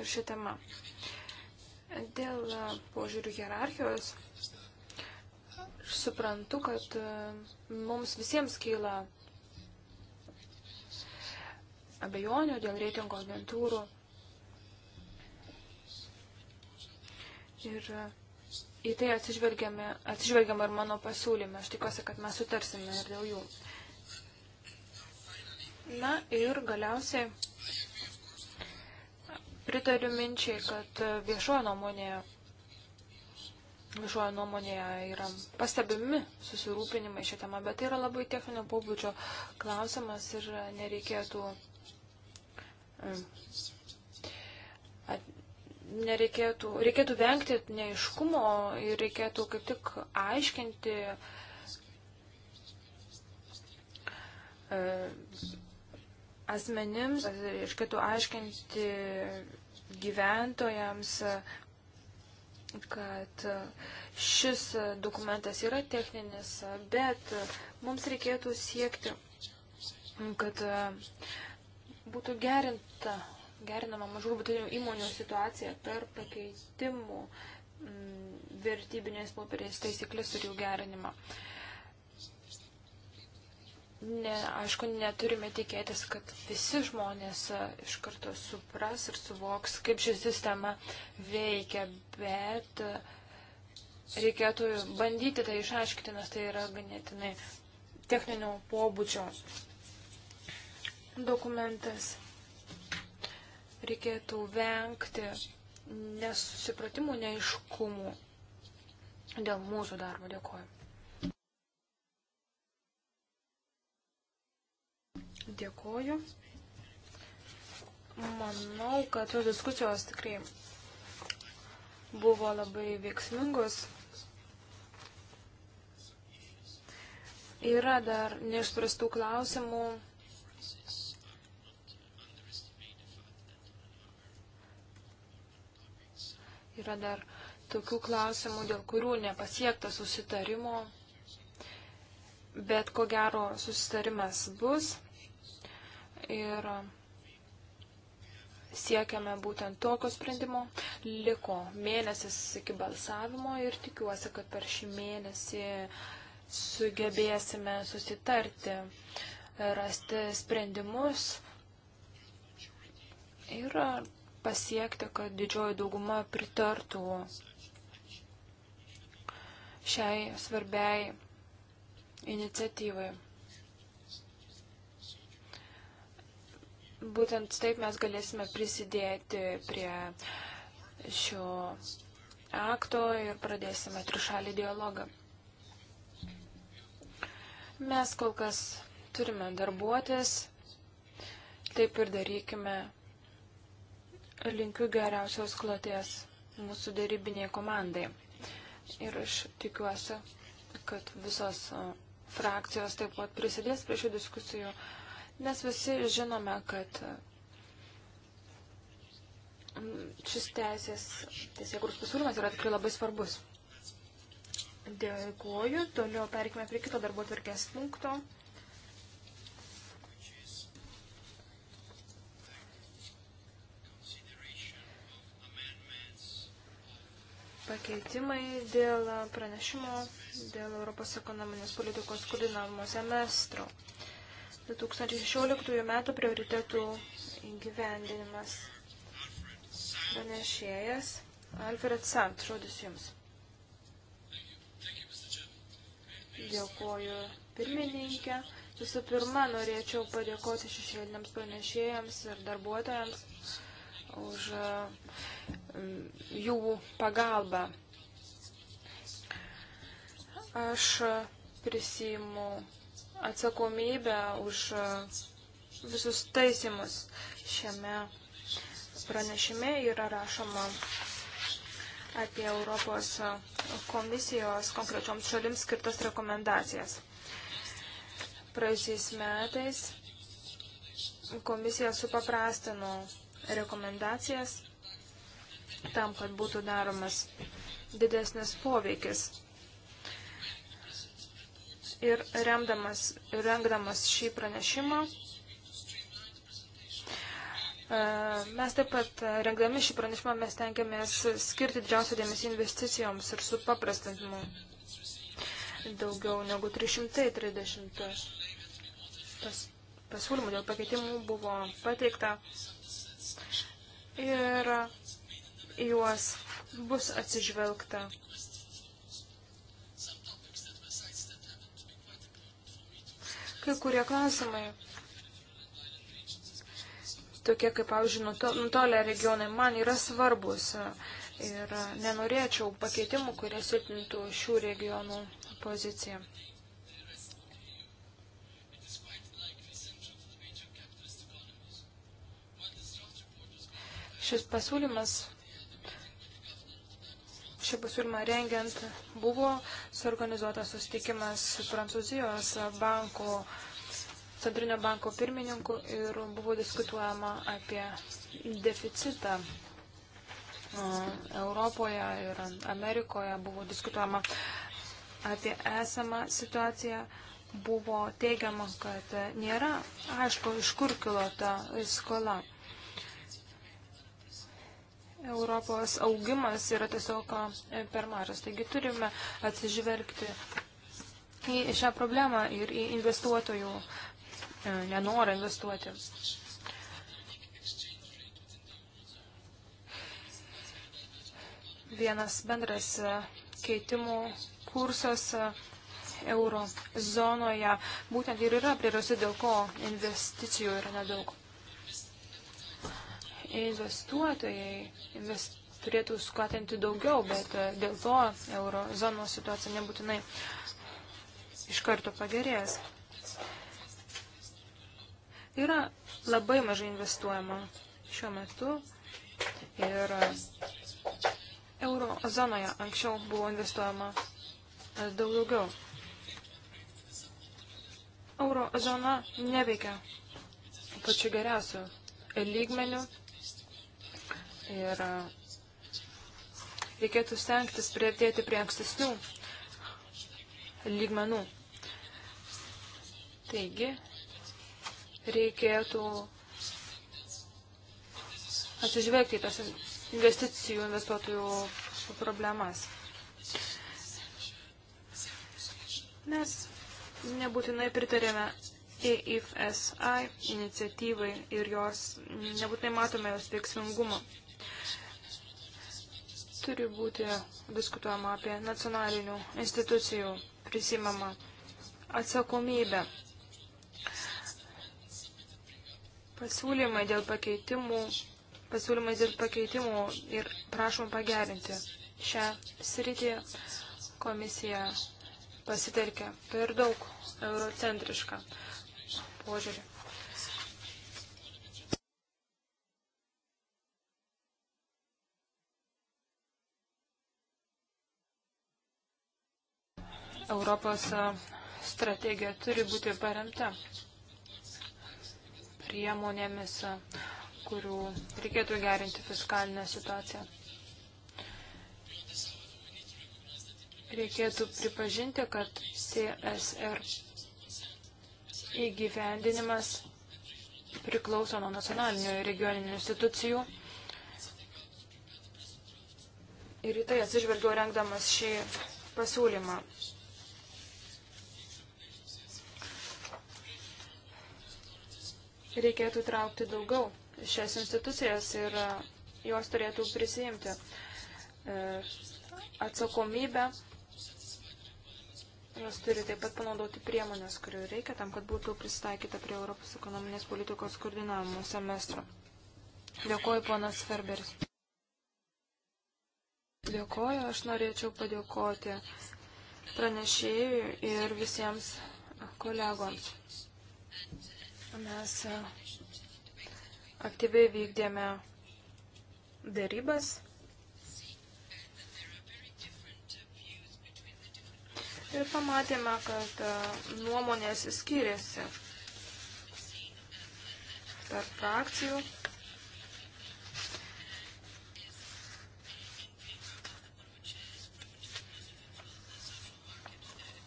ir šią temą. Dėl e, požiūrių hierarchijos suprantu, kad e, mums visiems kyla abejonių dėl reitingo agentūrų. Ir e, į tai atsižvelgiame, atsižvelgiame ir mano pasiūlyme. Aš tikiuosi, kad mes sutarsime ir dėl jų. Na ir galiausiai pritariu minčiai, kad viešojo nuomonėje, viešojo nuomonėje yra pastebimi susirūpinimai šią temą, bet tai yra labai techninio pobūdžio klausimas ir nereikėtų, nereikėtų, reikėtų vengti neiškumo ir reikėtų kaip tik aiškinti, asmenims, reikėtų aiškinti gyventojams, kad šis dokumentas yra techninis, bet mums reikėtų siekti, kad būtų gerinta, gerinama mažų būtinių įmonių situacija per pakeitimų mm, vertybinės popieriais taisyklės ir jų gerinimą. Uh, ne, aišku, neturime tikėtis, kad visi žmonės e, iš karto supras ir suvoks, kaip ši sistema veikia, bet e, reikėtų bandyti tai išaiškinti, nes tai yra ganėtinai techninio pobūdžio dokumentas. Reikėtų vengti nesusipratimų, neiškumų dėl mūsų darbo. Dėkuoju. Dėkoju. Manau, kad tos diskusijos tikrai buvo labai veiksmingos. Yra dar neišspręstų klausimų. Yra dar tokių klausimų, dėl kurių nepasiekta susitarimo, bet ko gero susitarimas bus ir siekiame būtent tokio sprendimo. Liko mėnesis iki balsavimo ir tikiuosi, kad per šį mėnesį sugebėsime susitarti, rasti sprendimus ir pasiekti, kad didžioji dauguma pritartų šiai svarbiai iniciatyvai. Būtent taip mes galėsime prisidėti prie šio akto ir pradėsime trišalį dialogą. Mes kol kas turime darbuotis, taip ir darykime. Linkiu geriausios kloties mūsų darybiniai komandai. Ir aš tikiuosi, kad visos frakcijos taip pat prisidės prie šių diskusijų. Mes visi žinome, kad mm, šis teisės, teisėkurus pasiūlymas yra tikrai labai svarbus. Dėkuoju. Toliau perikime prie kito darbo tvarkės punkto. Pakeitimai dėl pranešimo dėl Europos ekonominės politikos koordinavimo semestro. 2016 metų prioritetų įgyvendinimas. Pranešėjas Alfred Sant, žodis Jums. Dėkuoju pirmininkė. Visų pirma, norėčiau padėkoti šešėliniams pranešėjams ir darbuotojams už jų pagalbą. Aš prisimu atsakomybę už e, visus taisimus šiame pranešime yra rašoma apie Europos komisijos konkrečioms šalims skirtas rekomendacijas. Praėjusiais metais komisija supaprastino rekomendacijas tam, kad būtų daromas didesnis poveikis ir remdamas, rengdamas šį pranešimą. E, mes taip pat, e, rengdami šį pranešimą, mes tenkiamės skirti didžiausią dėmesį investicijoms ir supaprastinimui. Daugiau negu 330 pas, pasiūlymų dėl pakeitimų buvo pateikta ir juos bus atsižvelgta kai kurie klausimai, tokie kaip, pavyzdžiui, nutolę regionai, man yra svarbus ir nenorėčiau pakeitimų, kurie silpnintų šių regionų poziciją. Šis pasiūlymas, šį pasiūlymą rengiant, buvo suorganizuotas sustikimas su Prancūzijos banko, centrinio banko pirmininku ir buvo diskutuojama apie deficitą Europoje ir Amerikoje, buvo diskutuojama apie esamą situaciją buvo teigiama, kad nėra aišku, iš kur kilo ta skola. Europos augimas yra tiesiog e, per mažas. Taigi turime atsižvelgti į šią problemą ir į investuotojų e, nenorą investuoti. Vienas bendras e, keitimų kursas euro zonoje būtent ir yra priežastis, dėl ko investicijų yra nedaug investuotojai invest, turėtų skatinti daugiau, bet e, dėl to eurozonos situacija nebūtinai iš karto pagerės. Yra labai mažai investuojama šiuo metu ir e, eurozonoje anksčiau buvo investuojama e, daug daugiau. Eurozona neveikia pačiu geriausiu lygmeniu ir e, reikėtų stengtis prieartėti prie ankstesnių lygmenų. Taigi, reikėtų atsižvelgti į tas investicijų investuotojų problemas. Mes nebūtinai pritarėme EIFSI iniciatyvai ir jos nebūtinai matome jos veiksmingumo. Turi būti diskutuojama apie nacionalinių institucijų prisimamą atsakomybę. Pasiūlymai dėl pakeitimų, pasiūlymai dėl pakeitimų ir prašom pagerinti šią sritį komisija pasitelkia per daug eurocentrišką požiūrį. Europos strategija turi būti paremta priemonėmis, kurių reikėtų gerinti fiskalinę situaciją. Reikėtų pripažinti, kad CSR įgyvendinimas priklauso nuo nacionalinių ir regioninių institucijų. Ir į tai atsižvelgiau rengdamas šį pasiūlymą. reikėtų traukti daugiau šias institucijas ir e, jos turėtų prisijimti e, atsakomybę. Jos turi taip pat panaudoti priemonės, kurių reikia tam, kad būtų pristaikyta prie Europos ekonominės politikos koordinavimo semestro. Dėkuoju, ponas Ferberis. Dėkuoju, aš norėčiau padėkoti pranešėjui ir visiems kolegoms mes e, aktyviai vykdėme darybas. Ir pamatėme, kad e, nuomonės skiriasi tarp frakcijų.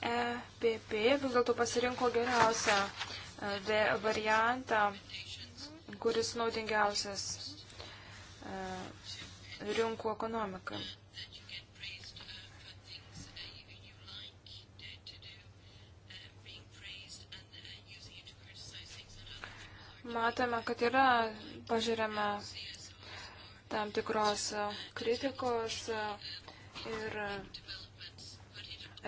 EPP vis dėlto pasirinko geriausią variantą, kuris naudingiausias e, rinkų ekonomikai. Matome, kad yra pažiūrėme tam tikros kritikos ir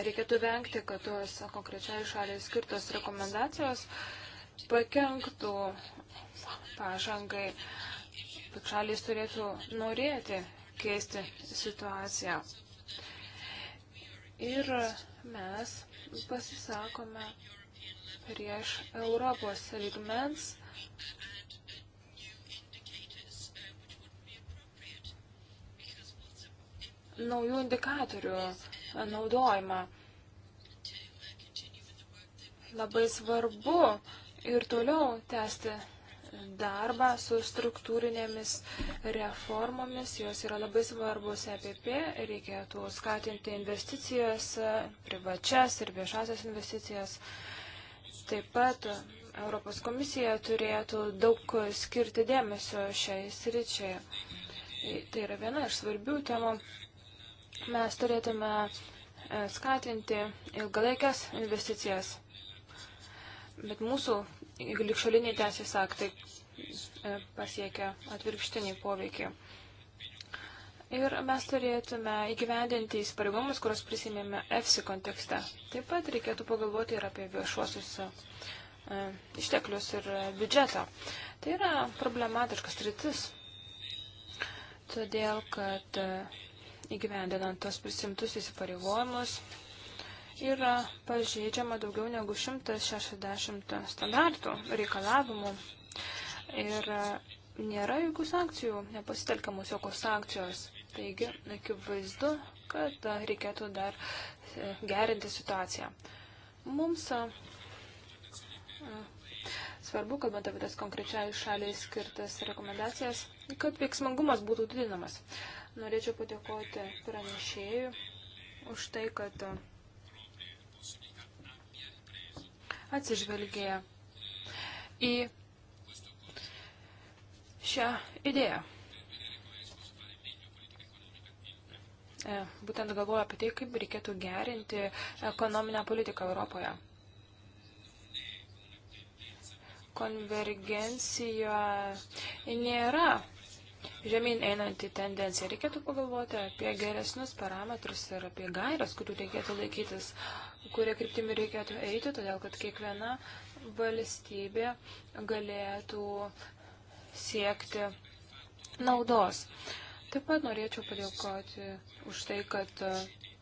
reikėtų vengti, kad tuos konkrečiai šaliai skirtos rekomendacijos uh, pakenktų pažangai. Bet šalis turėtų norėti keisti situaciją. Ir mes pasisakome prieš Europos lygmens naujų indikatorių naudojimą. Labai svarbu ir toliau tęsti darbą su struktūrinėmis reformomis. Jos yra labai svarbus EPP, reikėtų skatinti investicijas, privačias ir viešasias investicijas. Taip pat Europos komisija turėtų daug skirti dėmesio šiai sričiai. Tai yra viena iš svarbių temų. Mes turėtume skatinti ilgalaikės investicijas Bet mūsų likšaliniai teisės aktai e, pasiekia atvirkštinį poveikį. Ir mes turėtume įgyvendinti įsipareigomus, kurios prisimėme EFSI kontekste. Taip pat reikėtų pagalvoti ir apie viešuosius e, išteklius ir biudžetą. Tai yra problematiškas rytis, todėl kad e, įgyvendinant tos prisimtus įsipareigojimus, yra pažeidžiama daugiau negu 160 standartų reikalavimų ir e, nėra jokių sankcijų, nepasitelkiamos jokios sankcijos. Taigi, akivaizdu, kad e, reikėtų dar e, gerinti situaciją. Mums svarbu, kalbant apie tas konkrečiai šaliai skirtas rekomendacijas, kad veiksmingumas būtų didinamas. Norėčiau padėkoti pranešėjui už tai, kad atsižvelgė į šią idėją. E, būtent galvoju apie tai, kaip reikėtų gerinti ekonominę politiką Europoje. Konvergencija nėra žemyn einanti tendencija. Reikėtų pagalvoti apie geresnius parametrus ir apie gairias, kurių reikėtų laikytis, kurie kryptimi reikėtų eiti, todėl kad kiekviena valstybė galėtų siekti naudos. Taip pat norėčiau padėkoti už tai, kad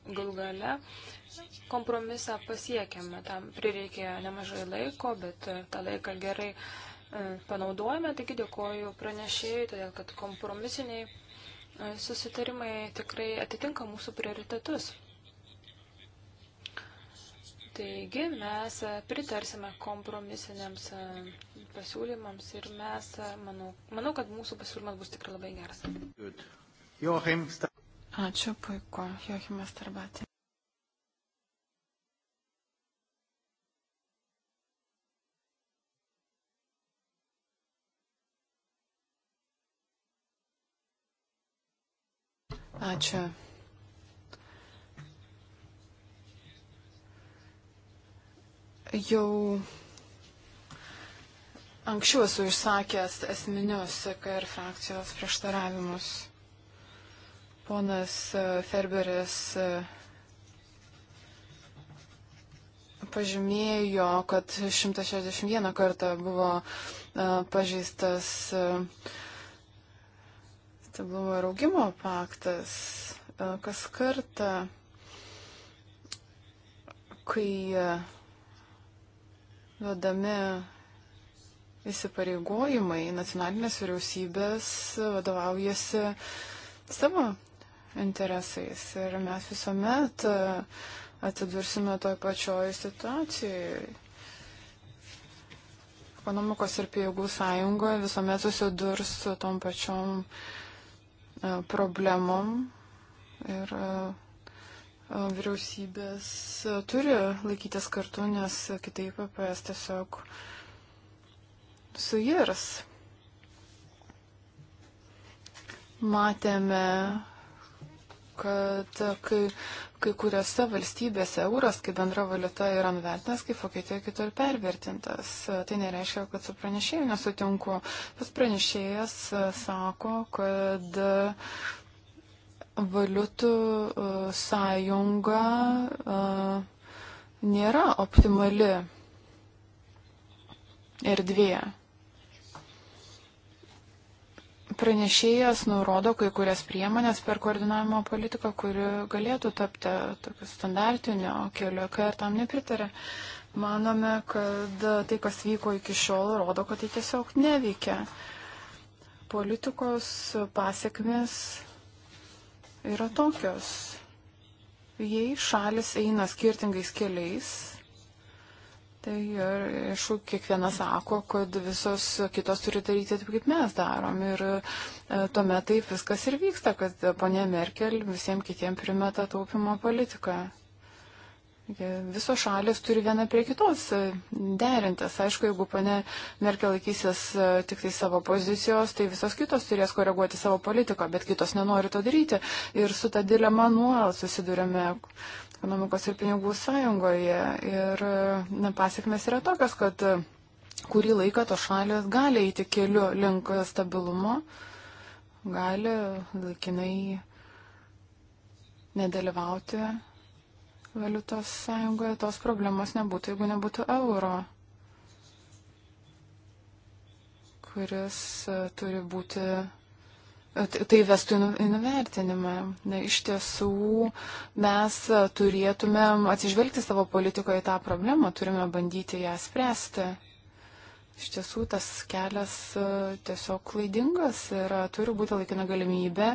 galų gale kompromisą pasiekėme. Tam prireikė nemažai laiko, bet tą laiką gerai uh, E, panaudojame. Taigi dėkoju pranešėjai, todėl kad kompromisiniai e, susitarimai tikrai atitinka mūsų prioritetus. Taigi mes e, pritarsime kompromisiniams pasiūlymams ir mes, manau, manau, kad mūsų pasiūlymas bus tikrai labai geras. Ačiū, puiku. Joachimas Tarbatė. Ačiū. Jau anksčiau esu išsakęs esminius e KR frakcijos prieštaravimus. Ponas e, Ferberis e, pažymėjo, kad 161 kartą buvo pažeistas stabilumo ir augimo paktas e, kas kartą, kai duodami e, įsipareigojimai, nacionalinės vyriausybės vadovaujasi savo interesais. Ir mes visuomet e, atsidursime toj pačioj situacijai. Ekonomikos ir pinigų sąjungoje visuomet susidurs su tom pačiom uh, E, problemom ir e, e, vyriausybės turi laikytis kartu, nes kitaip PPS tiesiog suirs. Matėme kad kai, kai kuriuose valstybėse euras kaip bendra valiuta yra nuvertintas, kaip Vokietijoje kitur pervertintas. Tai nereiškia, kad su pranešėju nesutinku. Tas pranešėjas sako, kad valiutų e, sąjunga e, nėra optimali erdvė. Pranešėjas nurodo kai kurias priemonės per koordinavimo politiką, kuri galėtų tapti tokiu standartiniu keliu, kai ir tam nepritarė. Manome, kad tai, kas vyko iki šiol, rodo, kad tai tiesiog neveikia. Politikos pasiekmes yra tokios. Jei šalis eina skirtingais keliais, Tai ir, aišku, kiekvienas sako, kad visos kitos turi daryti taip, kaip mes darom. Ir e, tuomet taip viskas ir vyksta, kad ponė Merkel visiems kitiems primeta taupimo politiką. Visos šalis turi viena prie kitos e, derintas. Aišku, jeigu pane Merkel laikysis e, tik tai savo pozicijos, tai visos kitos turės koreguoti savo politiką, bet kitos nenori to daryti. Ir su tą dilemą nuolat susidurėme ekonomikos ir pinigų sąjungoje. Ir na, pasiekmes yra tokios, kad kurį laiką tos šalis gali eiti keliu link stabilumo, gali laikinai nedalyvauti valiutos sąjungoje, tos problemos nebūtų, jeigu nebūtų euro, kuris turi būti tai vestų įvertinimą. Nu, iš tiesų mes turėtumėm atsižvelgti savo politikoje tą problemą, turime bandyti ją spręsti. Iš tiesų tas kelias e, tiesiog klaidingas ir e, turi būti laikina galimybė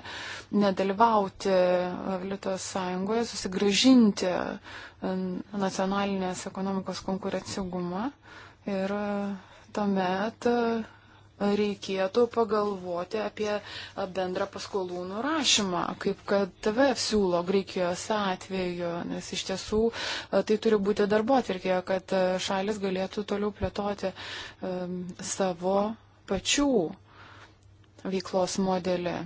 nedalyvauti e, Lietuvos sąjungoje, susigražinti nacionalinės ekonomikos konkurencingumą ir tuomet reikėtų pagalvoti apie bendrą paskolų nurašymą, kaip kad TVF siūlo Graikijos atveju, nes iš tiesų e, tai turi būti darbo atvirkėje, kad e, šalis galėtų toliau plėtoti um, savo pačių veiklos modelį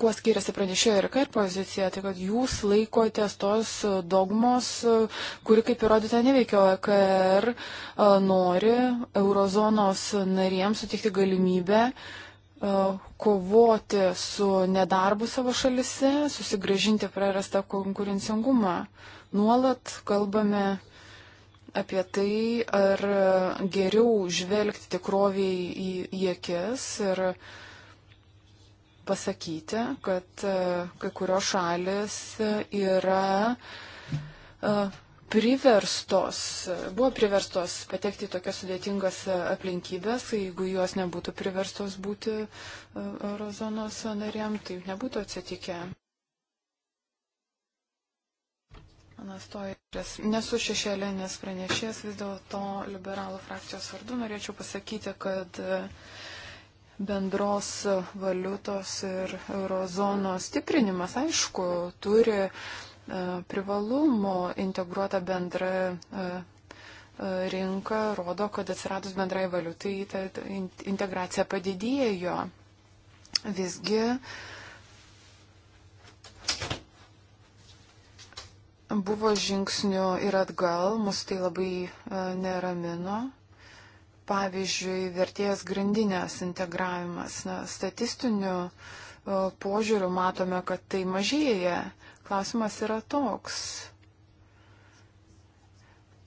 kuo skiriasi pranešėjo ir kaip pozicija, tai kad jūs laikotės tos dogmos, kuri, kaip įrodyta, neveikia, o EKR e, nori eurozonos nariems sutikti galimybę e, kovoti su nedarbu savo šalise, susigražinti prarastą konkurencingumą. Nuolat kalbame apie tai, ar geriau žvelgti tikroviai į, į akis ir uh, pasakyti, kad e, kai kurios šalis e, yra e, priverstos, buvo priverstos patekti į tokias sudėtingas aplinkybės, jeigu jos nebūtų priverstos būti eurozonos narėm, tai nebūtų atsitikę. Anastojas, nesu šešėlinės pranešės, vis dėlto liberalų frakcijos vardu norėčiau pasakyti, kad uh, bendros valiutos ir eurozonos stiprinimas, aišku, turi e, privalumų integruota bendra e, e, rinka, rodo, kad atsiradus bendrai valiutai ta integracija padidėjo. Visgi buvo žingsnių ir atgal, mus tai labai neramino pavyzdžiui, vertėjas grandinės integravimas. Na, statistiniu požiūriu matome, kad tai mažėja. Klausimas yra toks.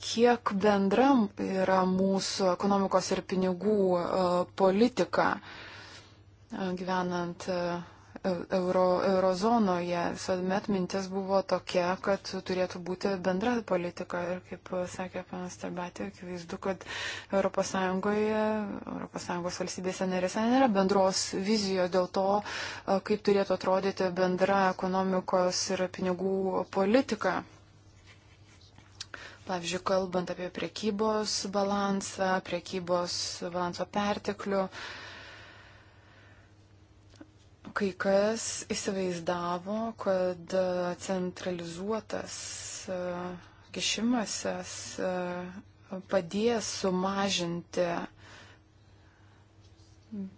Kiek bendram yra mūsų ekonomikos ir pinigų politika gyvenant euro, eurozonoje. Visuomet mintis buvo tokia, kad turėtų būti bendra politika. Ir kaip sakė panas Tarbatė, akivaizdu, kad ES, ES valstybėse narėse nėra bendros vizijos dėl to, kaip turėtų atrodyti bendra ekonomikos ir pinigų politika. Pavyzdžiui, kalbant apie priekybos balansą, priekybos balanso perteklių. Uh, kai kas įsivaizdavo, kad e, centralizuotas e, kišimasis e, padės sumažinti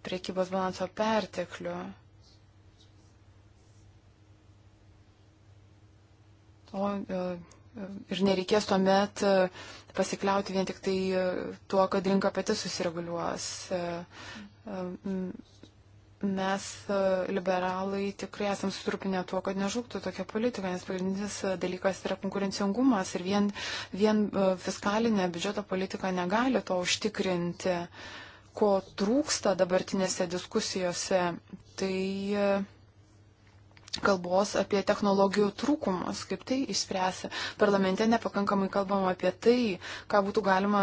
priekybos balanso perteklių. O ir nereikės tuomet pasikliauti vien tik tai tuo, kad rinka pati susireguliuos mes e, liberalai tikrai esam sutrupinę tuo, kad nežūktų tokia politika, nes pagrindinis e, dalykas yra konkurencingumas ir vien, vien e, fiskalinė biudžeto politika negali to užtikrinti, ko trūksta dabartinėse diskusijose. Tai kalbos apie technologijų trūkumus, kaip tai išspręsi. Parlamente nepakankamai kalbam apie tai, ką būtų galima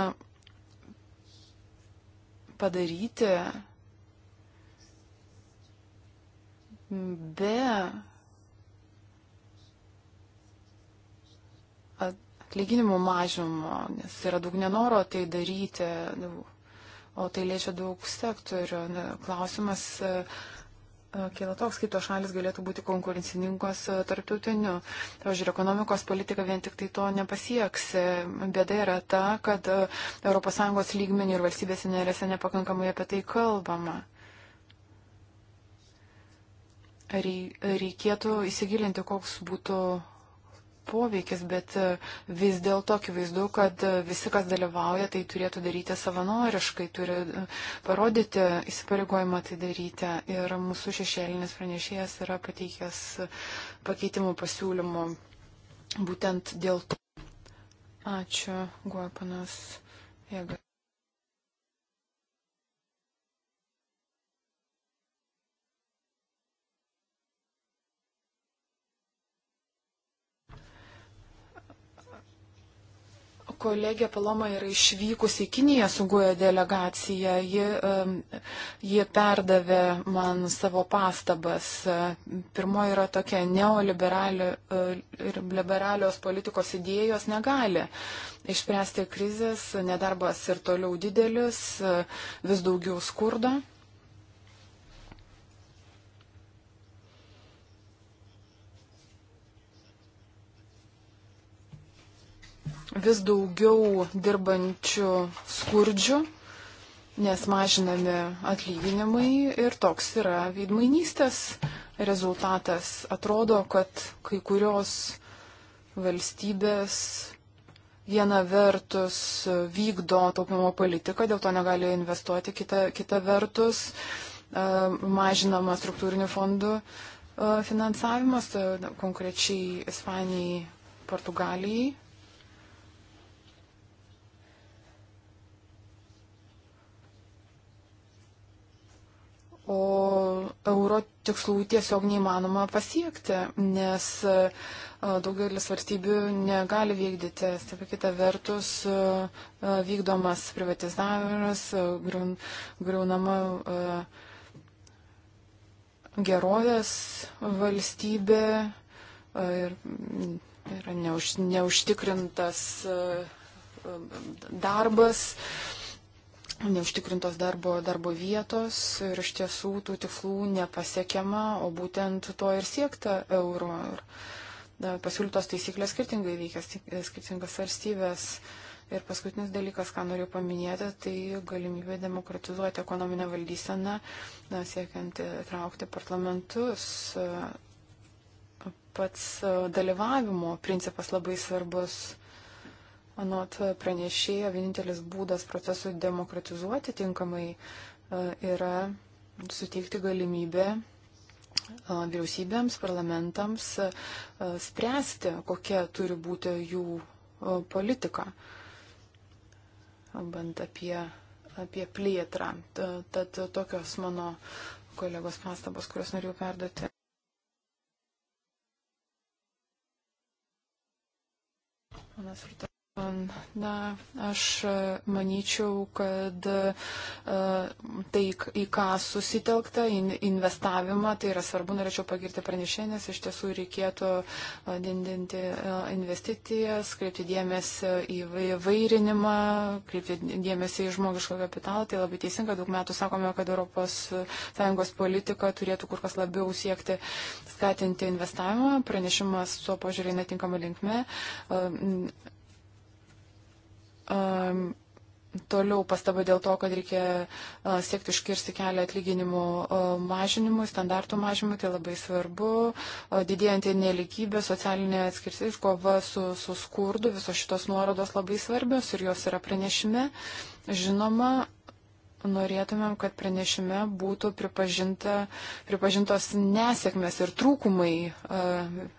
padaryti be atlyginimų mažinimo, nes yra daug nenoro tai daryti, o tai liečia daug sektorių. Klausimas e, e, Kila toks, kaip to šalis galėtų būti konkurencininkos e, tarptautiniu. Pavyzdžiui, ekonomikos politika vien tik tai to nepasieks. Bėda yra ta, kad ES lygmenių ir valstybėse nerėse nepakankamai apie tai kalbama reikėtų įsigilinti, koks būtų poveikis, bet e, vis dėlto akivaizdu, kad e, visi, kas dalyvauja, tai turėtų daryti savanoriškai, turi e, parodyti įsipareigojimą tai daryti. Ir mūsų šešėlinis pranešėjas yra pateikęs pakeitimų pasiūlymų būtent dėl to. Ačiū, guoja panas Jėga. kolegė Paloma yra išvykusi į Kiniją su guoja delegacija. Ji, ji perdavė man savo pastabas. Pirmoji yra tokia, neoliberalios e, politikos idėjos negali išspręsti krizės, nedarbas ir toliau didelis, e, vis daugiau skurdo. vis daugiau dirbančių skurdžių, nes mažinami atlyginimai ir toks yra veidmainystės rezultatas. Atrodo, kad kai kurios valstybės viena vertus vykdo taupimo politiką, dėl to negali investuoti, kita, kita vertus e, mažinama struktūrinių fondų e, finansavimas, e, konkrečiai Ispanijai, Portugalijai. o euro tikslų tiesiog neįmanoma pasiekti, nes e, daugelis valstybių negali vykdyti. Taip, kita vertus, e, e, vykdomas privatizavimas, griaunama gerovės valstybė ir yra neuž, neužtikrintas darbas neužtikrintos darbo, darbo vietos ir iš tiesų tų tikslų nepasiekiama, o būtent to ir siekta euro. Ir pasiūlytos taisyklės skirtingai veikia skirtingas valstybės. Ir paskutinis dalykas, ką noriu paminėti, tai galimybė demokratizuoti ekonominę valdyseną, siekiant traukti parlamentus. Pats dalyvavimo principas labai svarbus Anot pranešėjo, vienintelis būdas procesui demokratizuoti tinkamai e, yra suteikti galimybę e, vyriausybėms, parlamentams e, spręsti, kokia turi būti jų politika, bent apie, apie plėtrą. Tad tokios mano kolegos pastabos, kurias norėjau perduoti. Ponas Rutas. Na, aš e, manyčiau, kad e, tai, į ką susitelkta, investavimą, tai yra svarbu, norėčiau pagirti pranešėją, nes iš tiesų reikėtų e, dindinti investicijas, kreipti dėmesį į vairinimą, kreipti dėmesį į žmogišką kapitalą. Tai labai teisinga, daug metų sakome, kad ES politika turėtų kur kas labiau siekti skatinti investavimą. Pranešimas tuo požiūrį netinkama linkme Um, Toliau pastaba dėl to, kad reikia siekti užkirsti kelią atlyginimų mažinimui, standartų mažinimui, tai labai svarbu. Didėjantį nelikybę, socialinė atskirtis, kova su, su skurdu, visos šitos nuorodos labai svarbios ir jos yra pranešime. Žinoma, norėtumėm, kad pranešime būtų pripažintos nesėkmės ir trūkumai e,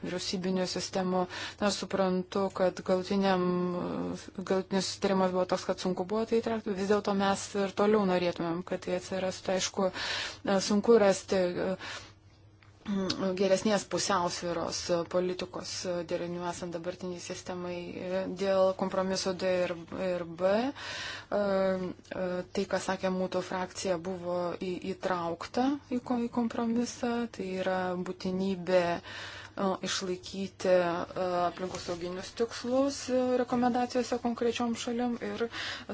vyriausybinio sistemų. Na, suprantu, kad galtinis sutarimas buvo toks, kad sunku buvo tai įtraukti, vis dėlto mes ir toliau norėtumėm, kad tai atsirastų, aišku, e, sunku rasti e, Mm, geresnės pusiausvėros politikos derinių esant dabartiniai sistemai dėl kompromiso D ir, ir B. E, e, tai, ką sakė mūtų frakcija, buvo į, įtraukta į kompromisą, tai yra būtinybė išlaikyti aplinkosauginius tikslus e, rekomendacijose konkrečiom šalim ir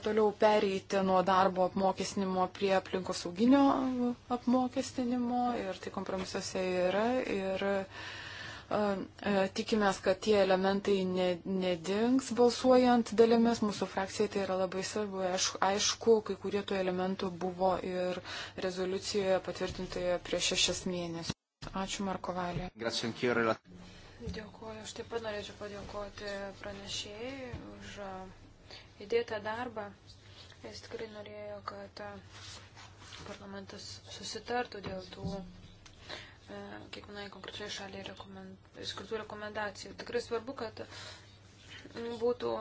toliau pereiti nuo darbo apmokestinimo prie aplinkosauginio apmokestinimo ir tai kompromisuose yra. Ir, tikimės, kad tie elementai nedings balsuojant dalimis. Mūsų frakcijai tai yra labai svarbu. Aišku, kai kurie tų elementų buvo ir rezoliucijoje patvirtintoje prieš šešias mėnesius. Ačiū Marko Valė. Dėkuoju, aš taip pat norėčiau padėkoti pranešėjai už įdėtą darbą. Jis tikrai norėjo, kad parlamentas susitartų dėl tų kiekvienai konkrečiai šaliai rekomend... skirtų rekomendacijų. Tikrai svarbu, kad būtų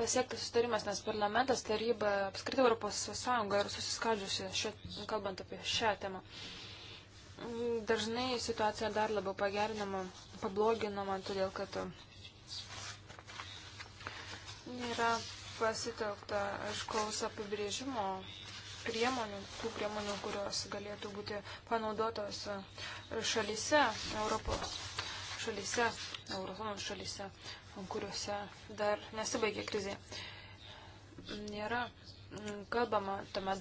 pasiektas sutarimas, nes parlamentas, taryba, apskritai Europos Sąjunga yra susiskaldžiusi, šio, kalbant apie šią temą. Uh, Dažnai situacija dar labiau pagerinama, pabloginama, todėl kad nėra um, pasitelkta aiškaus apibrėžimo priemonių, tų priemonių, kurios galėtų būti panaudotos uh, šalyse, Europos šalyse, Eurozonos šalyse, kuriuose dar nesibaigė krizė. Nėra mm, kalbama tame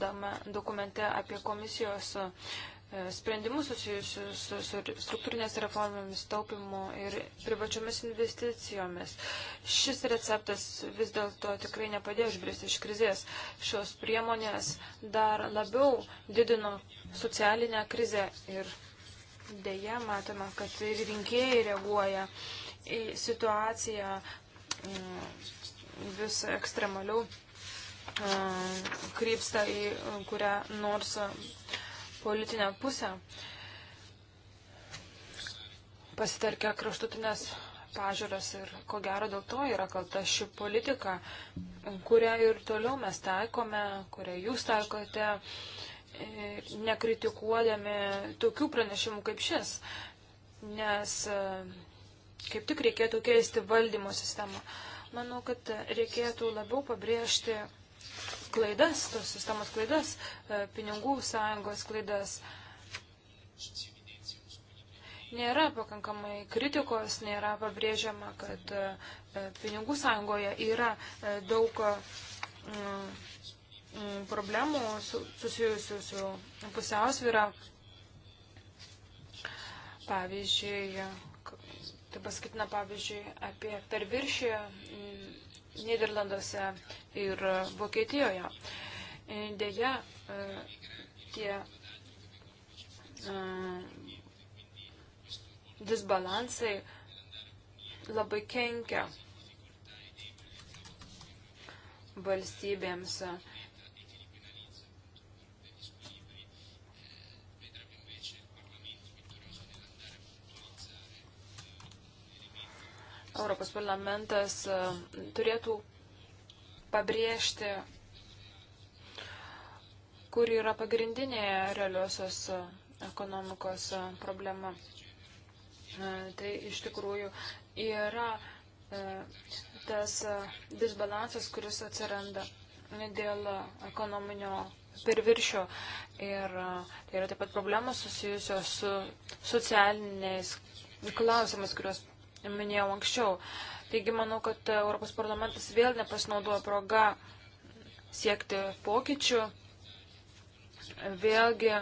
dokumente apie komisijos uh, E, sprendimus susijusius su, su struktūrinės reformomis, taupimu ir privačiomis investicijomis. Šis receptas vis dėlto tikrai nepadėjo išbristi iš krizės. Šios priemonės dar labiau didino socialinę krizę ir dėja matome, kad ir rinkėjai reaguoja į situaciją mm, vis ekstremaliau e, krypsta į kurią nors politinę pusę, pasitelkia kraštutinės pažiūras ir ko gero dėl to yra kalta ši politika, kurią ir toliau mes taikome, kurią jūs taikote, e, nekritikuodami tokių pranešimų kaip šis, nes e, kaip tik reikėtų keisti valdymo sistemą. Manau, kad reikėtų labiau pabrėžti klaidas, tos sistemos klaidas, e, pinigų sąjungos klaidas. Nėra pakankamai kritikos, nėra pabrėžiama, kad e, e, pinigų sąjungoje yra daug problemų susijusių su pusiausvyra. Pavyzdžiui, tai pasakytina pavyzdžiui apie perviršį Niderlanduose ir Vokietijoje. Deja, tie e, disbalansai labai kenkia valstybėms Europos parlamentas e, turėtų pabrėžti, kur yra pagrindinė realiosios ekonomikos problema. E, tai iš tikrųjų yra e, tas disbalansas, kuris atsiranda dėl ekonominio perviršio. Ir tai yra taip pat problemos susijusios su socialiniais klausimais, kuriuos minėjau anksčiau. Taigi manau, kad Europos parlamentas vėl nepasinaudojo proga siekti pokyčių, vėlgi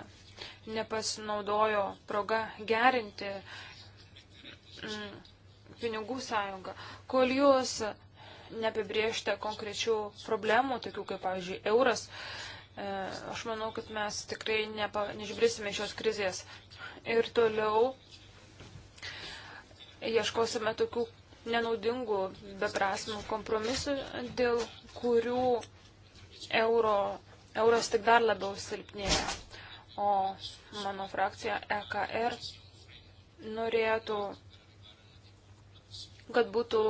nepasinaudojo proga gerinti mm, pinigų sąjungą. Kol jūs neapibriežta konkrečių problemų, tokių kaip, pavyzdžiui, euras, e, aš manau, kad mes tikrai nepa, nežbrisime šios krizės. Ir toliau ieškosime tokių nenaudingų, beprasmių kompromisų, dėl kurių euro, euras tik dar labiau silpnėja. O mano frakcija EKR norėtų, kad būtų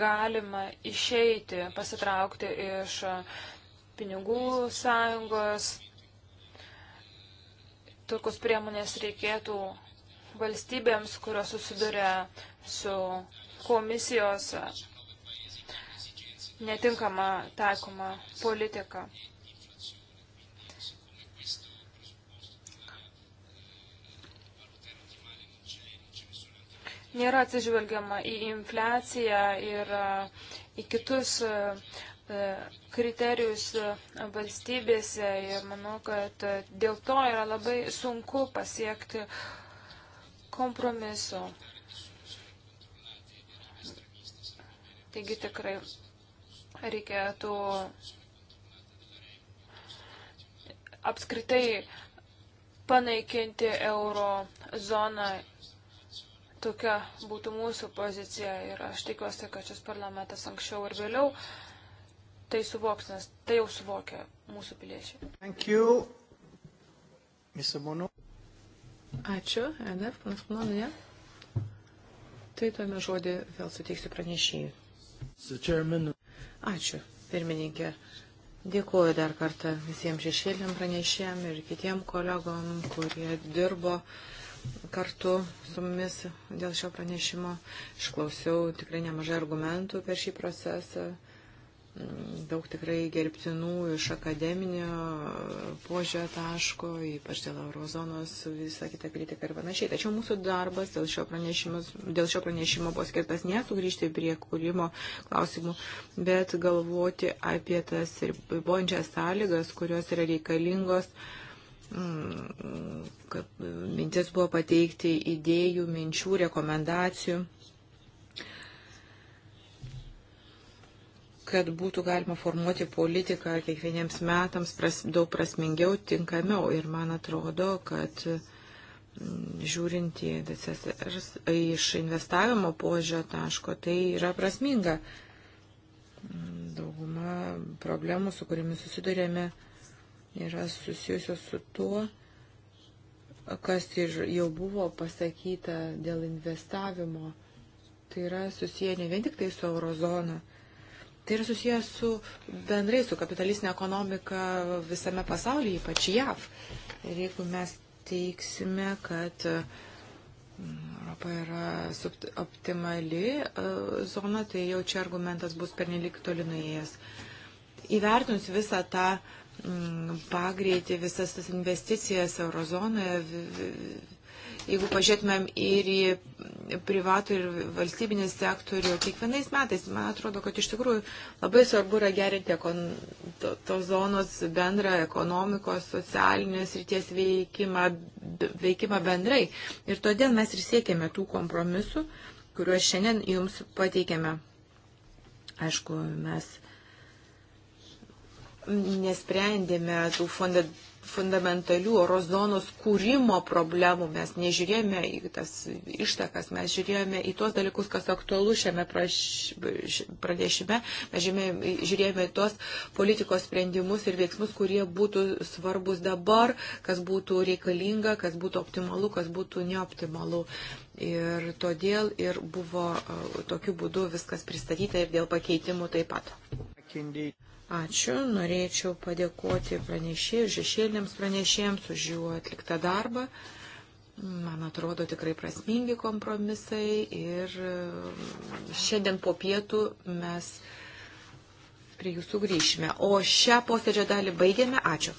galima išeiti, pasitraukti iš pinigų sąjungos. Tokios priemonės reikėtų valstybėms, kurios susiduria su komisijos netinkama taikoma politika. Nėra atsižvelgiama į infliaciją ir e, į kitus e, e, kriterijus valstybėse ir manau, kad dėl to yra labai sunku pasiekti uh, kompromiso. Taigi tikrai reikėtų apskritai panaikinti euro zoną. Tokia būtų mūsų pozicija ir aš tikiuosi, kad šis parlamentas anksčiau ir vėliau tai suvoks, nes tai jau suvokia mūsų piliečiai. Ačiū, NF, panas Planoje. Tai tuome žodį vėl suteiksiu pranešėjui. Ačiū, pirmininkė. Dėkuoju dar kartą visiems šešėliam pranešėjam ir kitiem kolegom, kurie dirbo kartu su mumis dėl šio pranešimo. Išklausiau tikrai nemažai argumentų per šį procesą daug tikrai gerbtinų iš akademinio požio taško, ypač dėl eurozonos, visą kitą kritiką ir panašiai. Tačiau mūsų darbas dėl šio, dėl šio pranešimo buvo skirtas nesugrįžti prie kūrimo klausimų, bet galvoti apie tas ribojančias sąlygas, kurios yra reikalingos mm, kad mintis buvo pateikti idėjų, minčių, rekomendacijų kad būtų galima formuoti politiką kiekvieniems metams pras, daug prasmingiau, tinkamiau. Ir man atrodo, kad mm, žiūrint į DCSR iš investavimo požio taško, tai yra prasminga. Mm, dauguma problemų, su kuriamis susidurėme, yra susijusios su tuo, kas ir jau buvo pasakyta dėl investavimo. Tai yra susiję ne vien tik tai su eurozona, Tai yra susijęs su bendrai, su kapitalistinė ekonomika visame pasaulyje, ypač JAV. Ir jeigu mes teiksime, kad mm, Europa yra optimali e, zona, tai jau čia argumentas bus pernelik toli nuėjęs. Įvertinus visą tą mm, pagreitį, visas tas investicijas eurozonoje, Jeigu pažiūrėtumėm ir į privatų ir valstybinį sektorių, kiekvienais metais, man atrodo, kad iš tikrųjų labai svarbu yra gerinti ekon, to, to zonos bendrą ekonomikos, socialinės ryties veikimą, veikimą bendrai. Ir todėl mes ir siekėme tų kompromisų, kuriuos šiandien jums pateikėme. Aišku, mes nesprendėme tų fondamentalių fundamentalių oros zonos kūrimo problemų. Mes nežiūrėjome į tas ištakas, mes žiūrėjome į tuos dalykus, kas aktualu šiame pranešime, mes žiūrėjome, žiūrėjome į tuos politikos sprendimus ir veiksmus, kurie būtų svarbus dabar, kas būtų reikalinga, kas būtų optimalu, kas būtų neoptimalu. Ir todėl ir buvo tokiu būdu viskas pristatyta ir dėl pakeitimų taip pat. Kindai. Ačiū. Norėčiau padėkoti pranešėjams, žešėlėms pranešėjams už jų atliktą darbą. Man atrodo tikrai prasmingi kompromisai ir e, šiandien po pietų mes prie jūsų grįšime. O šią posėdžio dalį baigėme. Ačiū.